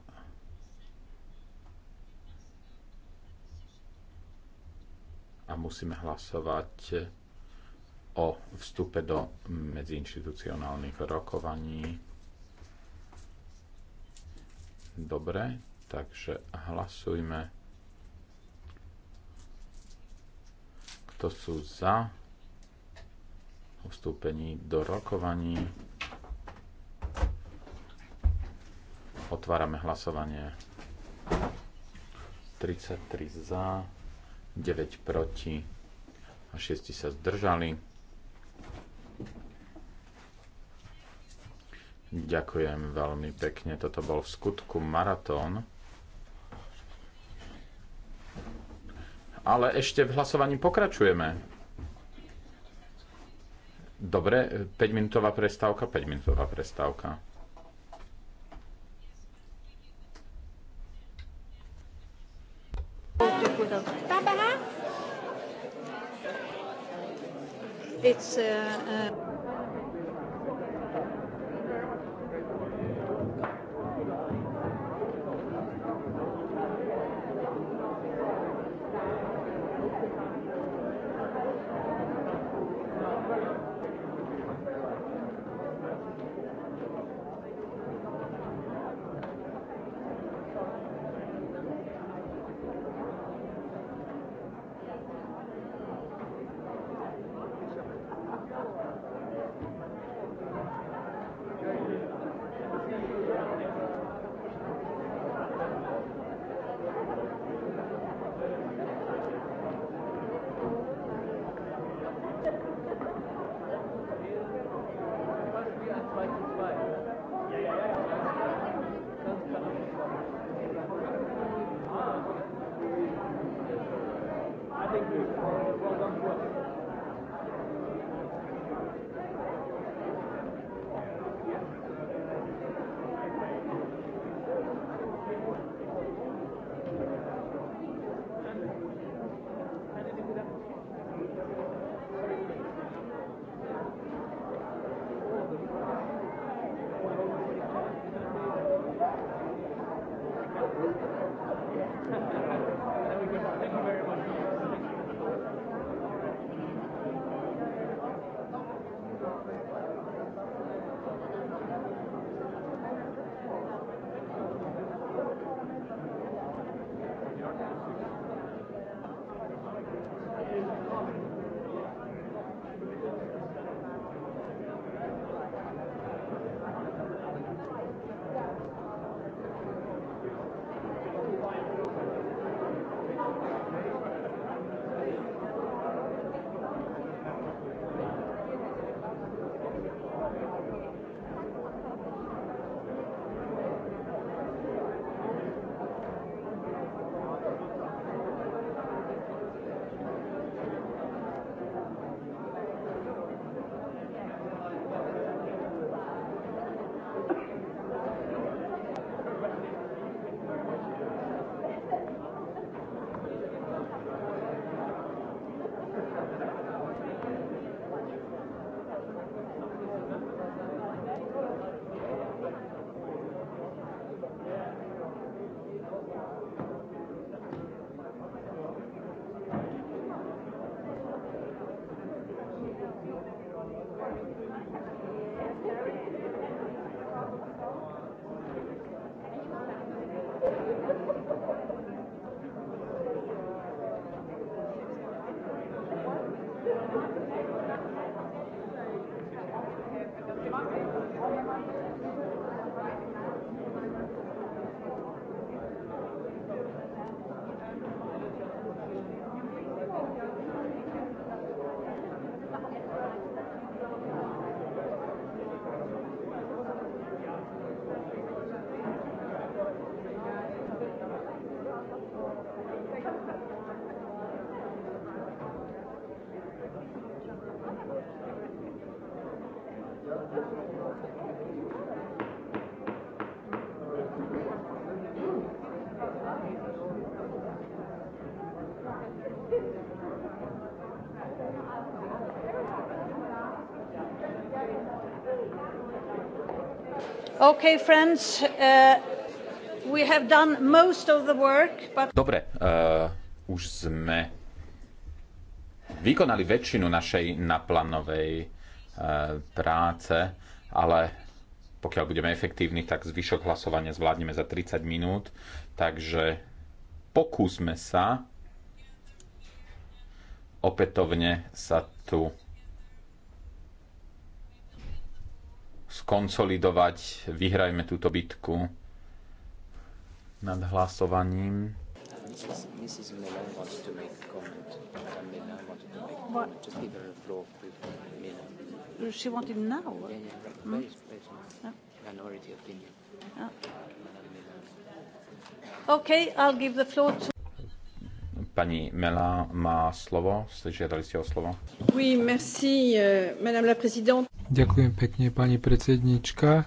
a musíme hlasovať o vstupe do medziinštitucionálnych rokovaní. Dobre, takže hlasujme. Kto sú za vstúpení do rokovaní? Otvárame hlasovanie. 33 za, 9 proti a 6 sa zdržali. Ďakujem veľmi pekne. Toto bol v skutku maratón. Ale ešte v hlasovaní pokračujeme. Dobre, 5-minútová prestávka, 5-minútová prestávka. Barbara? It's uh, uh... Okay, friends, uh, we have done most of the work, but... Dobre, uh, už sme vykonali väčšinu našej naplanovej uh, práce, ale pokiaľ budeme efektívni, tak zvyšok hlasovania zvládneme za 30 minút. Takže pokúsme sa opätovne sa tu skonsolidovať, vyhrajme túto bitku nad hlasovaním. Hmm? Okay, I'll give the floor to Pani Mela má slovo. Žiadali ste o slovo. Oui, merci, euh, madame la Ďakujem pekne, pani predsednička.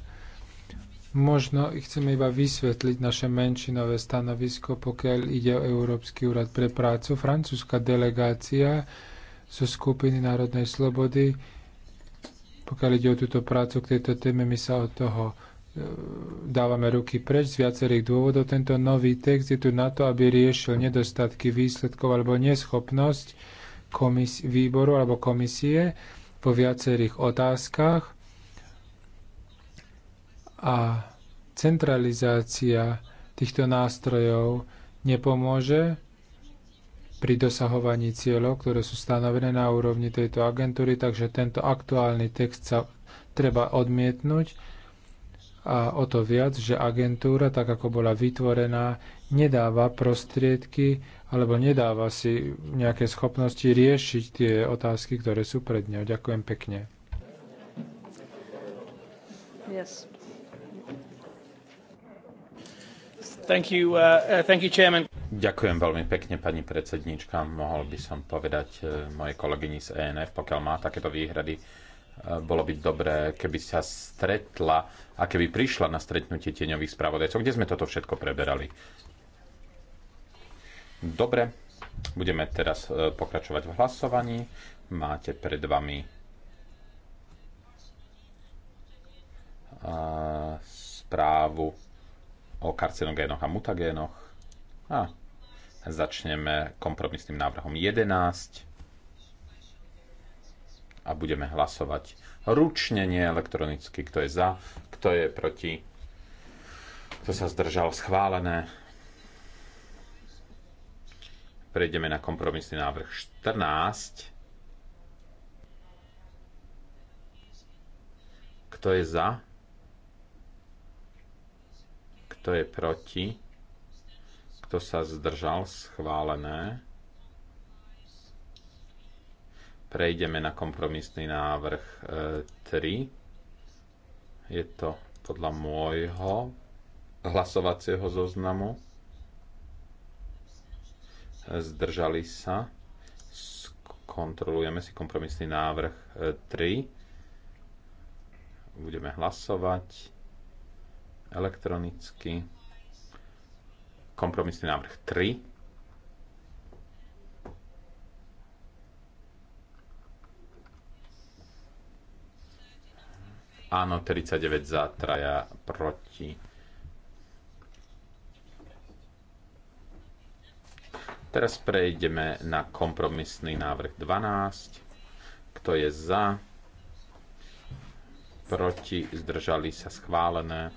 Možno chceme iba vysvetliť naše menšinové stanovisko, pokiaľ ide o Európsky úrad pre prácu. Francúzska delegácia zo skupiny Národnej slobody, pokiaľ ide o túto prácu k tejto téme, my sa od toho dávame ruky preč z viacerých dôvodov. Tento nový text je tu na to, aby riešil nedostatky výsledkov alebo neschopnosť komis- výboru alebo komisie po viacerých otázkach. A centralizácia týchto nástrojov nepomôže pri dosahovaní cieľov, ktoré sú stanovené na úrovni tejto agentúry, takže tento aktuálny text sa treba odmietnúť a o to viac, že agentúra, tak ako bola vytvorená, nedáva prostriedky alebo nedáva si nejaké schopnosti riešiť tie otázky, ktoré sú pred ňou. Ďakujem pekne. Yes. Thank you, uh, uh thank you, chairman. Ďakujem veľmi pekne, pani predsednička. Mohol by som povedať uh, mojej kolegyni z ENF, pokiaľ má takéto výhrady, bolo by dobré, keby sa stretla a keby prišla na stretnutie tieňových spravodajcov, kde sme toto všetko preberali. Dobre, budeme teraz e, pokračovať v hlasovaní. Máte pred vami e, správu o karcinogénoch a mutagénoch. A začneme kompromisným návrhom 11 a budeme hlasovať ručne, nie elektronicky, kto je za, kto je proti, kto sa zdržal schválené. Prejdeme na kompromisný návrh 14. Kto je za? Kto je proti? Kto sa zdržal? Schválené. Prejdeme na kompromisný návrh 3. E, Je to podľa môjho hlasovacieho zoznamu. Zdržali sa. Kontrolujeme si kompromisný návrh 3. E, Budeme hlasovať elektronicky. Kompromisný návrh 3. Áno, 39 za, traja proti. Teraz prejdeme na kompromisný návrh 12. Kto je za? Proti? Zdržali sa schválené.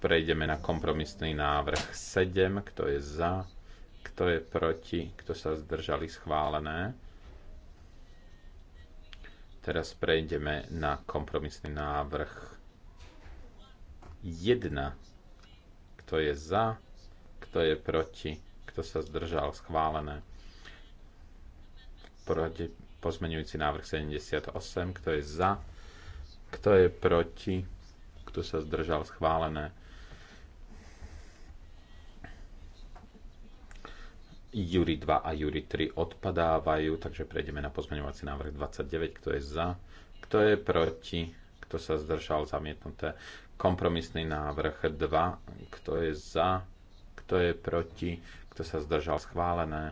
Prejdeme na kompromisný návrh 7. Kto je za? Kto je proti? Kto sa zdržali schválené? Teraz prejdeme na kompromisný návrh 1. Kto je za, kto je proti, kto sa zdržal, schválené. Proti, pozmenujúci návrh 78. Kto je za, kto je proti, kto sa zdržal, schválené. Jury 2 a Jury 3 odpadávajú, takže prejdeme na pozmeňovací návrh 29, kto je za, kto je proti, kto sa zdržal zamietnuté. Kompromisný návrh 2, kto je za, kto je proti, kto sa zdržal schválené.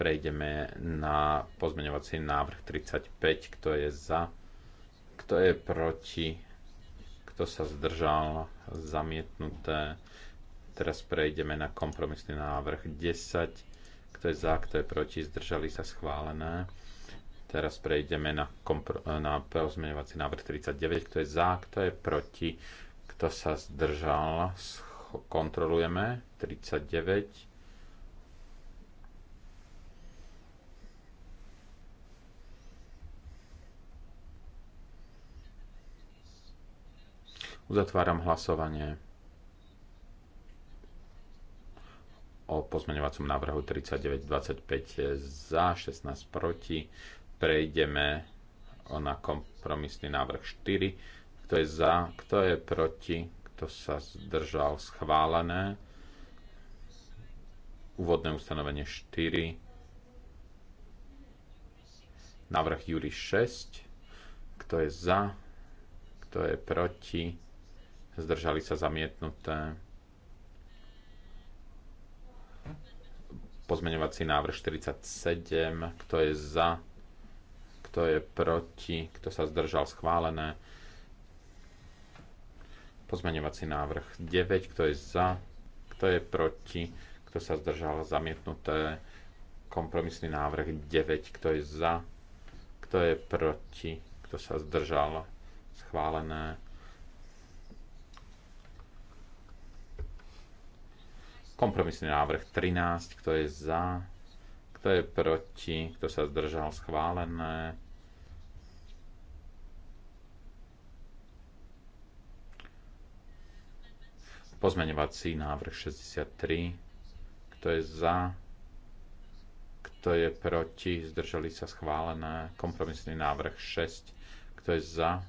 Prejdeme na pozmeňovací návrh 35, kto je za, kto je proti, kto sa zdržal zamietnuté. Teraz prejdeme na kompromisný návrh 10, kto je za, kto je proti, zdržali sa schválené. Teraz prejdeme na, kompro- na pozmeňovací návrh 39, kto je za, kto je proti, kto sa zdržal, kontrolujeme 39. Uzatváram hlasovanie. o pozmeňovacom návrhu 3925 za, 16 proti. Prejdeme na kompromisný návrh 4. Kto je za, kto je proti, kto sa zdržal schválené. Úvodné ustanovenie 4. Návrh Júri 6. Kto je za, kto je proti, zdržali sa zamietnuté Pozmeňovací návrh 47. Kto je za? Kto je proti? Kto sa zdržal? Schválené. Pozmeňovací návrh 9. Kto je za? Kto je proti? Kto sa zdržal? Zamietnuté. Kompromisný návrh 9. Kto je za? Kto je proti? Kto sa zdržal? Schválené Kompromisný návrh 13, kto je za, kto je proti, kto sa zdržal schválené. Pozmeňovací návrh 63, kto je za, kto je proti, zdržali sa schválené. Kompromisný návrh 6, kto je za,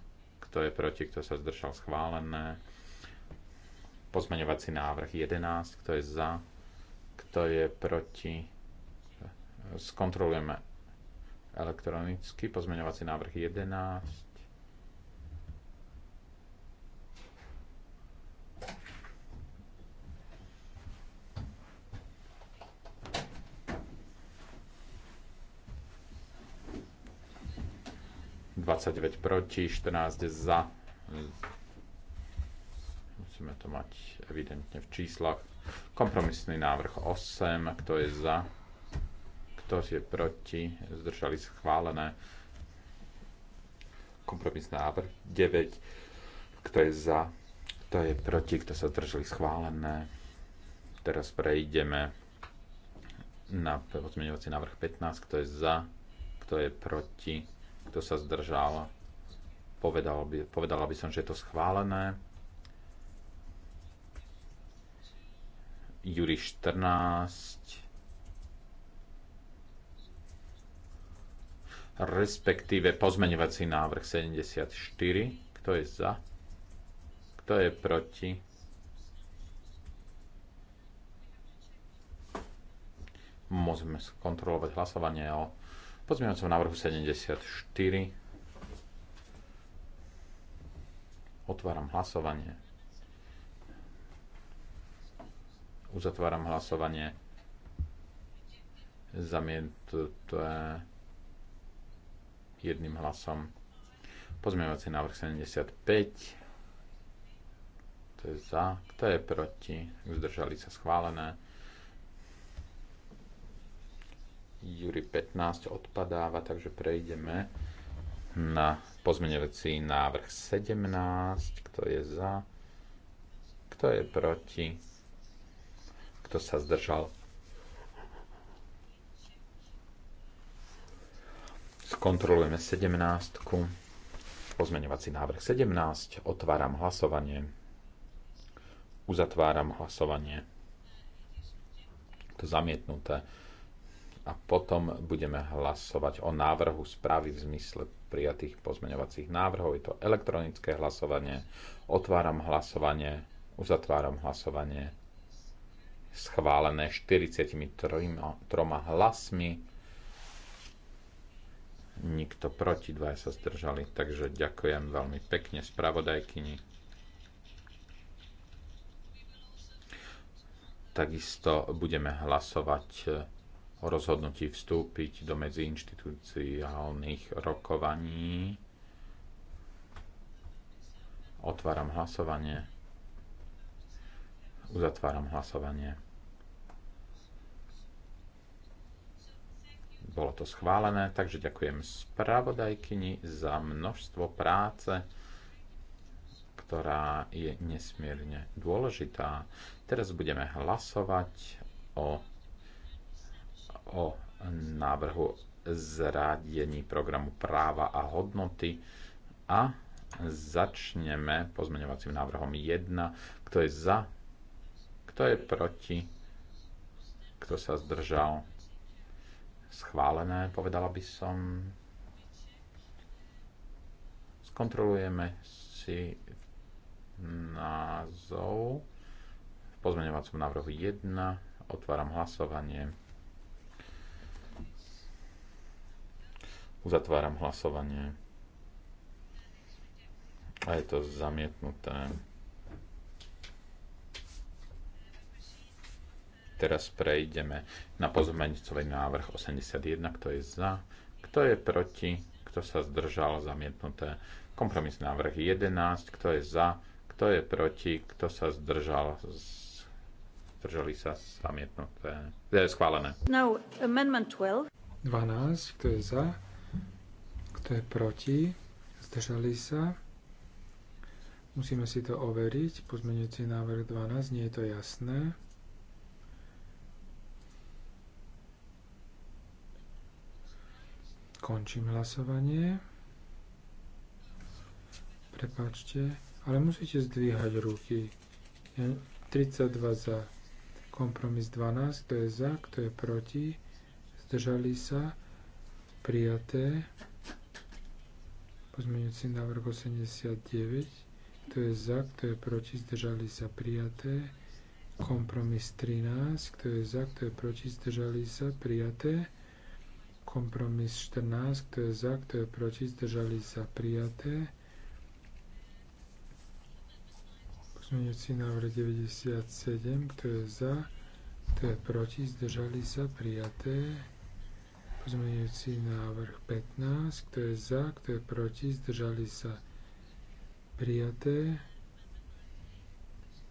kto je proti, kto sa zdržal schválené pozmeňovací návrh 11, kto je za, kto je proti. Skontrolujeme elektronicky. Pozmeňovací návrh 11. Dvadsaťdeväť proti, 14 za Musíme to mať evidentne v číslach. Kompromisný návrh 8, kto je za, kto je proti, zdržali schválené. Kompromisný návrh 9, kto je za, kto je proti, kto sa zdržali schválené. Teraz prejdeme na pozmeňovací návrh 15, kto je za, kto je proti, kto sa zdržal. Povedal by, povedala by som, že je to schválené. Juri 14, respektíve pozmeňovací návrh 74. Kto je za? Kto je proti? Môžeme skontrolovať hlasovanie o pozmeňovacom návrhu 74. Otváram hlasovanie. Uzatváram hlasovanie. Zamietnuté jedným hlasom. Pozmeňovací návrh 75. To je za? Kto je proti? Zdržali sa schválené. Júri 15 odpadáva, takže prejdeme na pozmeňovací návrh 17. Kto je za? Kto je proti? Kto sa zdržal? Skontrolujeme 17. Pozmeňovací návrh 17. Otváram hlasovanie. Uzatváram hlasovanie. To zamietnuté. A potom budeme hlasovať o návrhu správy v zmysle prijatých pozmeňovacích návrhov. Je to elektronické hlasovanie. Otváram hlasovanie. Uzatváram hlasovanie schválené 43 hlasmi. Nikto proti, dvaja sa zdržali, takže ďakujem veľmi pekne spravodajkyni. Takisto budeme hlasovať e, o rozhodnutí vstúpiť do medziinštitúciálnych rokovaní. Otváram hlasovanie. Uzatváram hlasovanie. Bolo to schválené, takže ďakujem spravodajkyni za množstvo práce, ktorá je nesmierne dôležitá. Teraz budeme hlasovať o, o návrhu zradení programu práva a hodnoty a začneme pozmeňovacím návrhom 1. Kto je za? Kto je proti? Kto sa zdržal? schválené, povedala by som. Skontrolujeme si názov v pozmeňovacom návrhu 1. Otváram hlasovanie. Uzatváram hlasovanie. A je to zamietnuté. Teraz prejdeme na pozmeňcový návrh 81, kto je za, kto je proti, kto sa zdržal, zamietnuté. Kompromis návrh 11, kto je za, kto je proti, kto sa zdržal, zdržali sa zamietnuté, je schválené. amendment 12. 12, kto je za, kto je proti, zdržali sa. Musíme si to overiť. Pozmeňujúci návrh 12, nie je to jasné. Končím hlasovanie. Prepačte, ale musíte zdvíhať ruky. 32 za. Kompromis 12, kto je za, kto je proti. Zdržali sa. Prijaté. Pozmeňujúci návrh 89. Kto je za, kto je proti, zdržali sa. Prijaté. Kompromis 13, kto je za, kto je proti, zdržali sa. Prijaté. Kompromis 14, kto je za, kto je proti, zdržali sa prijaté. Pozmeňujúci návrh 97, kto je za, kto je proti, zdržali sa prijaté. Pozmeňujúci návrh 15, kto je za, kto je proti, zdržali sa prijaté.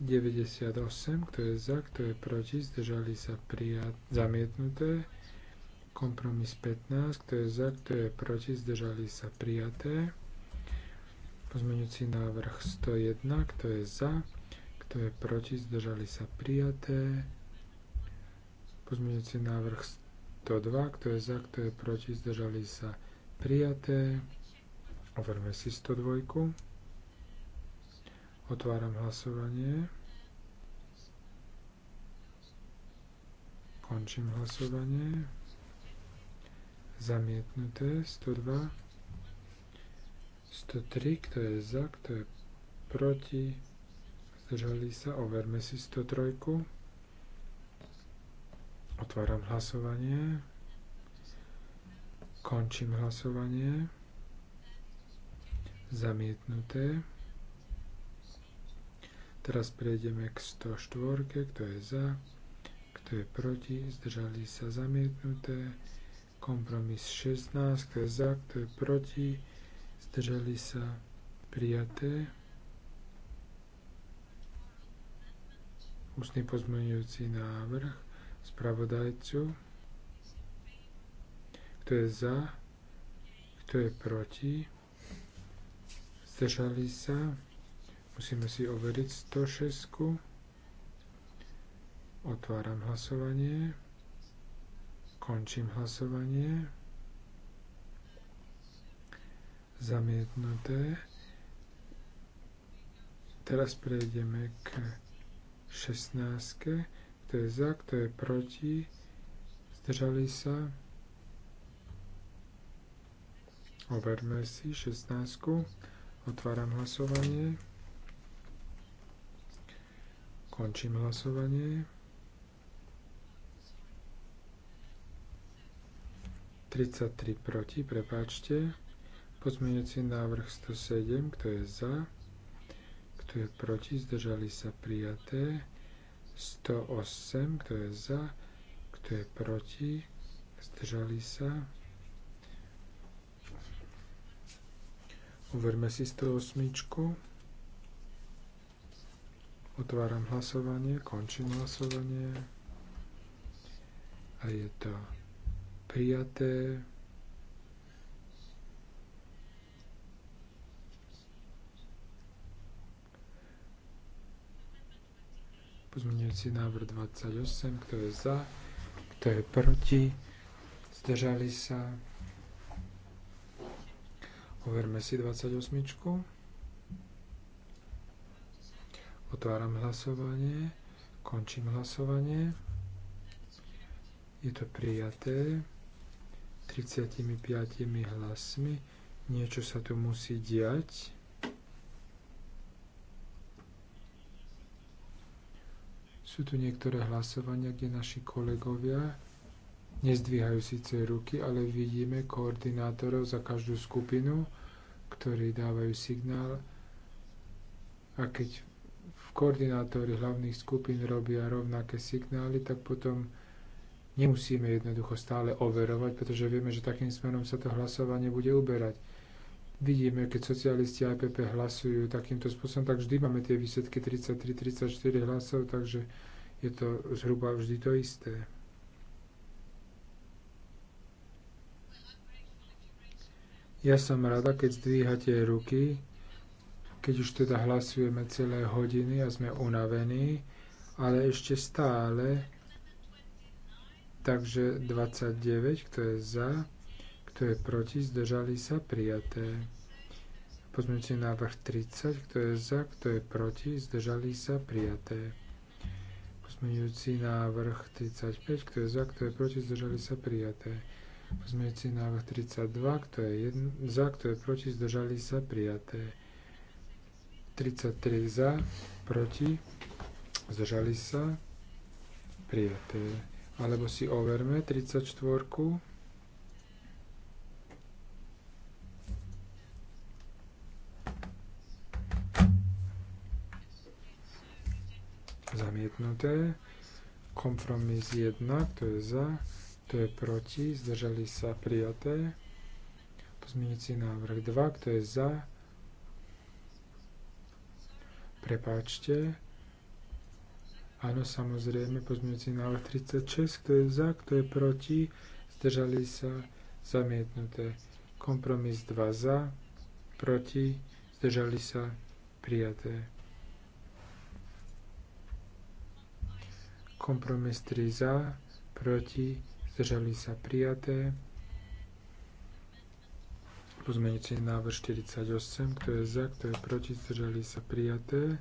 98, kto je za, kto je proti, zdržali sa prijaté. zamietnuté. Kompromis 15, kto je za, kto je proti, zdržali sa prijaté. Pozmeňujúci návrh 101, kto je za, kto je proti, zdržali sa prijaté. Pozmeňujúci návrh 102, kto je za, kto je proti, zdržali sa prijaté. Overme si 102. Otváram hlasovanie. Končím hlasovanie zamietnuté, 102, 103, kto je za, kto je proti, zdržali sa, overme si 103. Otváram hlasovanie, končím hlasovanie, zamietnuté. Teraz prejdeme k 104, kto je za, kto je proti, zdržali sa, zamietnuté. Kompromis 16, kto je za, kto je proti, zdržali sa prijaté. Ústny pozmeňujúci návrh spravodajcu. Kto je za, kto je proti, zdržali sa. Musíme si overiť 106. Otváram hlasovanie. Končím hlasovanie. Zamietnuté. Teraz prejdeme k 16. Kto je za, kto je proti? Zdržali sa? Overme si 16. Otváram hlasovanie. Končím hlasovanie. 33 proti, prepáčte. Pozmeňujúci návrh 107, kto je za, kto je proti, zdržali sa prijaté. 108, kto je za, kto je proti, zdržali sa. Uverme si 108. Otváram hlasovanie, končím hlasovanie a je to prijaté. Pozmeňujúci návrh 28, kto je za, kto je proti, zdržali sa. Overme si 28. Otváram hlasovanie, končím hlasovanie. Je to prijaté. 35 hlasmi. Niečo sa tu musí diať. Sú tu niektoré hlasovania, kde naši kolegovia nezdvíhajú síce ruky, ale vidíme koordinátorov za každú skupinu, ktorí dávajú signál. A keď v koordinátori hlavných skupín robia rovnaké signály, tak potom Nemusíme jednoducho stále overovať, pretože vieme, že takým smerom sa to hlasovanie bude uberať. Vidíme, keď socialisti a IPP hlasujú takýmto spôsobom, tak vždy máme tie výsledky 33-34 hlasov, takže je to zhruba vždy to isté. Ja som rada, keď zdvíhate ruky, keď už teda hlasujeme celé hodiny a sme unavení, ale ešte stále Takže 29, kto je za, kto je proti, zdržali sa, prijaté. Pozmeňujúci návrh 30, kto je za, kto je proti, zdržali sa, prijaté. Pozmeňujúci návrh 35, kto je za, kto je proti, zdržali sa, prijaté. Pozmeňujúci návrh 32, kto je jedn, za, kto je proti, zdržali sa, prijaté. 33 za, proti, zdržali sa, prijaté. Alebo si overme 34. Zamietnuté. Kompromis 1, kto je za, to je proti, zdržali sa prijaté. Pozmienujúci návrh 2, kto je za, prepáčte, Áno, samozrejme, pozmeňujúci návrh 36, kto je za, kto je proti, zdržali sa, zamietnuté. Kompromis 2 za, proti, zdržali sa, prijaté. Kompromis 3 za, proti, zdržali sa, prijaté. Pozmeňujúci návrh 48, kto je za, kto je proti, zdržali sa, prijaté.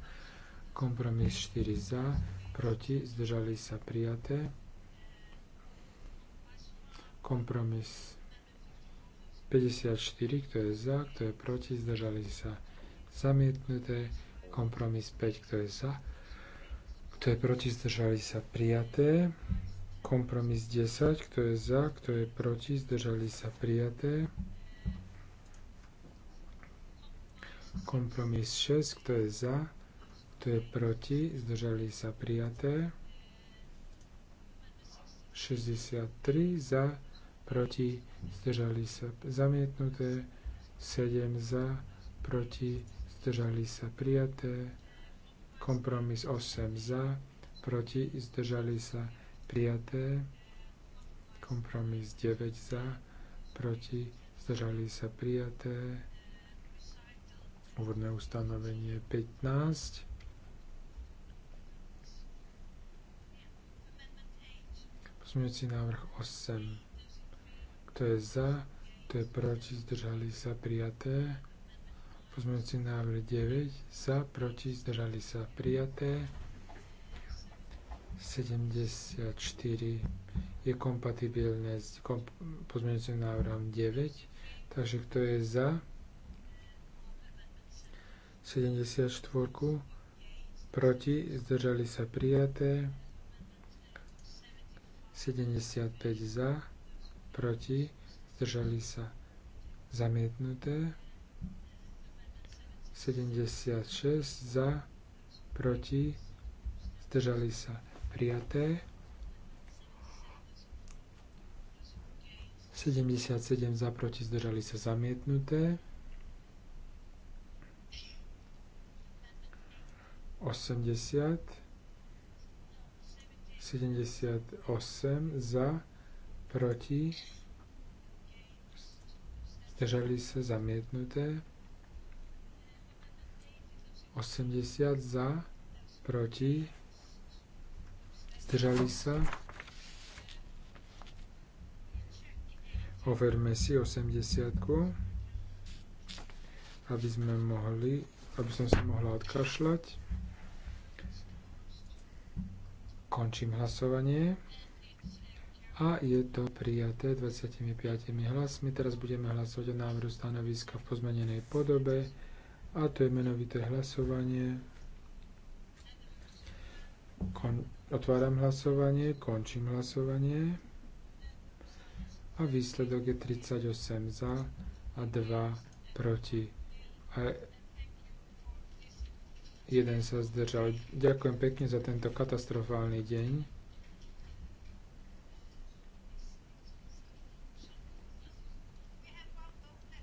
Kompromis 4 za, proti, zdržali sa prijaté. Kompromis 54, kto je za, kto je proti, zdržali sa zamietnuté. Kompromis 5, kto je za, kto je proti, zdržali sa prijaté. Kompromis 10, kto je za, kto je proti, zdržali sa prijaté. Kompromis 6, kto je za, kto je proti? Zdržali sa prijaté. 63 za, proti, zdržali sa zamietnuté. 7 za, proti, zdržali sa prijaté. Kompromis 8 za, proti, zdržali sa prijaté. Kompromis 9 za, proti, zdržali sa prijaté. Úvodné ustanovenie 15 Pozmeňujúci návrh 8. Kto je za? Kto je proti? Zdržali sa prijaté. Pozmeňujúci návrh 9. Za, proti, zdržali sa prijaté. 74 je kompatibilné s komp- pozmeňujúcim návrhom 9. Takže kto je za 74, proti, zdržali sa prijaté. 75 za, proti, zdržali sa zamietnuté, 76 za, proti, zdržali sa prijaté, 77 za, proti, zdržali sa zamietnuté, 80 78 za, proti, zdržali sa zamietnuté, 80 za, proti, zdržali sa, overme si 80 aby sme mohli, aby som sa mohla odkašľať. Končím hlasovanie. A je to prijaté 25 hlasmi. Teraz budeme hlasovať o návrhu stanoviska v pozmenenej podobe. A to je menovité hlasovanie. Kon- otváram hlasovanie, končím hlasovanie. A výsledok je 38 za a 2 proti. A jeden sa zdržal. Ďakujem pekne za tento katastrofálny deň.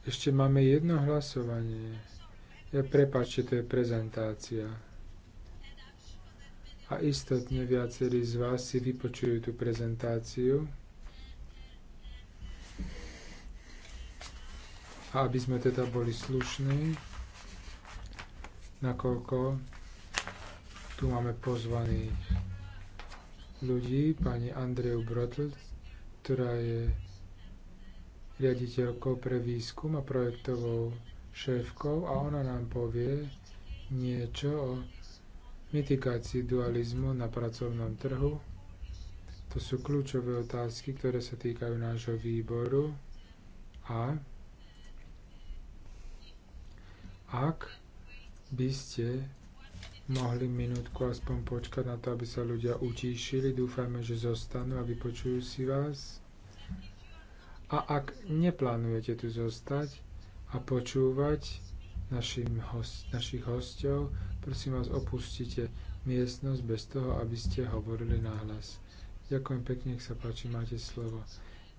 Ešte máme jedno hlasovanie. Ja prepáčte, to je prezentácia. A istotne viacerí z vás si vypočujú tú prezentáciu. A aby sme teda boli slušní, nakoľko tu máme pozvaných ľudí, pani Andreju Brotl, ktorá je riaditeľkou pre výskum a projektovou šéfkou a ona nám povie niečo o mitigácii dualizmu na pracovnom trhu. To sú kľúčové otázky, ktoré sa týkajú nášho výboru a ak by ste mohli minútku aspoň počkať na to, aby sa ľudia utíšili. Dúfajme, že zostanú a vypočujú si vás. A ak neplánujete tu zostať a počúvať našim host, našich hostov, prosím vás, opustite miestnosť bez toho, aby ste hovorili nahlas. Ďakujem pekne, nech sa páči, máte slovo.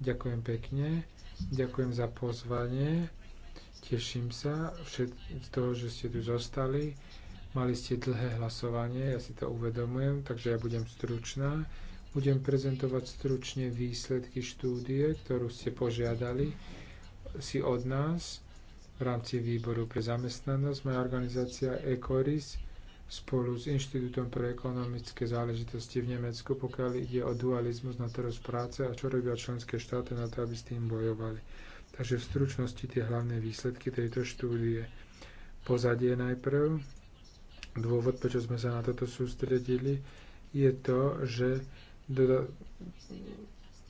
Ďakujem pekne, ďakujem za pozvanie Teším sa všet, z toho, že ste tu zostali. Mali ste dlhé hlasovanie, ja si to uvedomujem, takže ja budem stručná. Budem prezentovať stručne výsledky štúdie, ktorú ste požiadali si od nás v rámci výboru pre zamestnanosť. Moja organizácia ECORIS spolu s Inštitútom pre ekonomické záležitosti v Nemecku, pokiaľ ide o dualizmus na trhu práce a čo robia členské štáty na to, aby s tým bojovali. Takže v stručnosti tie hlavné výsledky tejto štúdie. Pozadie najprv. Dôvod, prečo sme sa na toto sústredili, je to, že do,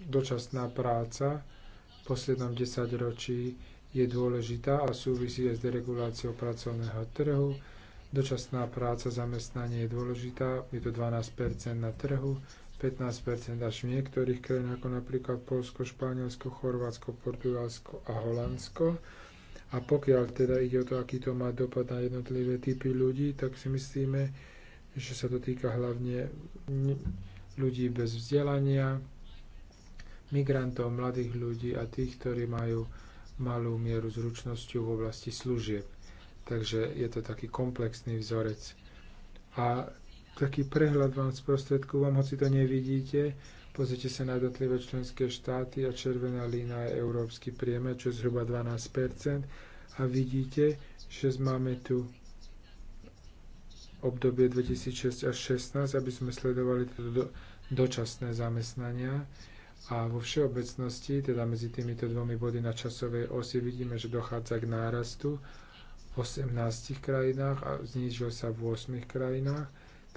dočasná práca v poslednom desaťročí je dôležitá a súvisí aj s dereguláciou pracovného trhu. Dočasná práca, zamestnanie je dôležitá, je to 12 na trhu, 15 až v niektorých krajinách, ako napríklad Polsko, Španielsko, Chorvátsko, Portugalsko a Holandsko. A pokiaľ teda ide o to, aký to má dopad na jednotlivé typy ľudí, tak si myslíme, že sa to týka hlavne ľudí bez vzdelania, migrantov, mladých ľudí a tých, ktorí majú malú mieru zručnosti v oblasti služieb. Takže je to taký komplexný vzorec. A taký prehľad vám vám hoci to nevidíte. Pozrite sa na jednotlivé členské štáty a červená lína je európsky priemer, čo je zhruba 12 A vidíte, že máme tu obdobie 2006 až 2016, aby sme sledovali toto dočasné zamestnania. A vo všeobecnosti, teda medzi týmito dvomi body na časovej osi, vidíme, že dochádza k nárastu v 18 krajinách a znížil sa v 8 krajinách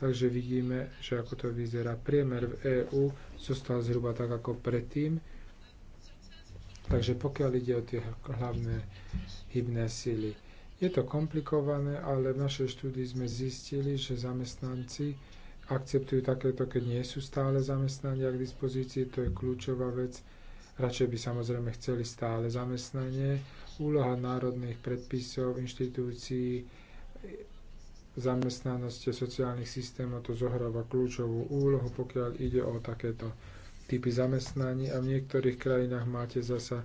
Takže vidíme, že ako to vyzerá. Priemer v EÚ zostal zhruba tak ako predtým. Takže pokiaľ ide o tie hlavné hybné síly. Je to komplikované, ale v našej štúdii sme zistili, že zamestnanci akceptujú takéto, keď nie sú stále zamestnania k dispozícii, to je kľúčová vec. Radšej by samozrejme chceli stále zamestnanie. Úloha národných predpisov, inštitúcií zamestnanosti a sociálnych systémov to zohráva kľúčovú úlohu, pokiaľ ide o takéto typy zamestnaní a v niektorých krajinách máte zasa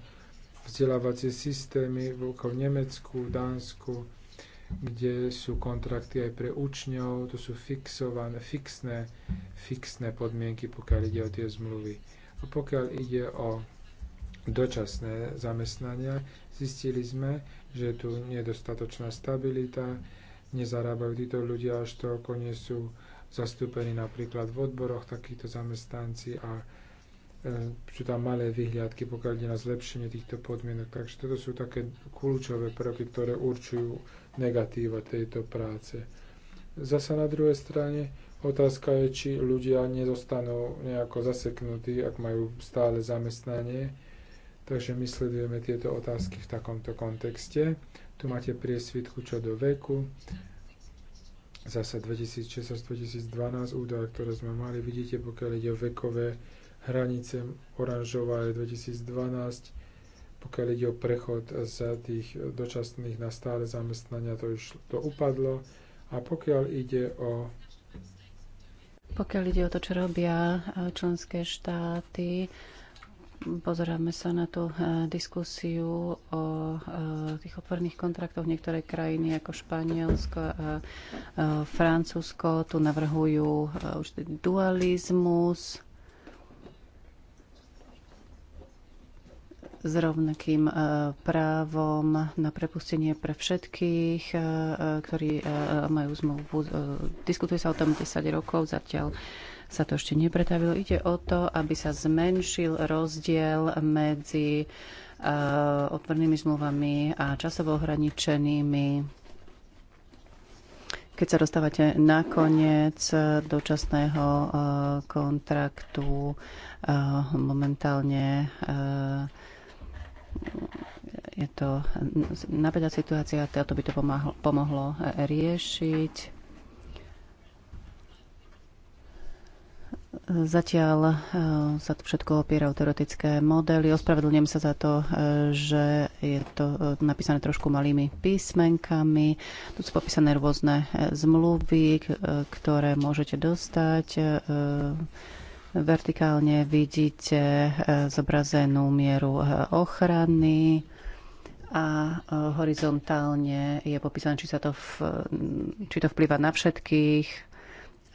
vzdelávacie systémy ako v Nemecku, Dánsku, kde sú kontrakty aj pre učňov, to sú fixované, fixné, fixné podmienky, pokiaľ ide o tie zmluvy. A pokiaľ ide o dočasné zamestnania, zistili sme, že je tu nedostatočná stabilita, nezarábajú títo ľudia až toľko, nie sú zastúpení napríklad v odboroch takíto zamestnanci a e, sú tam malé vyhliadky, pokiaľ ide na zlepšenie týchto podmienok. Takže toto sú také kľúčové prvky, ktoré určujú negatíva tejto práce. Zasa na druhej strane otázka je, či ľudia nezostanú nejako zaseknutí, ak majú stále zamestnanie. Takže my sledujeme tieto otázky v takomto kontexte. Tu máte priesvitku čo do veku. Zasa 2016-2012 údaje, ktoré sme mali, vidíte, pokiaľ ide o vekové hranice, oranžová je 2012, pokiaľ ide o prechod z tých dočasných na stále zamestnania, to už to upadlo. A pokiaľ ide o pokiaľ ide o to, čo robia eh, členské štáty, Pozeráme sa na tú e, diskusiu o e, tých otvorených kontraktoch. Niektoré krajiny ako Španielsko a e, Francúzsko tu navrhujú už dualizmus s rovnakým právom na prepustenie pre všetkých, ktorí majú zmluvu. Diskutuje sa o tom 10 rokov, zatiaľ sa to ešte nepretavilo. Ide o to, aby sa zmenšil rozdiel medzi eh, otvornými zmluvami a časovo ohraničenými keď sa dostávate na koniec eh, dočasného eh, kontraktu, momentálne je to napätá situácia, to by to pomohlo, pomohlo riešiť. Zatiaľ e, sa to všetko opiera o teoretické modely. Ospravedlňujem sa za to, e, že je to e, napísané trošku malými písmenkami. Tu sú popísané rôzne zmluvy, ktoré môžete dostať. Vertikálne vidíte zobrazenú mieru ochrany a horizontálne je popísané, či, sa to v, či to vplýva na všetkých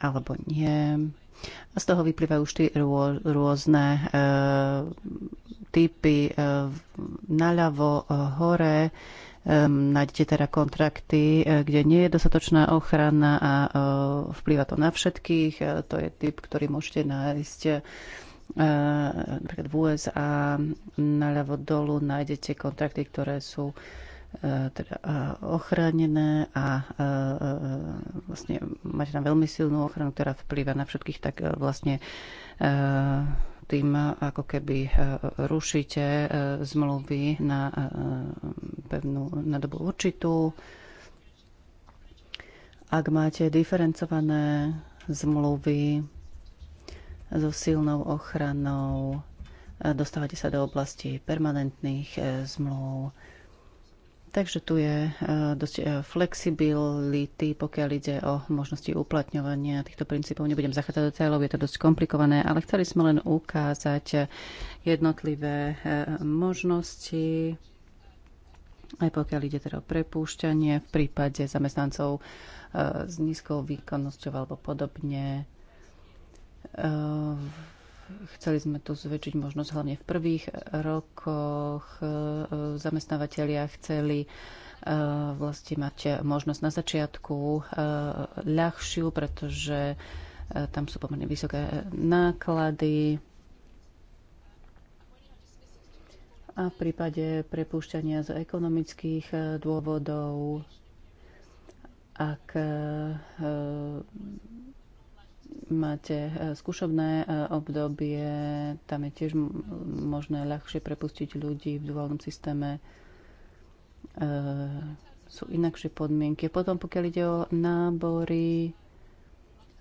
alebo nie a z toho vyplývajú štyri rô, rôzne e, typy. E, naľavo, e, hore e, nájdete teda kontrakty, e, kde nie je dostatočná ochrana a e, vplýva to na všetkých. E, to je typ, ktorý môžete nájsť e, napríklad v USA. Naľavo dolu nájdete kontrakty, ktoré sú e, E, teda e, ochránené a e, vlastne máte tam veľmi silnú ochranu, ktorá vplýva na všetkých, tak vlastne tým ako keby rušíte zmluvy na pevnú na dobu určitú. Ak máte diferencované zmluvy so silnou ochranou, dostávate sa do oblasti permanentných zmluv Takže tu je e, dosť e, flexibility, pokiaľ ide o možnosti uplatňovania týchto princípov. Nebudem zachádzať do detailov, je to dosť komplikované, ale chceli sme len ukázať e, jednotlivé možnosti, aj pokiaľ ide teda o prepúšťanie v prípade zamestnancov s nízkou výkonnosťou alebo podobne Chceli sme tu zväčšiť možnosť hlavne v prvých rokoch. E, zamestnávateľia chceli e, vlastne mať možnosť na začiatku e, ľahšiu, pretože tam sú pomerne vysoké náklady. A v prípade prepúšťania z ekonomických dôvodov, ak máte e, skúšobné e, obdobie, tam je tiež možné ľahšie prepustiť ľudí v duálnom systéme. E, sú inakšie podmienky. Potom, pokiaľ ide o nábory,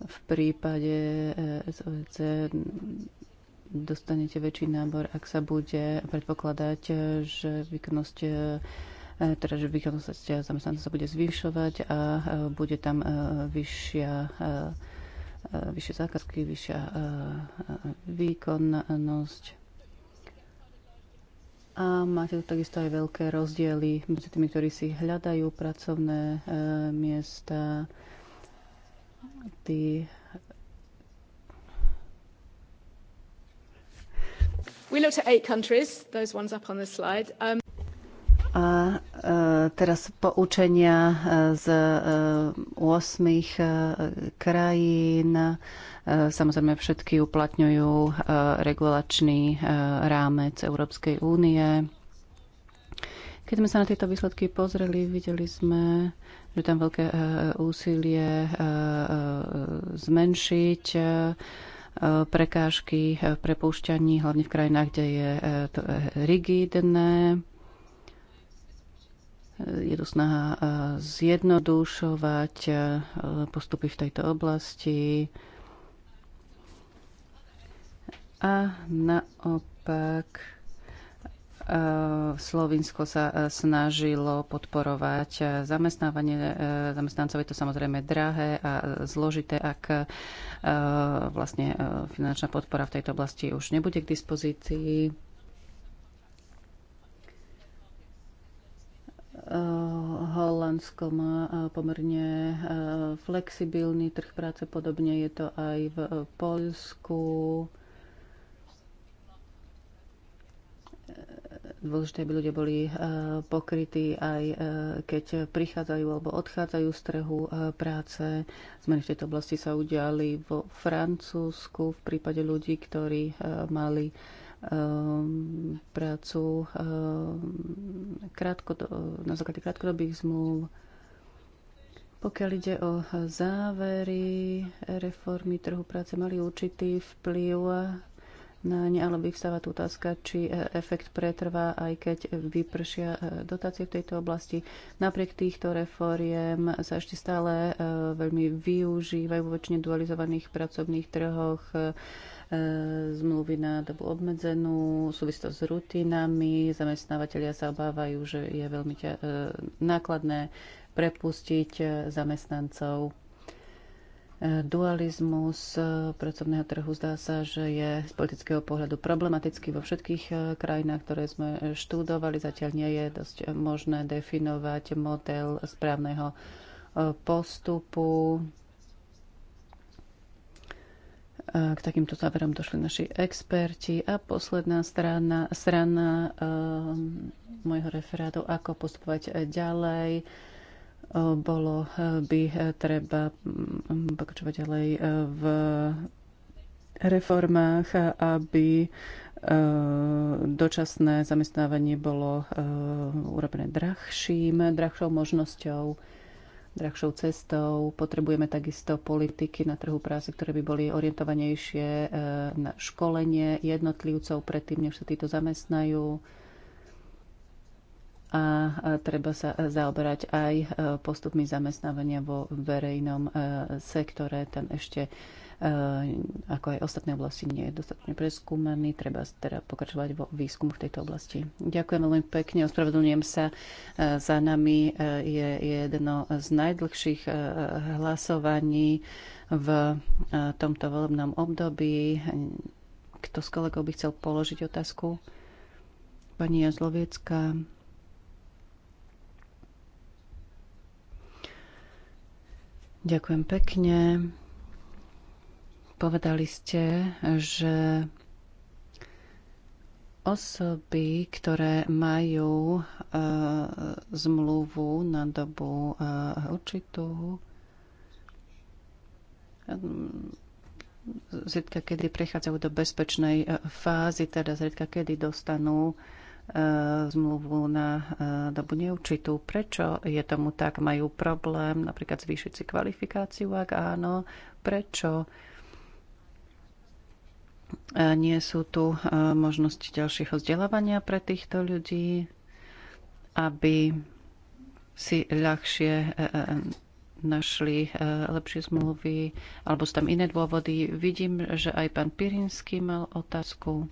v prípade SOC dostanete väčší nábor, ak sa bude predpokladať, že výkonnosť teda, že výkonnosť zamestnanca sa bude zvyšovať a bude tam vyššia E, vyššie zákazky, vyššia e, e, výkonnosť. A máte tu takisto aj veľké rozdiely medzi tými, ktorí si hľadajú pracovné miesta, tí We looked at eight countries, those ones up on the slide. Um, a e, teraz poučenia e, z 8 e, krajín. Samozrejme, všetky uplatňujú regulačný rámec Európskej únie. Keď sme sa na tieto výsledky pozreli, videli sme, že tam veľké úsilie zmenšiť prekážky prepúšťaní, hlavne v krajinách, kde je to rigidné je tu snaha e, zjednodušovať e, postupy v tejto oblasti a naopak e, Slovinsko sa snažilo podporovať zamestnávanie zamestnancov. Je to samozrejme drahé a zložité, ak vlastne finančná podpora v tejto oblasti už nebude k dispozícii. Holandsko má e, pomerne e, flexibilný trh práce, podobne je to aj v e, Poľsku. Dôležité, aby ľudia boli pokrytí aj keď prichádzajú alebo odchádzajú z trhu práce. Zmeny v tejto oblasti sa udiali vo Francúzsku v prípade ľudí, ktorí mali Ehm, prácu ehm, krátko, na základe krátkodobých zmluv. Pokiaľ ide o závery reformy trhu práce, mali určitý vplyv na ne, ale vyvstáva tú otázka, či e, efekt pretrvá, aj keď vypršia e, dotácie v tejto oblasti. Napriek týchto reforiem sa ešte stále e, veľmi využívajú vo väčšine dualizovaných pracovných trhoch Eh, zmluvy na dobu obmedzenú, súvisí to s rutinami, zamestnávateľia sa obávajú, že je veľmi eh, nákladné prepustiť eh, zamestnancov. Dualizmus pracovného trhu zdá sa, že je z politického pohľadu problematický vo všetkých krajinách, ktoré sme študovali. Zatiaľ nie je dosť možné definovať model správneho postupu k takýmto záverom došli naši experti. A posledná strana, strana ehm, môjho referátu, ako postupovať ďalej ehm, bolo by eh, treba mm, pokračovať ďalej eh, v reformách, aby eh, dočasné zamestnávanie bolo urobené drahším, drahšou možnosťou drahšou cestou. Potrebujeme takisto politiky na trhu práce, ktoré by boli orientovanejšie eh, na školenie jednotlivcov predtým, než sa títo zamestnajú a treba sa zaoberať aj e, postupmi zamestnávania vo verejnom e, sektore. Tam ešte e, ako aj ostatné oblasti nie je dostatočne preskúmaný. Treba teda pokračovať vo výskumu v tejto oblasti. Ďakujem veľmi pekne, ospravedlňujem sa. Za nami je jedno z najdlhších hlasovaní v tomto volebnom období. Kto z kolegov by chcel položiť otázku? Pani Jazloviecka. Ďakujem pekne. Povedali ste, že osoby, ktoré majú e, zmluvu na dobu e, určitú, e, zriedka kedy prechádzajú do bezpečnej e, fázy, teda zriedka kedy dostanú zmluvu na e, dobu neurčitú. Prečo je tomu tak? Majú problém napríklad zvýšiť si kvalifikáciu, ak áno? Prečo e, nie sú tu e, možnosti ďalšieho vzdelávania pre týchto ľudí, aby si ľahšie našli lepšie zmluvy, alebo sú tam iné dôvody. Vidím, že aj pán Pirinsky mal otázku.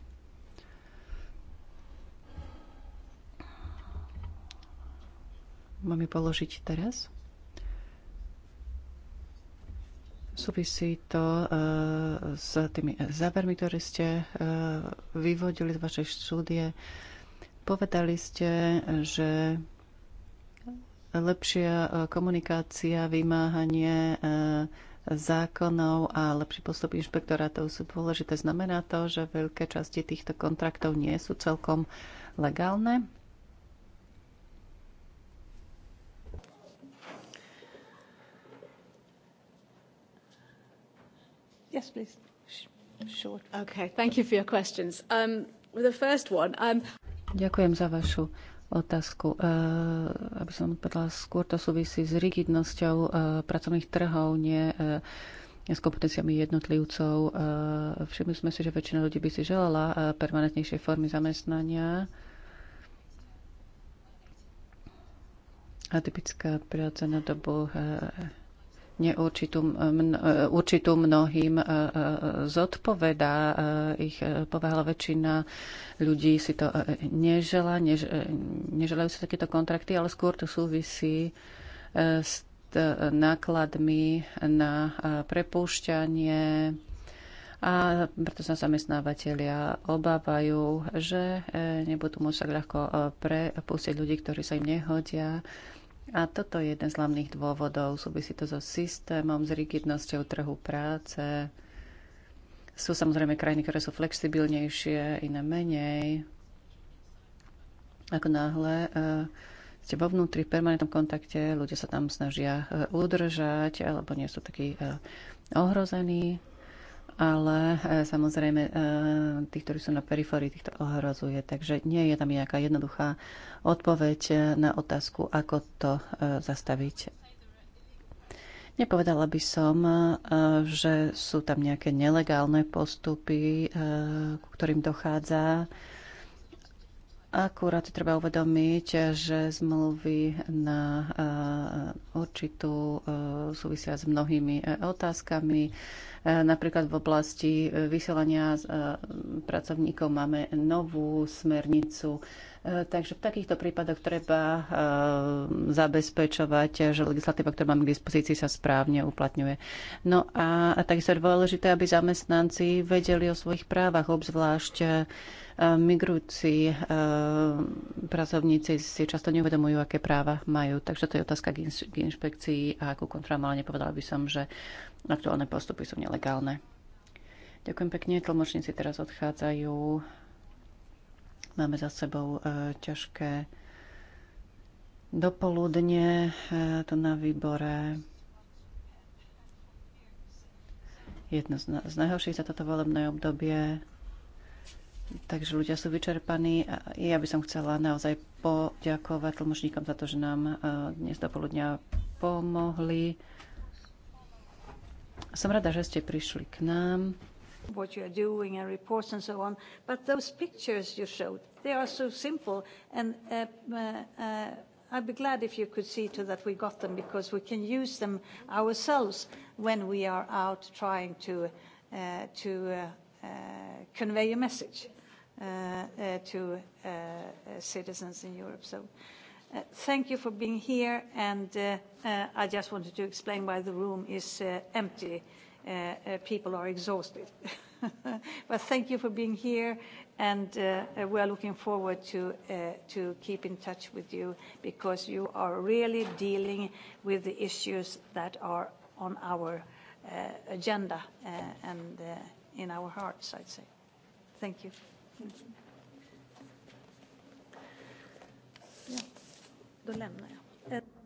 máme položiť teraz? Súvisí to e, s tými závermi, ktoré ste e, vyvodili z vašej štúdie. Povedali ste, že lepšia e, komunikácia, vymáhanie zákonov a lepší postup inšpektorátov sú dôležité. Znamená to, že veľké časti týchto kontraktov nie sú celkom legálne? Yes, please. Sh short. Okay, thank you for your questions. Um, the first one. Um... Ďakujem za vašu otázku. Uh, aby som odpovedala, skôr to súvisí s rigidnosťou uh, pracovných trhov, nie uh, s kompetenciami jednotlivcov. Uh, všimli sme si, že väčšina ľudí by si želala uh, permanentnejšie formy zamestnania. Atypická práca na dobu uh, neurčitú, e, určitú mnohým e, e, zodpovedá. Ich povahala väčšina ľudí si to nežela, než, neželajú si takéto kontrakty, ale skôr to súvisí s nákladmi na prepúšťanie a preto sa zamestnávateľia obávajú, že nebudú môcť tak ľahko prepustiť ľudí, ktorí sa im nehodia a toto je jeden z hlavných dôvodov. Súvisí to so systémom, s rigidnosťou trhu práce. Sú samozrejme krajiny, ktoré sú flexibilnejšie, iné menej. Ako náhle eh, ste vo vnútri v permanentnom kontakte, ľudia sa tam snažia eh, udržať alebo nie sú takí eh, ohrození ale e, samozrejme e, tých, ktorí sú na periférii, týchto ohrozuje. Takže nie je tam nejaká jednoduchá odpoveď e, na otázku, ako to zastaviť. Nepovedala by som, že sú tam nejaké nelegálne postupy, ku ktorým dochádza Akurát treba uvedomiť, že zmluvy na eh, určitú eh, súvisia s mnohými eh, otázkami. Napríklad v oblasti vysielania pracovníkov máme novú smernicu E, takže v takýchto prípadoch treba e, zabezpečovať, že legislatíva, ktorú máme k dispozícii, sa správne uplatňuje. No a, a takisto je dôležité, aby zamestnanci vedeli o svojich právach, obzvlášť e, migrujúci pracovníci si často neuvedomujú, aké práva majú. Takže to je otázka k inšpekcii a ku kontrolám, ale nepovedala by som, že aktuálne postupy sú nelegálne. Ďakujem pekne. Tlmočníci teraz odchádzajú. Máme za sebou e, ťažké dopoludne e, tu na výbore. Jedno z najhorších za toto volebné obdobie. Takže ľudia sú vyčerpaní. a Ja by som chcela naozaj poďakovať tlmočníkom za to, že nám e, dnes dopoludňa pomohli. Som rada, že ste prišli k nám what you are doing and reports and so on. But those pictures you showed, they are so simple. And uh, uh, uh, I'd be glad if you could see to that we got them because we can use them ourselves when we are out trying to, uh, to uh, uh, convey a message uh, uh, to uh, uh, citizens in Europe. So. Uh, thank you for being here, and uh, uh, I just wanted to explain why the room is uh, empty. Uh, uh, people are exhausted. but thank you for being here, and uh, uh we are looking forward to, uh, to keep in touch with you because you are really dealing with the issues that are on our uh, agenda uh, and uh, in our hearts, I'd say. Thank you. Thank you. Yeah. då lämnar jag. Uh,